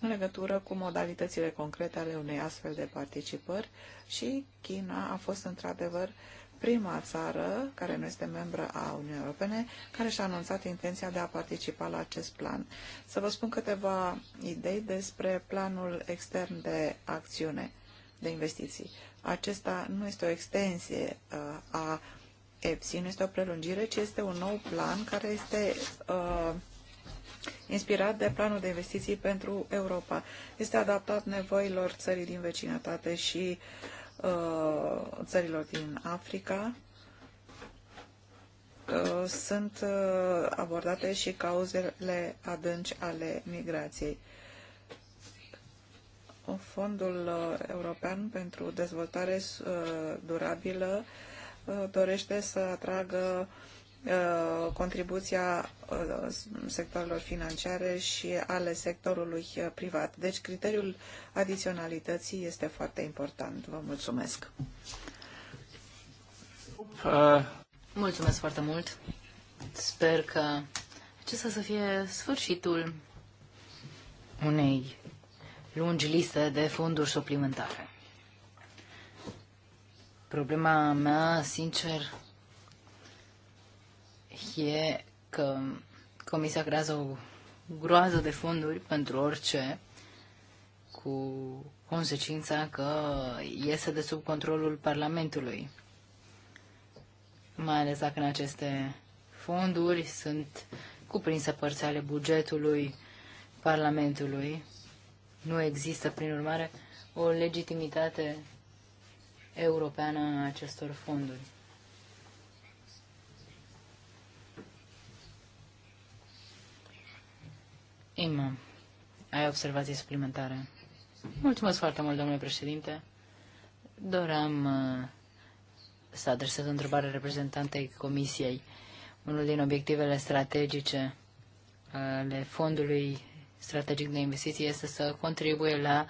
S3: în legătură cu modalitățile concrete ale unei astfel de participări și China a fost într-adevăr uh, prima țară care nu este membră a Uniunii Europene care și-a anunțat intenția de a participa la acest plan. Să vă spun câteva idei despre planul extern de acțiune de investiții. Acesta nu este o extensie uh, a EPSI, nu este o prelungire, ci este un nou plan care este uh, inspirat de planul de investiții pentru Europa. Este adaptat nevoilor țării din vecinătate și uh, Uh, țărilor din Africa uh, sunt uh, abordate și cauzele adânci ale migrației. Fondul European pentru Dezvoltare Durabilă dorește să atragă Uh, contribuția uh, sectorilor financiare și ale sectorului uh, privat. Deci criteriul adiționalității este foarte important. Vă mulțumesc.
S2: Mulțumesc foarte mult. Sper că acesta să fie sfârșitul unei lungi liste de fonduri suplimentare. Problema mea, sincer, e că Comisia creează o groază de fonduri pentru orice, cu consecința că iese de sub controlul Parlamentului. Mai ales dacă în aceste fonduri sunt cuprinse părți ale bugetului Parlamentului. Nu există, prin urmare, o legitimitate europeană a acestor fonduri. Imma, ai observații suplimentare? Mulțumesc foarte mult, domnule președinte. Doream uh, să adresez o întrebare reprezentantei Comisiei. Unul din obiectivele strategice uh, ale Fondului Strategic de Investiții este să contribuie la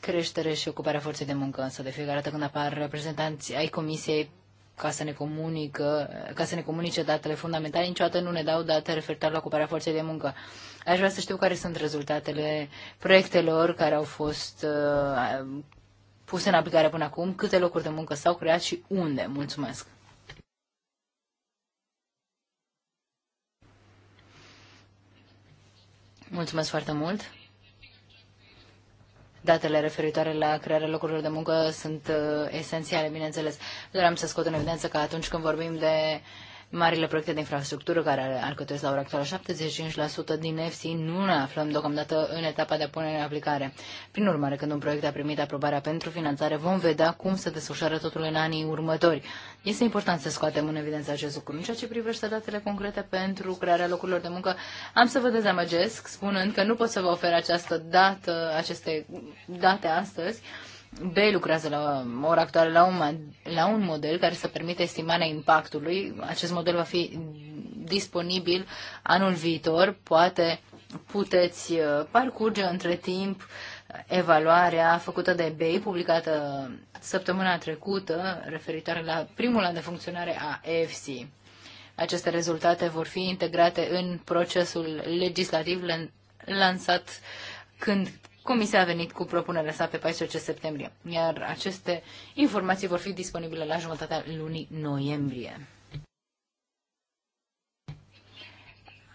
S2: creștere și ocuparea forței de muncă. Însă de fiecare dată când apar reprezentanți ai Comisiei, ca să ne, comunică, ca să ne comunice datele fundamentale, niciodată nu ne dau date referitoare la ocuparea forței de muncă. Aș vrea să știu care sunt rezultatele proiectelor care au fost uh, puse în aplicare până acum, câte locuri de muncă s-au creat și unde. Mulțumesc! Mulțumesc foarte mult! datele referitoare la crearea locurilor de muncă sunt uh, esențiale, bineînțeles. Doream să scot în evidență că atunci când vorbim de uh, marile proiecte de infrastructură care alcătuiesc la ora actuală 75% din EFSI, nu ne aflăm deocamdată în etapa de a pune în aplicare. Prin urmare, când un proiect a primit aprobarea pentru finanțare, vom vedea cum se desfășoară totul în anii următori. Este important să scoatem în evidență acest lucru. În ceea ce privește datele concrete pentru crearea locurilor de muncă, am să vă dezamăgesc spunând că nu pot să vă ofer această dată, aceste date astăzi, B lucrează la ora actuală la un, la un model care să permite estimarea impactului. Acest model va fi disponibil anul viitor. Poate puteți uh, parcurge între timp evaluarea făcută de BEI, publicată săptămâna trecută, referitoare la primul an de funcționare a EFC. Aceste rezultate vor fi integrate în procesul legislativ lansat când Comisia a venit cu propunerea sa pe 14 septembrie, iar aceste informații vor fi disponibile la jumătatea lunii noiembrie.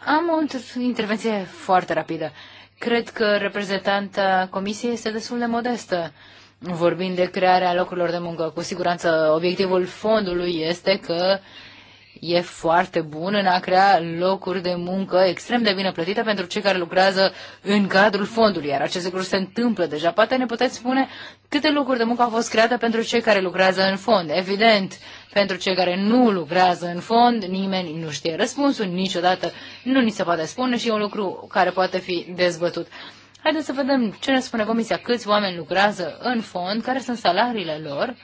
S2: Am o intervenție foarte rapidă. Cred că reprezentanta Comisiei este destul de modestă. Vorbind de crearea locurilor de muncă, cu siguranță obiectivul fondului este că uh, e foarte bun în a crea locuri de muncă extrem de bine plătite pentru cei care lucrează în cadrul fondului, iar acest lucru se întâmplă deja. Poate ne puteți spune câte locuri de muncă au fost create pentru cei care lucrează în fond. Evident, pentru cei care nu lucrează în fond, nimeni nu știe răspunsul, niciodată nu ni se poate spune și e un lucru care poate fi dezbătut. Haideți să vedem ce ne spune Comisia, câți oameni lucrează în fond, care sunt salariile lor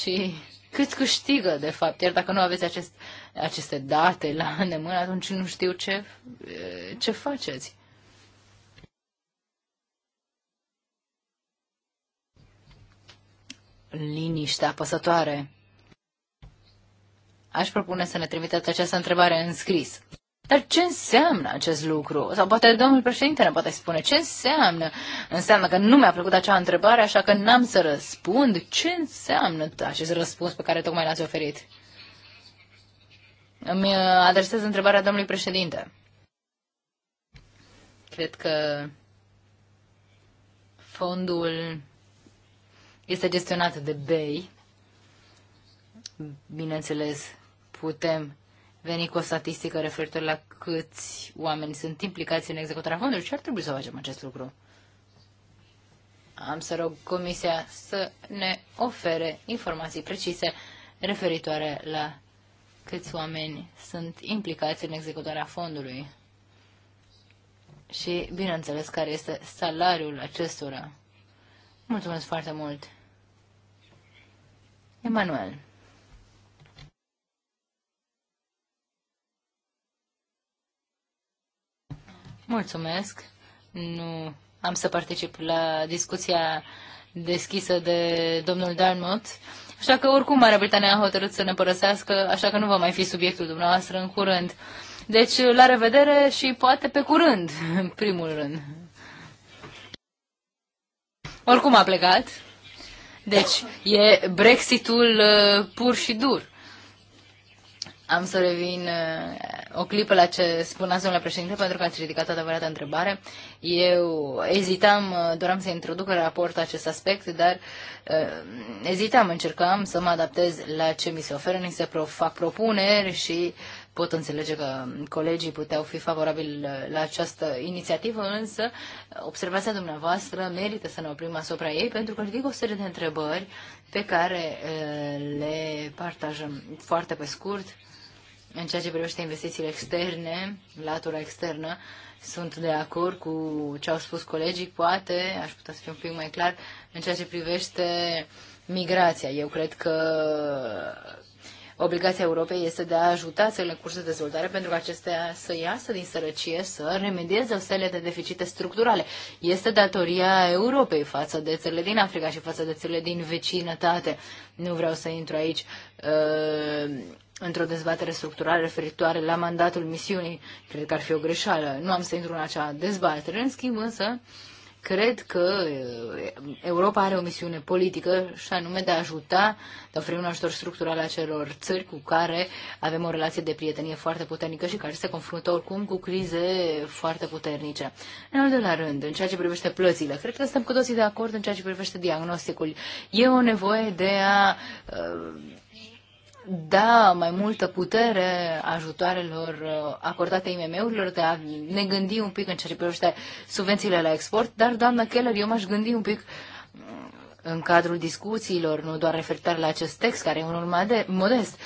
S2: și cât câștigă, de fapt. Iar dacă nu aveți acest, aceste date la îndemână, atunci nu știu ce, ce faceți. Liniște apăsătoare. Aș propune să ne trimiteți această întrebare în scris. Dar ce înseamnă acest lucru? Sau poate domnul președinte ne poate spune ce înseamnă. Înseamnă că nu mi-a plăcut acea întrebare, așa că n-am să răspund. Ce înseamnă acest răspuns pe care tocmai l-ați oferit? Îmi uh, adresez întrebarea domnului președinte. Cred că fondul este gestionat de BEI. Bineînțeles, putem veni cu o statistică referitor la câți oameni sunt implicați în executarea fondului și ar trebui să facem acest lucru. Am să rog Comisia să ne ofere informații precise referitoare la câți oameni sunt implicați în executarea fondului și, bineînțeles, care este salariul acestora. Mulțumesc foarte mult! Emanuel. Mulțumesc. Nu am să particip la discuția deschisă de domnul Darmot. Așa că oricum Marea Britanie a hotărât să ne părăsească, așa că nu va mai fi subiectul dumneavoastră în curând. Deci, la revedere și poate pe curând, <laughs> în primul rând. Oricum a plecat. Deci, e Brexitul uh, pur și dur. Am să revin uh, o clipă la ce spunea domnule președinte, pentru că ați ridicat adevărată întrebare. Eu ezitam, uh, doream să introduc în raport acest aspect, dar uh, ezitam, încercam să mă adaptez la ce mi se oferă, ni se pro- fac propuneri și pot înțelege că colegii puteau fi favorabili uh, la această inițiativă, însă observația dumneavoastră merită să ne oprim asupra ei, pentru că ridic o serie de întrebări pe care le partajăm foarte pe scurt în ceea ce privește investițiile externe, latura externă, sunt de acord cu ce au spus colegii, poate, aș putea să fiu un pic mai clar, în ceea ce privește migrația. Eu cred că obligația Europei este de a ajuta țările în curs de dezvoltare pentru că acestea să iasă din sărăcie, să remedieze serie de deficite structurale. Este datoria Europei față de țările din Africa și față de țările din vecinătate. Nu vreau să intru aici uh, într-o dezbatere structurală referitoare la mandatul misiunii. Cred că ar fi o greșeală. Nu am să intru în acea dezbatere. În schimb, însă, cred că eh, Europa are o misiune politică și anume de a ajuta, de a oferi un ajutor structural acelor țări cu care avem o relație de prietenie foarte puternică și care se confruntă oricum cu crize foarte puternice. În al doilea rând, în ceea ce privește plățile, cred că suntem cu toții de acord în ceea ce privește diagnosticul. E o nevoie de a uh, da mai multă putere ajutoarelor uh, acordate IMM-urilor, de a ne gândi un pic în ceea ce privește subvențiile la export, dar, doamna Keller, eu m-aș gândi un pic mm, în cadrul discuțiilor, nu doar referitor la acest text, care e unul modest,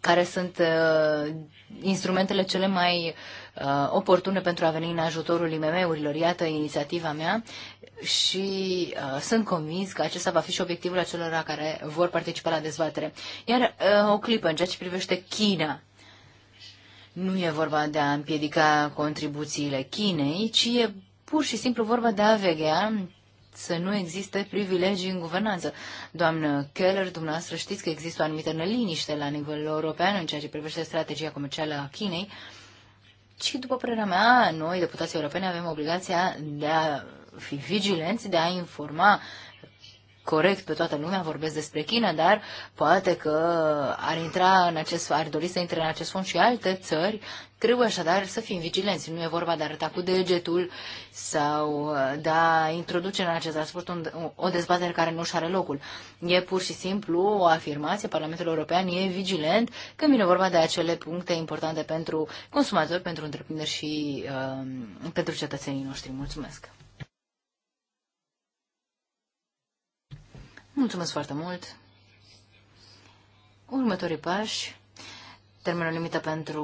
S2: care sunt uh, instrumentele cele mai uh, uh, oportune pentru a veni în ajutorul IMM-urilor. Iată inițiativa mea și uh, sunt convins că acesta va fi și obiectivul acelor care vor participa la dezbatere. Iar uh, o clipă în ceea ce privește China. Nu e vorba de a împiedica contribuțiile Chinei, ci e pur și simplu vorba de a veghea să nu existe privilegii în guvernanță. Doamnă Keller, dumneavoastră știți că există o anumită neliniște la nivel european în ceea ce privește strategia comercială a Chinei, uh, și, după părerea mea, noi, deputații europeni, avem obligația de a fi vigilenți, de a informa corect pe toată lumea, vorbesc despre China, dar poate că ar intra în acest, ar dori să intre în acest fond și alte țări Trebuie așadar să fim vigilenți. Nu e vorba de a arăta cu degetul sau uh, de a introduce în acest transport un, o dezbatere care nu își are locul. E pur și simplu o afirmație. Parlamentul European e vigilent când vine vorba de acele puncte importante pentru consumatori, pentru întreprinderi și uh, pentru cetățenii noștri. Mulțumesc! Mulțumesc foarte mult! Următorii pași Termenul limită pentru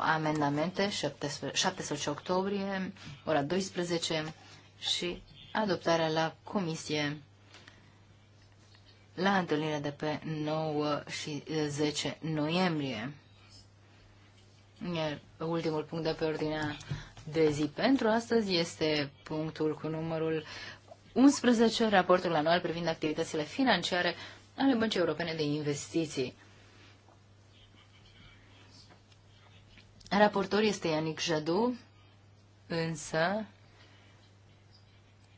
S2: amendamente, 17 octombrie, ora 12 și adoptarea la comisie la întâlnirea de pe 9 și 10 noiembrie. Iar ultimul punct de pe ordinea de zi pentru astăzi este punctul cu numărul 11, raportul anual privind activitățile financiare ale Băncii Europene de Investiții. Raportor este Ianic Jadu, însă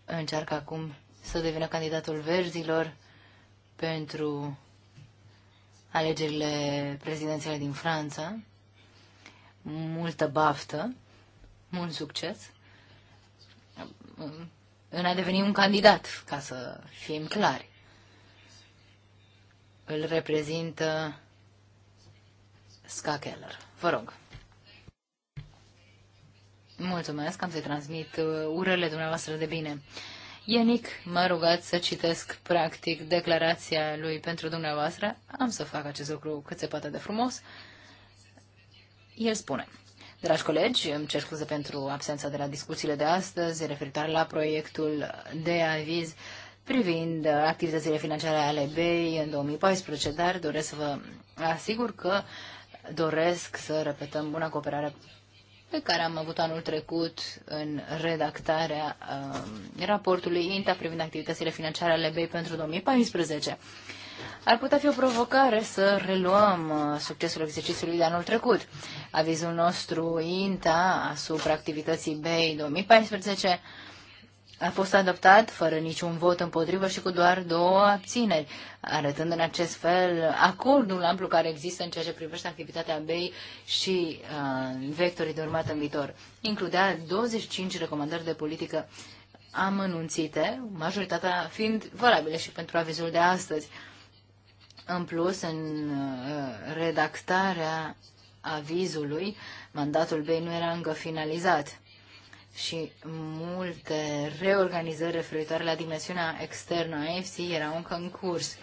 S2: încearcă acum să devină candidatul verzilor pentru alegerile prezidențiale din Franța. Multă baftă, mult succes. În a deveni un candidat, ca să fim clari. Îl reprezintă Ska Keller. Vă rog. Mulțumesc, am să-i transmit uh, urele dumneavoastră de bine. Ienic, m-a rugat să citesc practic declarația lui pentru dumneavoastră. Am să fac acest lucru cât se poate de frumos. El spune, Dragi colegi, îmi cer scuze pentru absența de la discuțiile de astăzi referitoare la proiectul de aviz privind activitățile financiare ale BEI în 2014, dar doresc să vă asigur că doresc să repetăm bună cooperare pe care am avut anul trecut în redactarea um, raportului INTA privind activitățile financiare ale BEI pentru 2014. Ar putea fi o provocare să reluăm uh, succesul exercițiului de anul trecut. Avizul nostru INTA asupra activității BEI 2014 a fost adoptat fără niciun vot împotrivă și cu doar două abțineri, arătând în acest fel acordul amplu care există în ceea ce privește activitatea BEI și uh, vectorii de urmat în viitor. Includea 25 recomandări de politică amănunțite, majoritatea fiind valabile și pentru avizul de astăzi. În plus, în uh, redactarea avizului, mandatul BEI nu era încă finalizat și multe reorganizări referitoare la dimensiunea externă a EFSI erau încă în curs.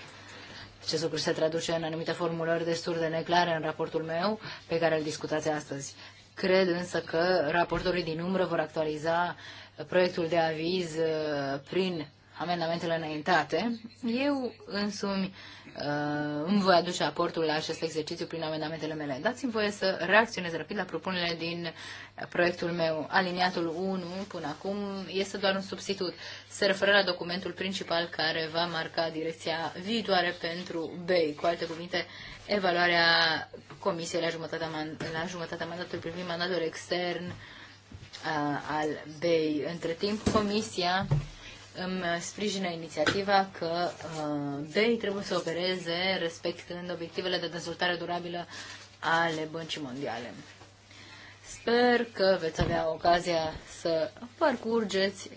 S2: Acest lucru se traduce în anumite formulări destul de neclare în raportul meu pe care îl discutați astăzi. Cred însă că raportorii din umbră vor actualiza proiectul de aviz uh, prin amendamentele înaintate. Eu însumi uh, îmi voi aduce aportul la acest exercițiu prin amendamentele mele. Dați-mi voie să reacționez rapid la propunerile din proiectul meu. Aliniatul 1 până acum este doar un substitut. Se referă la documentul principal care va marca direcția viitoare pentru BEI. Cu alte cuvinte, evaluarea comisiei la jumătatea, man- la jumătatea mandatului privind mandatul extern uh, al BEI. Între timp, comisia îmi sprijină inițiativa că BEI uh, trebuie să opereze respectând obiectivele de dezvoltare durabilă ale Băncii Mondiale. Sper că veți avea ocazia să parcurgeți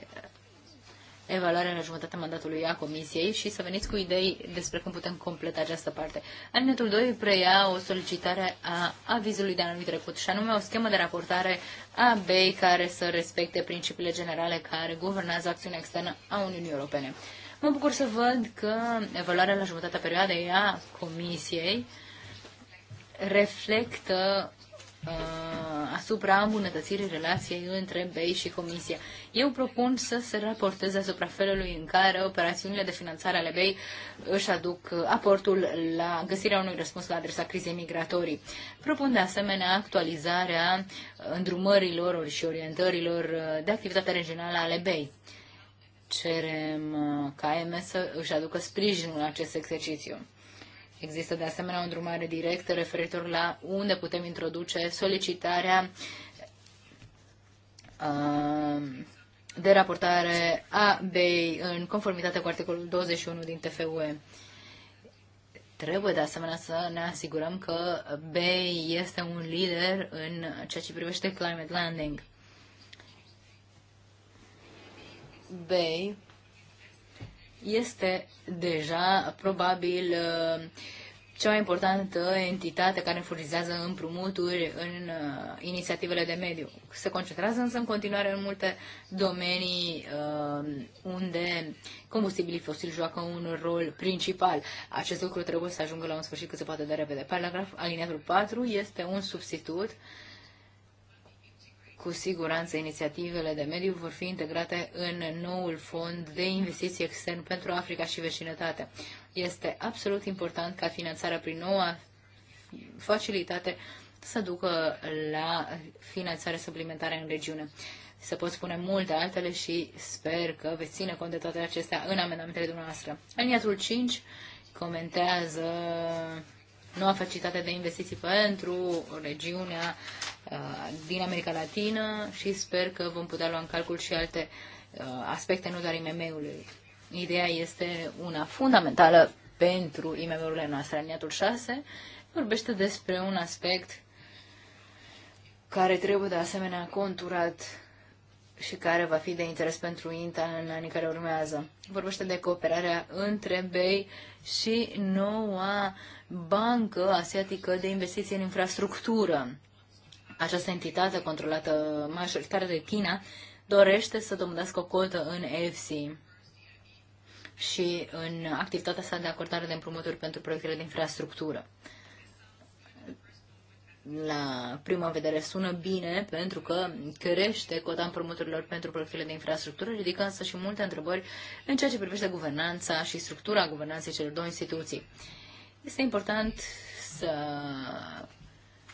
S2: evaluarea la jumătatea mandatului a Comisiei și să veniți cu idei despre cum putem completa această parte. Alinetul 2 preia o solicitare a avizului de anul trecut și anume o schemă de raportare a BEI care să respecte principiile generale care guvernează acțiunea externă a Uniunii Europene. Mă bucur să văd că evaluarea la jumătatea perioadei a Comisiei reflectă Uh, asupra îmbunătățirii relației între BEI și Comisia. Eu propun să se raporteze asupra felului în care operațiunile de finanțare ale BEI își aduc aportul la găsirea unui răspuns la adresa crizei migratorii. Propun de asemenea actualizarea îndrumărilor și orientărilor de activitate regională ale BEI. Cerem uh, ca MS să își aducă sprijinul acest exercițiu. Există de asemenea o îndrumare directă referitor la unde putem introduce solicitarea uh, de raportare a BEI în conformitate cu articolul 21 din TFUE. Trebuie de asemenea să ne asigurăm că BEI este un lider în ceea ce privește climate landing. BEI este deja probabil uh, cea mai importantă entitate care furnizează împrumuturi în uh, inițiativele de mediu. Se concentrează însă în continuare în multe domenii uh, unde combustibilii fosili joacă un rol principal. Acest lucru trebuie să ajungă la un sfârșit cât se poate de repede. Paragraf aliniatul 4 este un substitut uh, cu siguranță, inițiativele de mediu vor fi integrate în noul fond de investiții extern pentru Africa și vecinătate. Este absolut important ca finanțarea prin noua facilitate să ducă la finanțare suplimentare în regiune. Se pot spune multe altele și sper că veți ține cont de toate acestea în amendamentele dumneavoastră. Aliniatul 5 comentează noua facilitate de investiții pentru regiunea Uh, din America Latină și sper că vom putea lua în calcul și alte uh, aspecte, nu doar IMM-ului. Ideea este una fundamentală pentru IMM-urile noastre. Aliniatul 6 vorbește despre un aspect care trebuie de asemenea conturat și care va fi de interes pentru INTA în anii care urmează. Vorbește de cooperarea între BEI și noua bancă asiatică de investiții în infrastructură. Această entitate controlată majoritar de China dorește să domnească o cotă în EFSI și în activitatea sa de acordare de împrumuturi pentru proiectele de infrastructură. La prima vedere sună bine pentru că crește cota împrumuturilor pentru proiectele de infrastructură, ridică însă și multe întrebări în ceea ce privește guvernanța și structura guvernanței celor două instituții. Este important să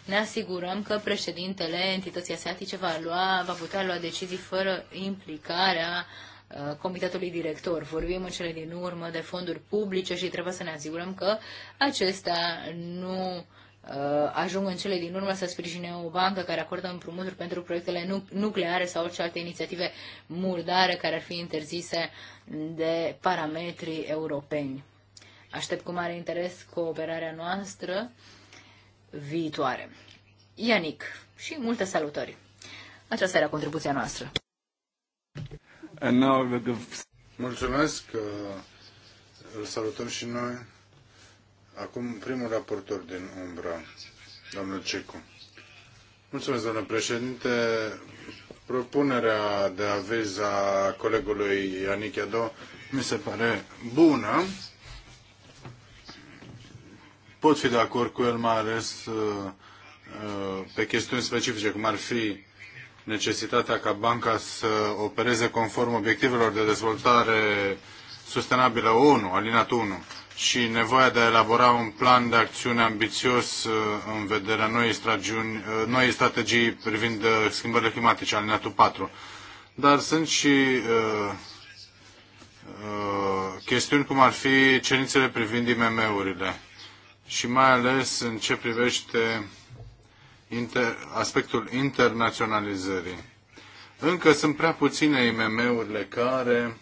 S2: ne asigurăm că președintele entității asiatice va, lua, va putea lua decizii fără implicarea uh, comitetului director. Vorbim în cele din urmă de fonduri publice și trebuie să ne asigurăm că acestea nu uh, ajung în cele din urmă să sprijine o bancă care acordă împrumuturi pentru proiectele nucleare sau orice alte inițiative murdare care ar fi interzise de parametrii europeni. Aștept cu mare interes cooperarea noastră viitoare. Ianic, și multe salutări! Aceasta era contribuția noastră.
S1: Mulțumesc că îl salutăm și noi. Acum primul raportor din umbra, domnul Cecu. Mulțumesc, domnule președinte. Propunerea de aviz a colegului Ianic Iado mi se pare bună pot fi de acord cu el, mai ales uh, uh, pe chestiuni specifice, cum ar fi necesitatea ca banca să opereze conform obiectivelor de dezvoltare sustenabilă 1, alinat 1, și nevoia de a elabora un plan de acțiune ambițios uh, în vederea noii, noi strategii privind schimbările climatice, alinatul 4. Dar sunt și uh, uh, chestiuni cum ar fi cerințele privind IMM-urile și mai ales în ce privește inter, aspectul internaționalizării. Încă sunt prea puține IMM-urile care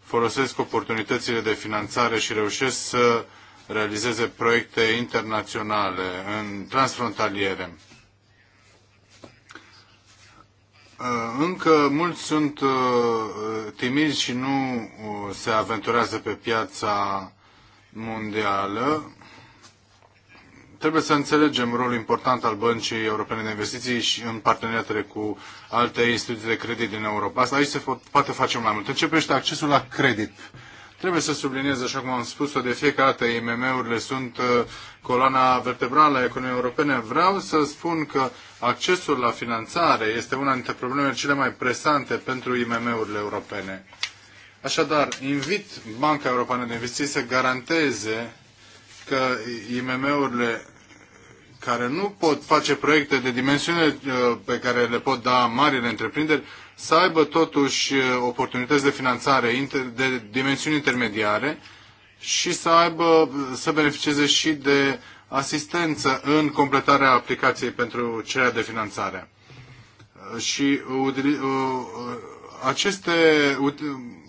S1: folosesc oportunitățile de finanțare și reușesc să realizeze proiecte internaționale, în transfrontaliere. Uh, încă mulți sunt uh, timizi și nu uh, se aventurează pe piața mondială Trebuie să înțelegem rolul important al Băncii Europene de Investiții și în parteneriatele cu alte instituții de credit din Europa. Asta aici se poate face mai mult. Începește accesul la credit. Trebuie să subliniez, așa cum am spus-o de fiecare dată, IMM-urile sunt uh, coloana vertebrală a economiei europene. Vreau să spun că accesul la finanțare este una dintre problemele cele mai presante pentru IMM-urile europene. Așadar, invit Banca Europeană de Investiții să garanteze că IMM-urile care nu pot face proiecte de dimensiune uh, pe care le pot da marile întreprinderi, să aibă totuși uh, oportunități de finanțare de dimensiuni intermediare și să aibă, să beneficieze și de asistență în completarea aplicației pentru cererea de finanțare. Uh, și aceste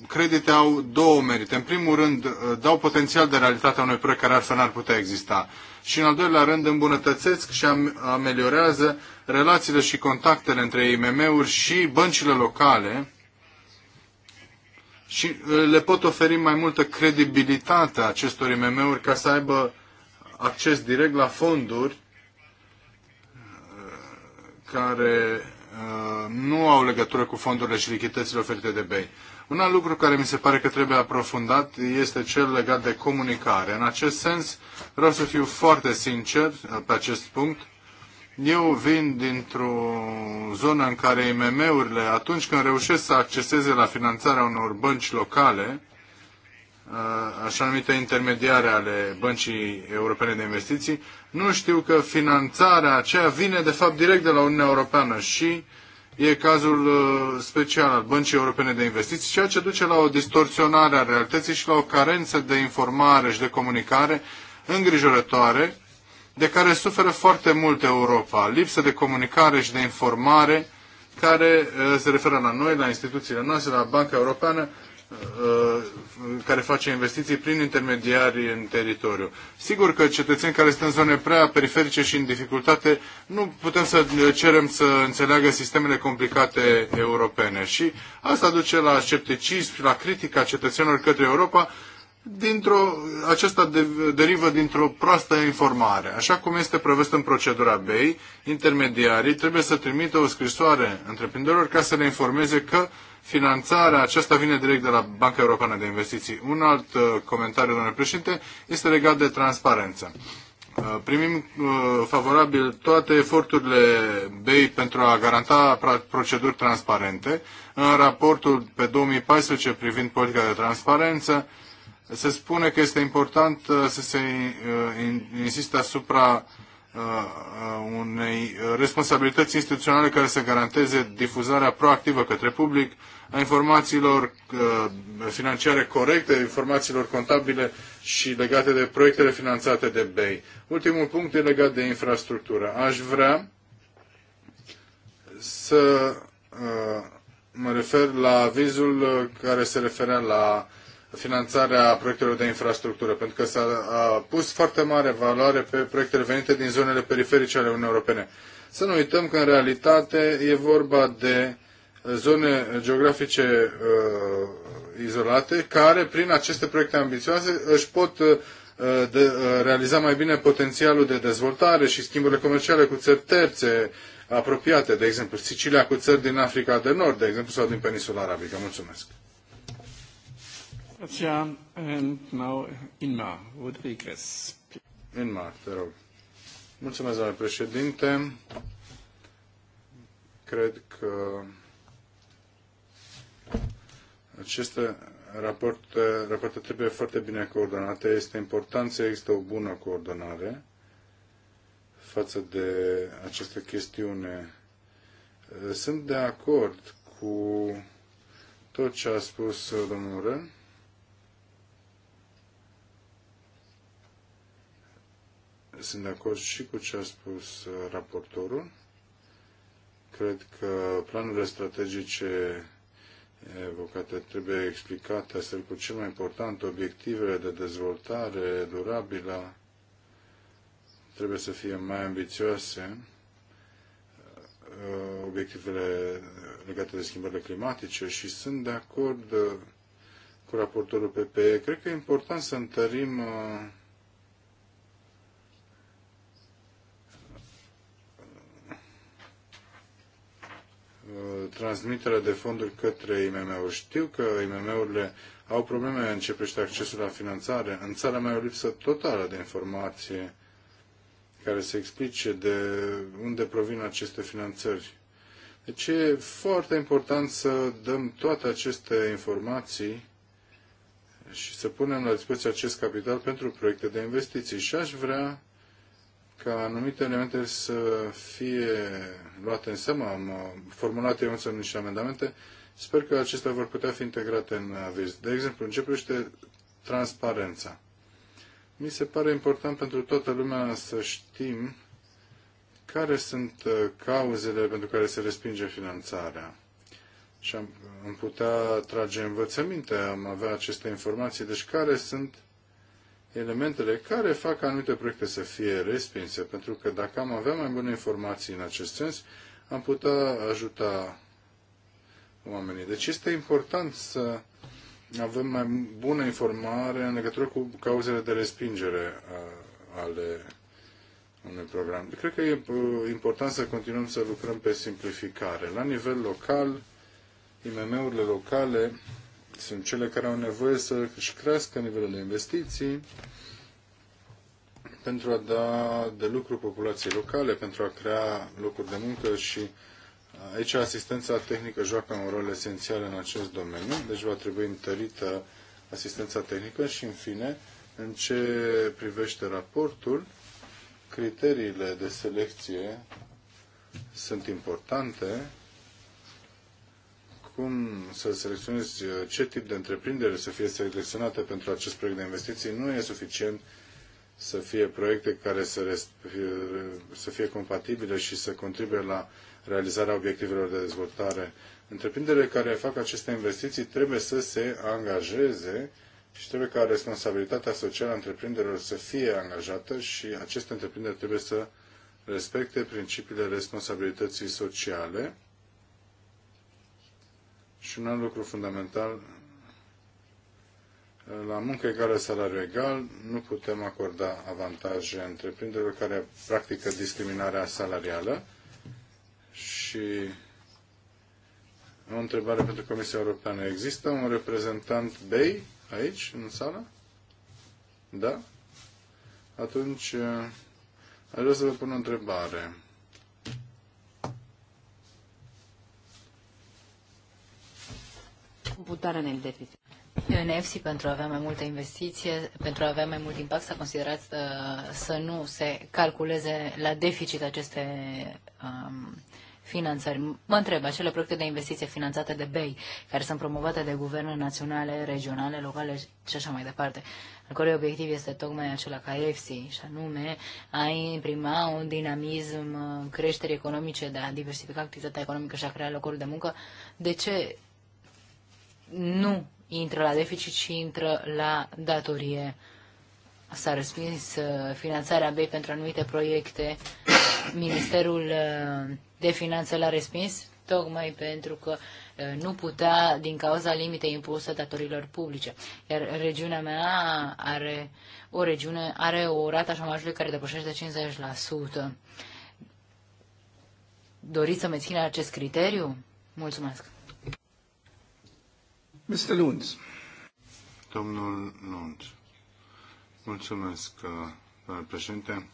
S1: credite au două merite. În primul rând, dau potențial de realitate a unui proiect care altfel n-ar putea exista și, în al doilea rând, îmbunătățesc și ameliorează relațiile și contactele între IMM-uri și băncile locale și uh, le pot oferi mai multă credibilitate acestor IMM-uri ca să aibă acces direct la fonduri uh, care uh, nu au legătură cu fondurile și lichitățile oferite de BEI. Un alt lucru care mi se pare că trebuie aprofundat este cel legat de comunicare. În acest sens, vreau să fiu foarte sincer uh, pe acest punct. Eu vin dintr-o zonă în care IMM-urile, atunci când reușesc să acceseze la finanțarea unor bănci locale, uh, așa numite intermediare ale Băncii Europene de Investiții, nu știu că finanțarea aceea vine de fapt direct de la Uniunea Europeană și uh, E cazul uh, special al Băncii Europene de Investiții, ceea ce duce la o distorsionare a realității și la o carență de informare și de comunicare îngrijorătoare, de care suferă foarte mult Europa. Lipsă de comunicare și de informare care uh, se referă la noi, la instituțiile noastre, la Banca Europeană, Uh, care face investiții prin intermediari în teritoriu. Sigur că cetățeni care sunt în zone prea periferice și în dificultate nu putem să cerem să înțeleagă sistemele complicate europene și asta duce la scepticism, la critica cetățenilor către Europa dintr-o, aceasta de, derivă dintr-o proastă informare. Așa cum este prevăzut în procedura BEI, intermediarii trebuie să trimită o scrisoare întreprinderilor ca să le informeze că uh, Finanțarea aceasta vine direct de la Banca Europeană de Investiții. Un alt uh, comentariu, domnule președinte, este legat de transparență. Uh, primim uh, favorabil toate eforturile BEI pentru a garanta proceduri transparente. În raportul pe 2014 privind politica de transparență, se spune că este important să se insiste asupra unei responsabilități instituționale care să garanteze difuzarea proactivă către public a informațiilor financiare corecte, informațiilor contabile și legate de proiectele finanțate de BEI. Ultimul punct e legat de infrastructură. Aș vrea să mă refer la avizul care se referea la finanțarea proiectelor de infrastructură, pentru că s-a pus foarte mare valoare pe proiectele venite din zonele periferice ale Uniunii Europene. Să nu uităm că, în realitate, e vorba de zone geografice uh, izolate, care, prin aceste proiecte ambițioase, își pot uh, de, uh, realiza mai bine potențialul de dezvoltare și schimburile comerciale cu țări terțe apropiate, de exemplu Sicilia cu țări din Africa de Nord, de exemplu, sau din Peninsula Arabică. Mulțumesc! Grația. And now Inma Rodriguez. Inma, te rog. Mulțumesc, doamne președinte. Cred că aceste rapoarte, trebuie foarte bine coordonate. Este important să există o bună coordonare față de această chestiune. Sunt de acord cu tot ce a spus domnul Ren. sunt de acord și cu ce a spus uh, raportorul. Cred că planurile strategice evocate trebuie explicate astfel cu cel mai important, obiectivele de dezvoltare durabilă trebuie să fie mai ambițioase, uh, obiectivele legate de schimbările climatice și sunt de acord uh, cu raportorul PPE. Cred că e important să întărim Uh, transmiterea de fonduri către IMM-uri. Știu că IMM-urile au probleme în ce privește accesul la finanțare. În țara mea e o lipsă totală de informație care să explice de unde provin aceste finanțări. Deci e foarte important să dăm toate aceste informații și să punem la dispoziție acest capital pentru proiecte de investiții. Și aș vrea ca anumite elemente să fie luate în seamă. Am uh, formulat eu însă niște amendamente. Sper că acestea vor putea fi integrate în aviz. De exemplu, în ce privește transparența. Mi se pare important pentru toată lumea să știm care sunt uh, cauzele pentru care se respinge finanțarea. Și am, am putea trage învățăminte, am avea aceste informații. Deci care sunt uh, elementele care fac anumite proiecte să fie respinse, pentru că dacă am avea mai bune informații în acest sens, am putea ajuta oamenii. Deci este important să avem mai bună informare în legătură cu cauzele de respingere ale unui program. Cred că e uh, important să continuăm să lucrăm pe simplificare. La nivel local, IMM-urile locale sunt cele care au nevoie să își crească nivelul de investiții pentru a da de lucru populației locale, pentru a crea locuri de muncă și aici asistența tehnică joacă un rol esențial în acest domeniu, deci va trebui întărită asistența tehnică și, în fine, în ce privește raportul, criteriile de selecție sunt importante cum să selecționezi uh, ce tip de întreprindere să fie selecționată pentru acest proiect de investiții, nu e suficient să fie proiecte care să, să fie compatibile și să contribuie la realizarea obiectivelor de dezvoltare. Întreprinderile care fac aceste investiții trebuie să se angajeze și trebuie ca responsabilitatea socială a întreprinderilor să fie angajată și aceste întreprinderi trebuie să respecte principiile responsabilității sociale și un alt lucru fundamental, la muncă egală, salariu egal, nu putem acorda avantaje întreprinderilor care practică discriminarea salarială. Și o întrebare pentru Comisia Europeană. Există un reprezentant BEI aici, în sală? Da? Atunci, eh, aș vrea să vă pun o întrebare.
S2: computarea în deficit. În EFSI, pentru a avea mai multă investiție, pentru a avea mai mult impact, s-a considerat uh, să nu se calculeze la deficit aceste um, finanțări. Mă întreb, acele proiecte de investiție finanțate de BEI, care sunt promovate de guverne naționale, regionale, locale și așa mai departe, al cărui obiectiv este tocmai acela ca EFSI, și anume a imprima un dinamism uh, creșterii economice, de a diversifica activitatea economică și a crea locuri de muncă, de ce nu intră la deficit, ci intră la datorie. S-a respins uh, finanțarea B pentru anumite proiecte. Ministerul uh, de Finanțe l-a respins tocmai pentru că uh, nu putea din cauza limitei impuse datorilor publice. Iar regiunea mea are o regiune, are o rată a șomajului care depășește 50%. Doriți să mențină acest criteriu? Mulțumesc!
S1: Mr. Lunds. Domnul Mulțumesc, uh, domnule președinte.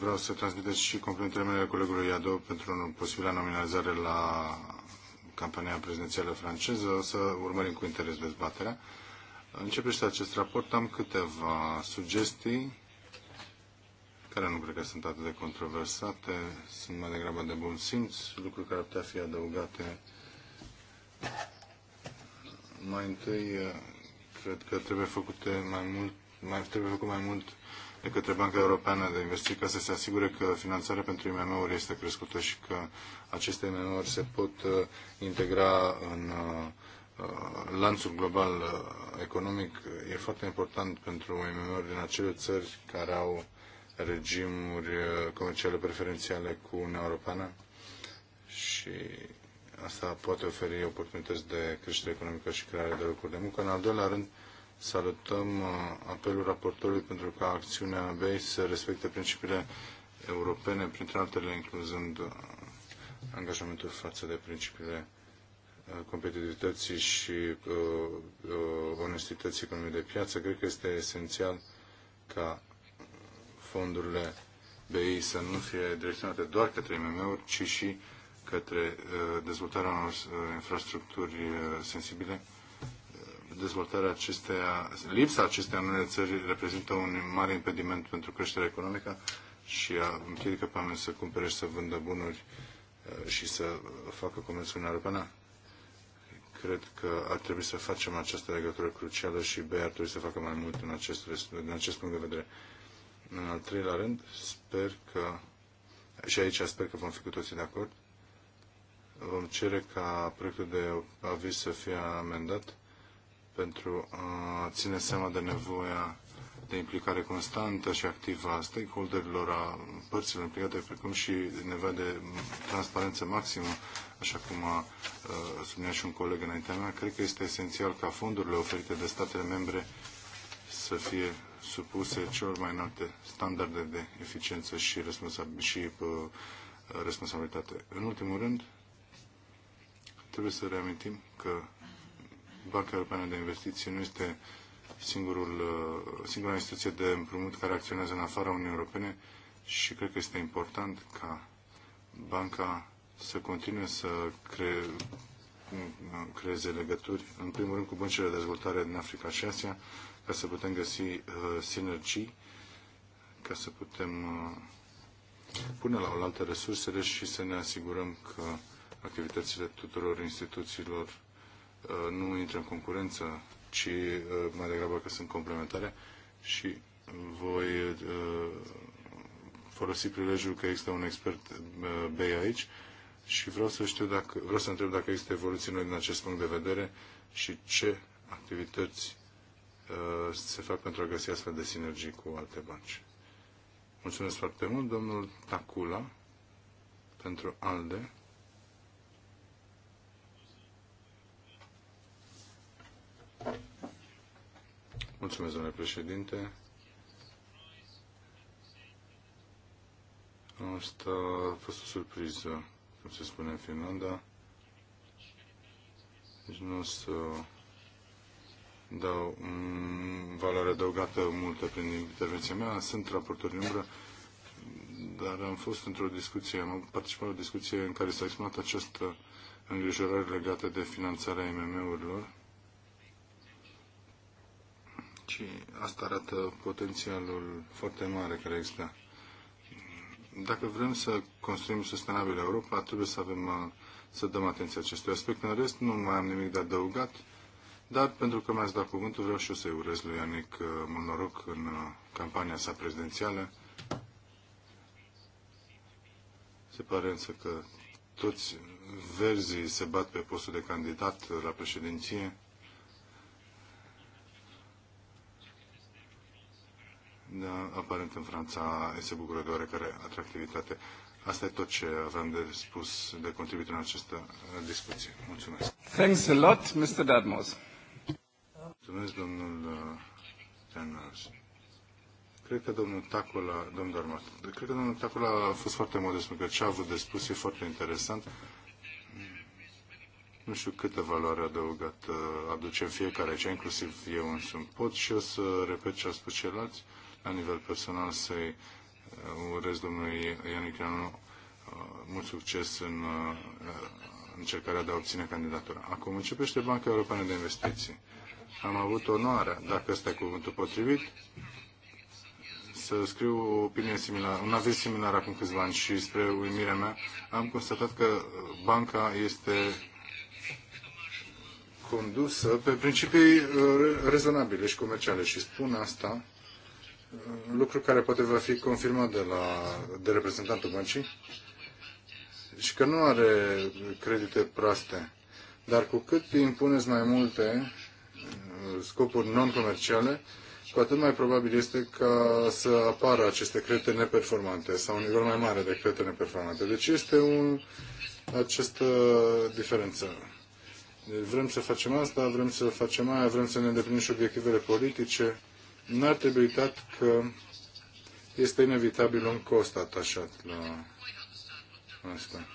S1: Vreau să transmiteți și complimentele mele colegului Iadou pentru posibilă nominalizare la campania prezidențială franceză. O să urmărim cu interes dezbaterea. Începește acest raport. Am câteva sugestii care nu cred că sunt atât de controversate, sunt mai degrabă de bun simț, lucruri care ar putea fi adăugate mai întâi, eh, cred că trebuie făcute mai mult, mai trebuie făcut mai mult de către Banca Europeană de Investiții ca să se asigure că finanțarea pentru IMM-uri este crescută și că aceste IMM-uri se pot eh, integra în eh, lanțul global economic. E foarte important pentru IMM-uri din acele țări care au regimuri comerciale preferențiale cu Uniunea Europeană și Asta poate oferi oportunități de creștere economică și creare de locuri de muncă. În al doilea rând, salutăm uh, apelul raportorului pentru ca acțiunea BEI să respecte principiile europene, printre altele incluzând uh, angajamentul față de principiile uh, competitivității și uh, uh, onestității economiei de piață. Cred că este esențial ca fondurile BI să nu fie direcționate doar către IMM-uri, ci și către uh, dezvoltarea unor uh, infrastructuri uh, sensibile, dezvoltarea acesteia, lipsa acesteia în unele țări reprezintă un mare impediment pentru creșterea economică și împiedică pe oameni să cumpere și să vândă bunuri și să facă comerțul în Europeană. Cred că ar trebui să facem această legătură crucială și BEI ar trebui să facă mai mult în acest, în acest punct de vedere. În al treilea rând, sper că, și aici sper că vom fi cu toții de acord, vom cere ca proiectul de aviz să fie amendat pentru a ține seama de nevoia de implicare constantă și activă a stakeholderilor, a părților implicate, precum și nevoia de transparență maximă, așa cum a uh, subliniat și un coleg înaintea mea. Cred că este esențial ca fondurile oferite de statele membre să fie supuse celor mai înalte standarde de eficiență și, responsab- și uh, responsabilitate. În ultimul rând, trebuie să reamintim că Banca Europeană de Investiții nu este singurul, uh, singura instituție de împrumut care acționează în afara Uniunii Europene și cred că este important ca banca să continue să cre, uh, creeze legături, în primul rând cu băncile de dezvoltare din Africa și Asia, ca să putem găsi uh, sinergii, ca să putem uh, pune la oaltă resursele și să ne asigurăm că activitățile tuturor instituțiilor uh, nu intră în concurență, ci uh, mai degrabă că sunt complementare și voi uh, folosi prilejul că există un expert BEI aici și vreau să știu dacă, vreau să întreb dacă există evoluții noi din acest punct de vedere și ce activități se fac pentru a găsi astfel de sinergii cu alte bănci. Mulțumesc foarte mult, domnul Tacula, pentru ALDE. Mulțumesc, domnule președinte. Asta a fost o surpriză, cum se spune în Finlanda. Deci nu o să dau valoare adăugată multă prin intervenția mea. Sunt raportor în umbră, dar am fost într-o discuție, am participat la o discuție în care s-a exprimat această îngrijorare legată de finanțarea IMM-urilor ci asta arată potențialul foarte mare care există. Dacă vrem să construim sustenabil Europa, trebuie să avem uh, să dăm atenție acestui aspect. În rest, nu mai am nimic de adăugat, dar pentru că mi-ați dat cuvântul, vreau și eu să-i urez lui Ianic uh, mult noroc în uh, campania sa prezidențială. Se pare însă că toți verzii se bat pe postul de candidat la președinție. Da, aparent în Franța se bucură de oarecare atractivitate. Asta e tot ce aveam de spus, de contribuit în această discuție. Mulțumesc. Thanks a lot, Mr. Dadmos. Mulțumesc, domnul Dartmouth. Cred că domnul Tacula, domnul Darmat, cred că domnul Tacula a fost foarte modest, pentru că ce a avut de spus e foarte interesant. Nu știu câtă valoare adăugată aducem fiecare aici, inclusiv eu însumi pot și eu să repet ce a spus ceilalți la nivel personal să-i uh, urez domnului Ianic Ianu uh, mult succes în uh, încercarea de a obține candidatura. Acum începește Banca Europeană de Investiții. Am avut onoarea, dacă ăsta e cuvântul potrivit, să scriu o opinie similară, un aviz similar acum câțiva ani și spre uimirea mea am constatat că banca este condusă pe principii rezonabile și comerciale și spun asta lucru care poate va fi confirmat de, la, de reprezentantul băncii și că nu are credite proaste. Dar cu cât impuneți mai multe uh, scopuri non-comerciale, cu atât mai probabil este ca să apară aceste credite neperformante sau un nivel mai mare de credite neperformante. Deci este un, această diferență. Vrem să facem asta, vrem să facem aia, vrem să ne îndeplinim și obiectivele politice n-ar trebui uitat că este inevitabil un cost atașat la asta.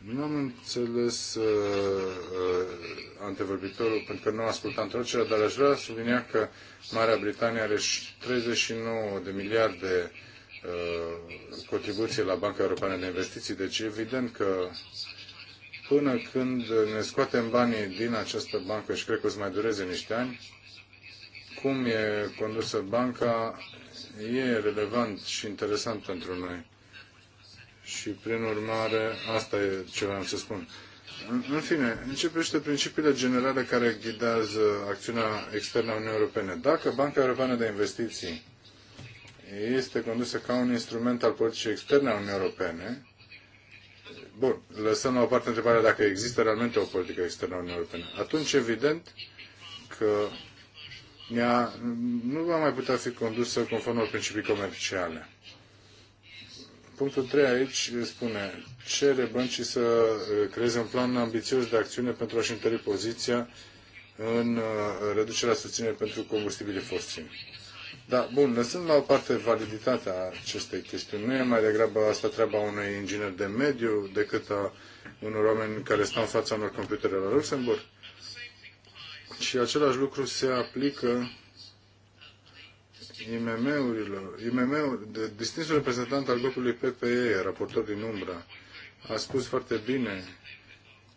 S1: Nu am înțeles uh, uh, antevorbitorul, pentru că nu ascultam traducerea, dar aș vrea să sublinia că Marea Britanie are 39 de miliarde uh, contribuție la Banca Europeană de Investiții, deci evident că până când ne scoatem banii din această bancă și cred că o să mai dureze niște ani, cum e condusă banca e relevant și interesant pentru noi. Și, prin urmare, asta e ce vreau să spun. În, fine, începește principiile generale care ghidează acțiunea externă a Uniunii Europene. Dacă Banca Europeană de Investiții este condusă ca un instrument al politicii externe a Uniunii Europene, bun, lăsăm la o parte întrebarea dacă există realmente o politică externă a Uniunii Europene, atunci, evident, că ea nu va mai putea fi condusă conform unor principii comerciale. Punctul 3 aici spune, cere băncii să uh, creeze un plan ambițios de acțiune pentru a-și întări poziția în uh, reducerea susținerii pentru combustibilii fosili. Da, bun, lăsând la o parte validitatea acestei chestiuni, nu e mai degrabă asta treaba unui inginer de mediu decât a unor oameni care stau în fața unor computere la Luxemburg? Și același lucru se aplică IMM-urilor. IMM distinsul reprezentant al grupului PPE, raportor din Umbra, a spus foarte bine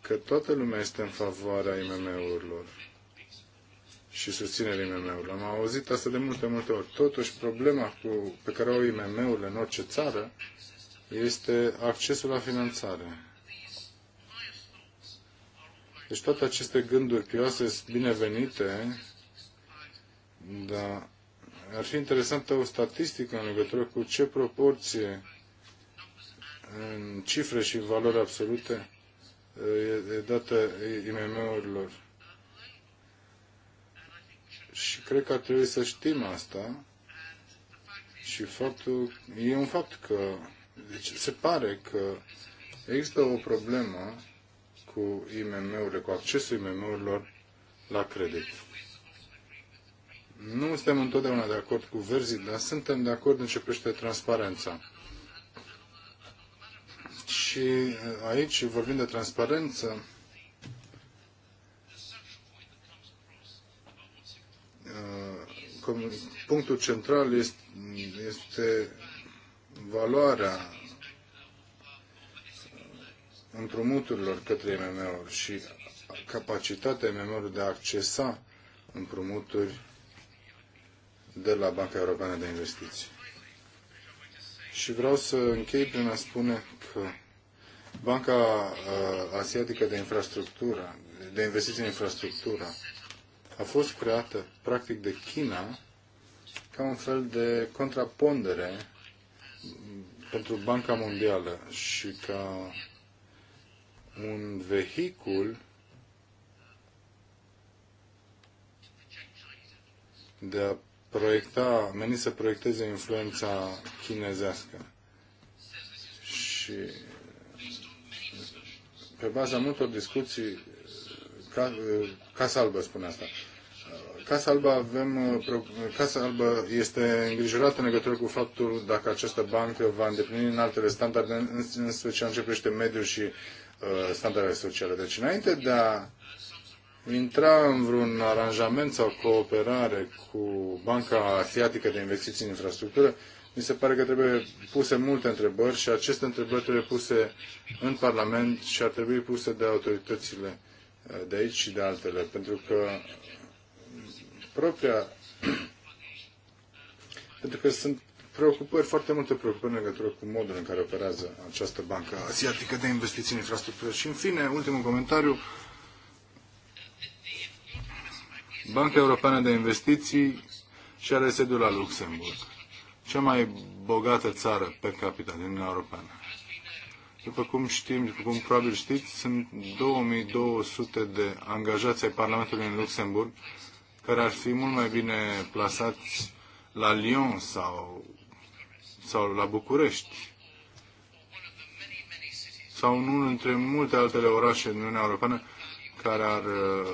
S1: că toată lumea este în favoarea IMM-urilor și susținerea IMM-urilor. Am auzit asta de multe, multe ori. Totuși, problema cu, pe care au IMM-urile în orice țară este accesul la finanțare. Deci toate aceste gânduri pioase sunt binevenite, dar ar fi interesantă o statistică în legătură cu ce proporție în cifre și valori absolute e dată IMM-urilor. Și cred că ar trebui să știm asta și faptul, e un fapt că deci se pare că există o problemă cu IMM-urile, cu accesul IMM-urilor la credit. Nu suntem întotdeauna de acord cu verzii, dar suntem de acord în ce privește transparența. Și uh, aici, vorbind de transparență, uh, punctul central este, este valoarea împrumuturilor către IMM-uri și capacitatea IMM-ului de a accesa împrumuturi de la Banca Europeană de Investiții. Și vreau să închei prin a spune că Banca uh, Asiatică de Infrastructură, de Investiții în Infrastructură, a fost creată practic de China ca un fel de contrapondere pentru Banca Mondială și ca un vehicul de a proiecta, menit să proiecteze influența chinezească. Și pe baza multor discuții, ca, Casa Albă spune asta, Casa Albă, avem, Casa Albă este îngrijorată în legătură cu faptul dacă această bancă va îndeplini în altele standarde, în, în special ce privește mediul și Uh, standardele sociale. Deci înainte de a intra în vreun aranjament sau cooperare cu Banca Asiatică de Investiții în Infrastructură, mi se pare că trebuie puse multe întrebări și aceste întrebări trebuie puse în Parlament și ar trebui puse de autoritățile uh, de aici și de altele, pentru că propria <clears throat> pentru că sunt preocupări, foarte multe preocupări în legătură cu modul în care operează această bancă asiatică de investiții în infrastructură. Și în fine, ultimul comentariu, Banca Europeană de Investiții și are sediul la Luxemburg, cea mai bogată țară pe capita din Uniunea Europeană. După cum știm, după cum probabil știți, sunt 2200 de angajați ai Parlamentului în Luxemburg care ar fi mult mai bine plasați la Lyon sau sau la București sau în unul dintre multe altele orașe din Uniunea Europeană care ar uh,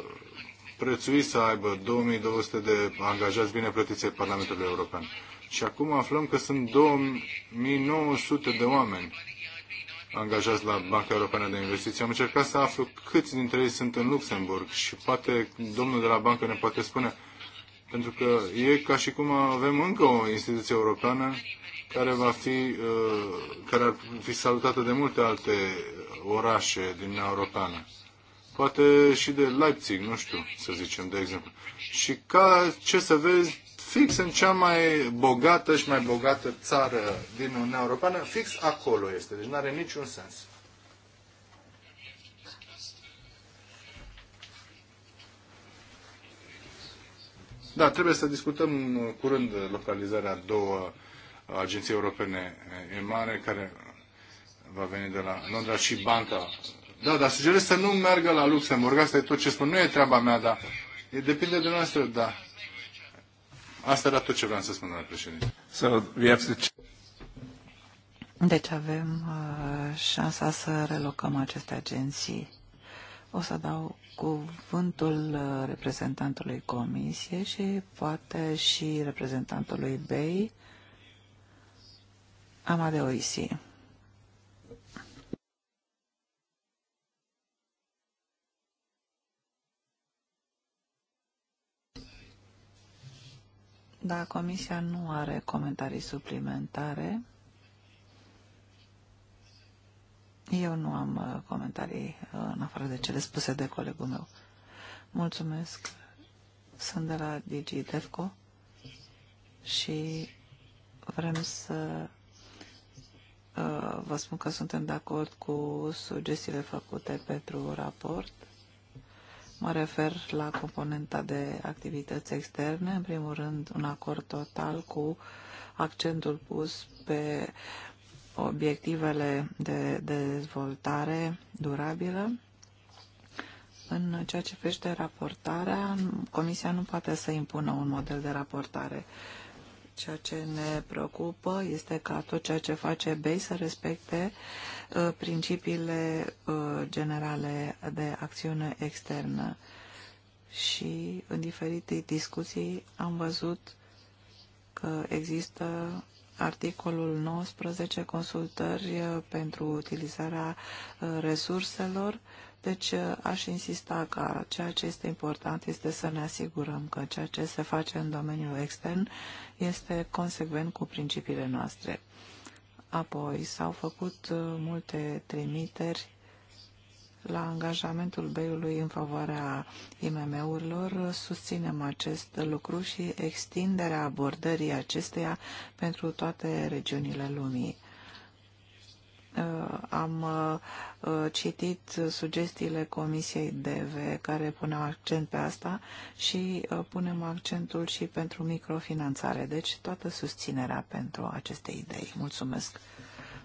S1: prețui să aibă 2200 de angajați bine plătiți ai Parlamentului European. Și acum aflăm că sunt 2900 de oameni angajați la Banca Europeană de Investiții. Am încercat să aflu câți dintre ei sunt în Luxemburg și poate domnul de la bancă ne poate spune, pentru că e ca și cum avem încă o instituție europeană care va fi, uh, care ar fi salutată de multe alte orașe din Uniunea Europeană. Poate și de Leipzig, nu știu, să zicem, de exemplu. Și ca ce să vezi, fix în cea mai bogată și mai bogată țară din Uniunea Europeană, fix acolo este. Deci nu are niciun sens. Da, trebuie să discutăm curând localizarea a două Agenției Europene Emare, eh, care va veni de la Londra și banca. Da, dar sugerez să nu meargă la Luxemburg, asta e tot ce spun. Nu e treaba mea, dar e, depinde de noastră, da. Asta era tot ce vreau să spun, domnule președinte. So, we have to...
S3: Deci avem uh, șansa să relocăm aceste agenții. O să dau cuvântul uh, reprezentantului Comisiei și poate și reprezentantului BEI Amadeoisi. Da, Comisia nu are comentarii suplimentare. Eu nu am uh, comentarii uh, în afară de cele spuse de colegul meu. Mulțumesc. Sunt de la DigiDevco și vrem să Uh, vă spun că suntem de acord cu sugestiile făcute pentru raport. Mă refer la componenta de activități externe, în primul rând un acord total cu accentul pus pe obiectivele de, dezvoltare durabilă. În ceea ce privește raportarea, Comisia nu poate să impună un model de raportare. Uh, Ceea ce ne preocupă este ca tot ceea ce face BEI să respecte uh, principiile uh, generale de acțiune externă. Și în diferite discuții am văzut că există articolul 19, consultări uh, pentru utilizarea resurselor deci uh, aș insista că ceea ce este important este să ne asigurăm că ceea ce se face în domeniul extern este consecvent cu principiile noastre. Apoi s-au făcut uh, multe trimiteri la angajamentul BEI-ului în favoarea IMM-urilor. Susținem acest lucru și extinderea abordării acesteia pentru toate regiunile lumii. Uh, am uh, uh, citit sugestiile Comisiei DV care pune accent pe asta și punem accentul și pentru microfinanțare. Deci toată susținerea pentru aceste idei. Mulțumesc!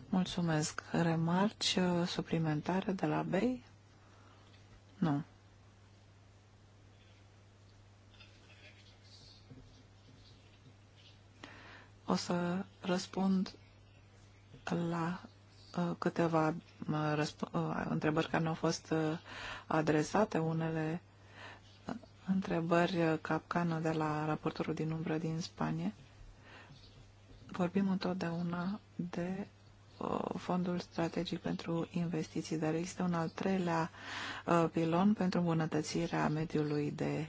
S3: Mulțumesc! Remarci suplimentare de la BEI? Nu. O să răspund la Uh, câteva uh, uh, întrebări care nu au fost adresate, unele întrebări capcană de la raportorul din umbră din Spania. Vorbim întotdeauna de fondul strategic pentru investiții, dar există un al treilea pilon pentru îmbunătățirea mediului de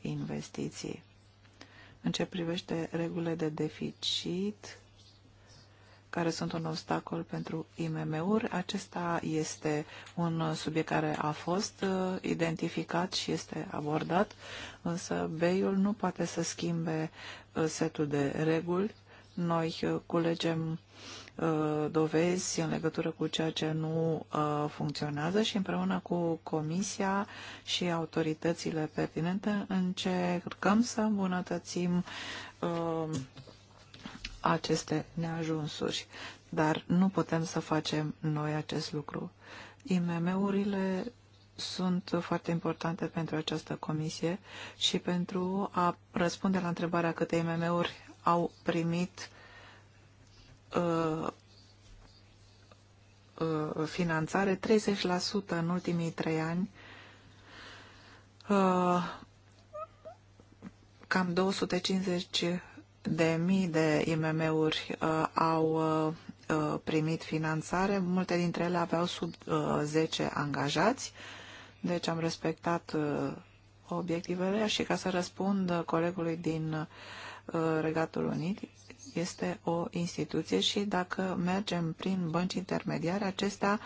S3: investiții. În ce privește regulile de deficit, care sunt un obstacol pentru IMM-uri. Acesta este un subiect care a fost uh, identificat și este abordat, însă BEI-ul nu poate să schimbe uh, setul de reguli. Noi uh, culegem dovezi în legătură cu ceea ce nu funcționează și împreună cu Comisia și autoritățile pertinente încercăm să îmbunătățim aceste neajunsuri, dar nu putem să facem noi acest lucru. IMM-urile sunt foarte importante pentru această comisie și pentru a răspunde la întrebarea câte IMM-uri au primit uh, uh, finanțare, 30% în ultimii trei ani, uh, cam 250 de mii de IMM-uri uh, au uh, uh, primit finanțare, multe dintre ele aveau sub uh, 10 angajați, deci am respectat uh, obiectivele și ca să răspund colegului din uh, Regatul Unit, este o instituție și dacă mergem prin bănci intermediare, acestea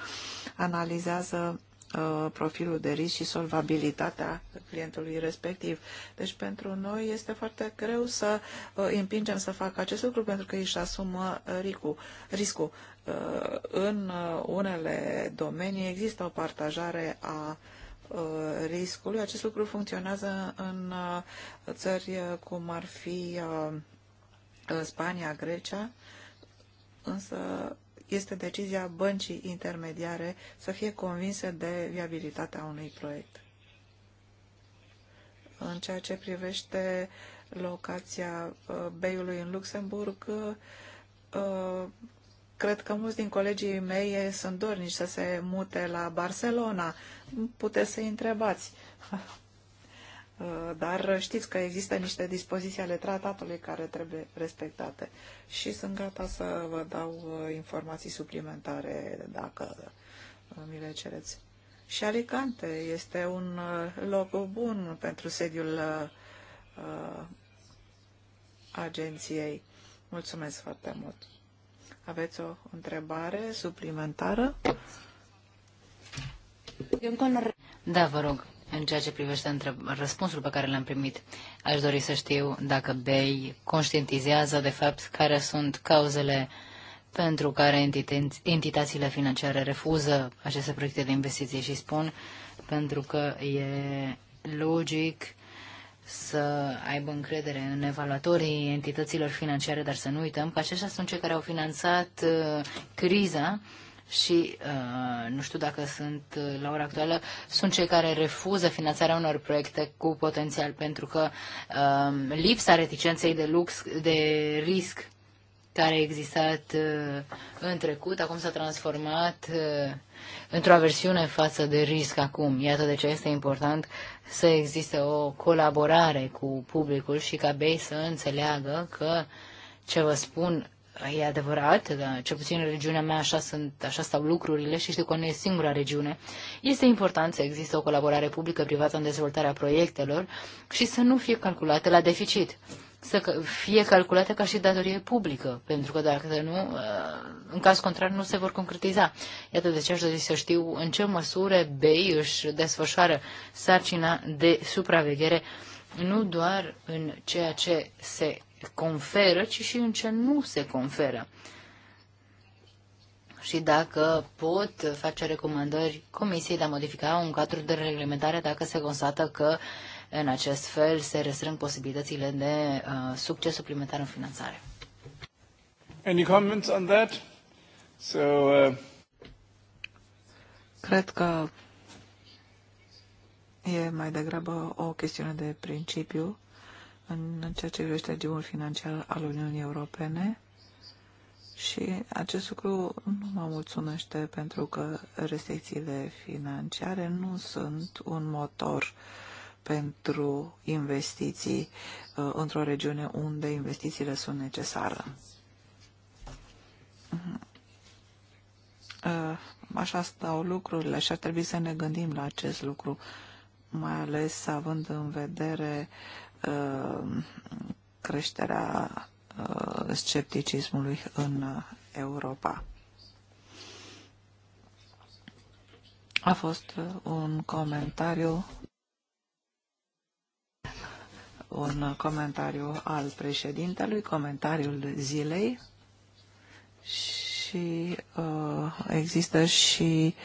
S3: analizează Uh, profilul de risc și solvabilitatea clientului respectiv. Deci pentru noi este foarte greu să uh, împingem să facă acest lucru pentru că își asumă riscul. Uh, în unele domenii există o partajare a riscului. Acest lucru funcționează în țări cum ar fi Spania, Grecia, însă este decizia băncii intermediare să fie convinsă de viabilitatea unui proiect. În ceea ce privește locația uh, Beiului în Luxemburg, uh, cred că mulți din colegii mei sunt dornici să se mute la Barcelona. Puteți să-i întrebați. Uh, dar știți că există niște dispoziții ale tratatului care trebuie respectate și sunt gata să vă dau uh, informații suplimentare dacă uh, mi le cereți. Și Alicante este un loc bun pentru sediul uh, agenției. Mulțumesc foarte mult. Aveți o întrebare suplimentară?
S2: Da, vă rog. În ceea ce privește răspunsul pe care l-am primit, aș dori să știu dacă BEI conștientizează, de fapt, care sunt cauzele pentru care entitățile financiare refuză aceste proiecte de investiție și spun pentru că e logic să aibă încredere în evaluatorii entităților financiare, dar să nu uităm că aceștia sunt cei care au finanțat uh, criza și uh, nu știu dacă sunt uh, la ora actuală, sunt cei care refuză finanțarea unor proiecte cu potențial pentru că uh, lipsa reticenței de lux, de risc care a existat uh, în trecut, acum s-a transformat uh, într-o aversiune față de risc acum. Iată de ce este important să existe o colaborare cu publicul și ca bei să înțeleagă că ce vă spun E adevărat, dar cel puțin în regiunea mea așa, sunt, așa stau lucrurile și știu că nu e singura regiune. Este important să existe o colaborare publică-privată în dezvoltarea proiectelor și să nu fie calculate la deficit, să fie calculate ca și datorie publică, pentru că dacă nu, uh, în caz contrar, nu se vor concretiza. Iată de ce aș dori să știu în ce măsură BEI își desfășoară sarcina de supraveghere nu doar în ceea ce se conferă, ci și în ce nu se conferă. Și dacă pot face recomandări Comisiei de a modifica un cadru de reglementare dacă se constată că în acest fel se restrâng posibilitățile de uh, succes suplimentar în finanțare.
S1: Any comments on that? So, uh...
S3: Cred că e mai degrabă o chestiune de principiu în ceea ce privește regimul financiar al Uniunii Europene și acest lucru nu mă mulțumește pentru că restricțiile financiare nu sunt un motor pentru investiții uh, într-o regiune unde investițiile sunt necesare. Uh, așa stau lucrurile și ar trebui să ne gândim la acest lucru, mai ales având în vedere Uh, creșterea uh, scepticismului în uh, Europa. A fost un comentariu un comentariu al președintelui, comentariul zilei și uh, există și uh,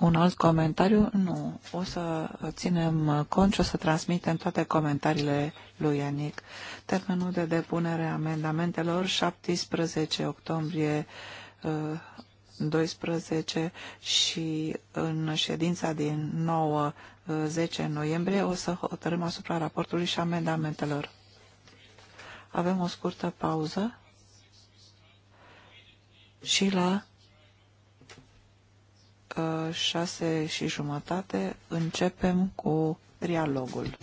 S3: un alt comentariu? Nu. O să ținem cont și o să transmitem toate comentariile lui Ianic. Termenul de depunere a amendamentelor 17 octombrie 12 uh, și în ședința din 9-10 uh, noiembrie o să hotărâm asupra raportului și amendamentelor. Avem o scurtă pauză și la Uh, șase și jumătate începem cu dialogul.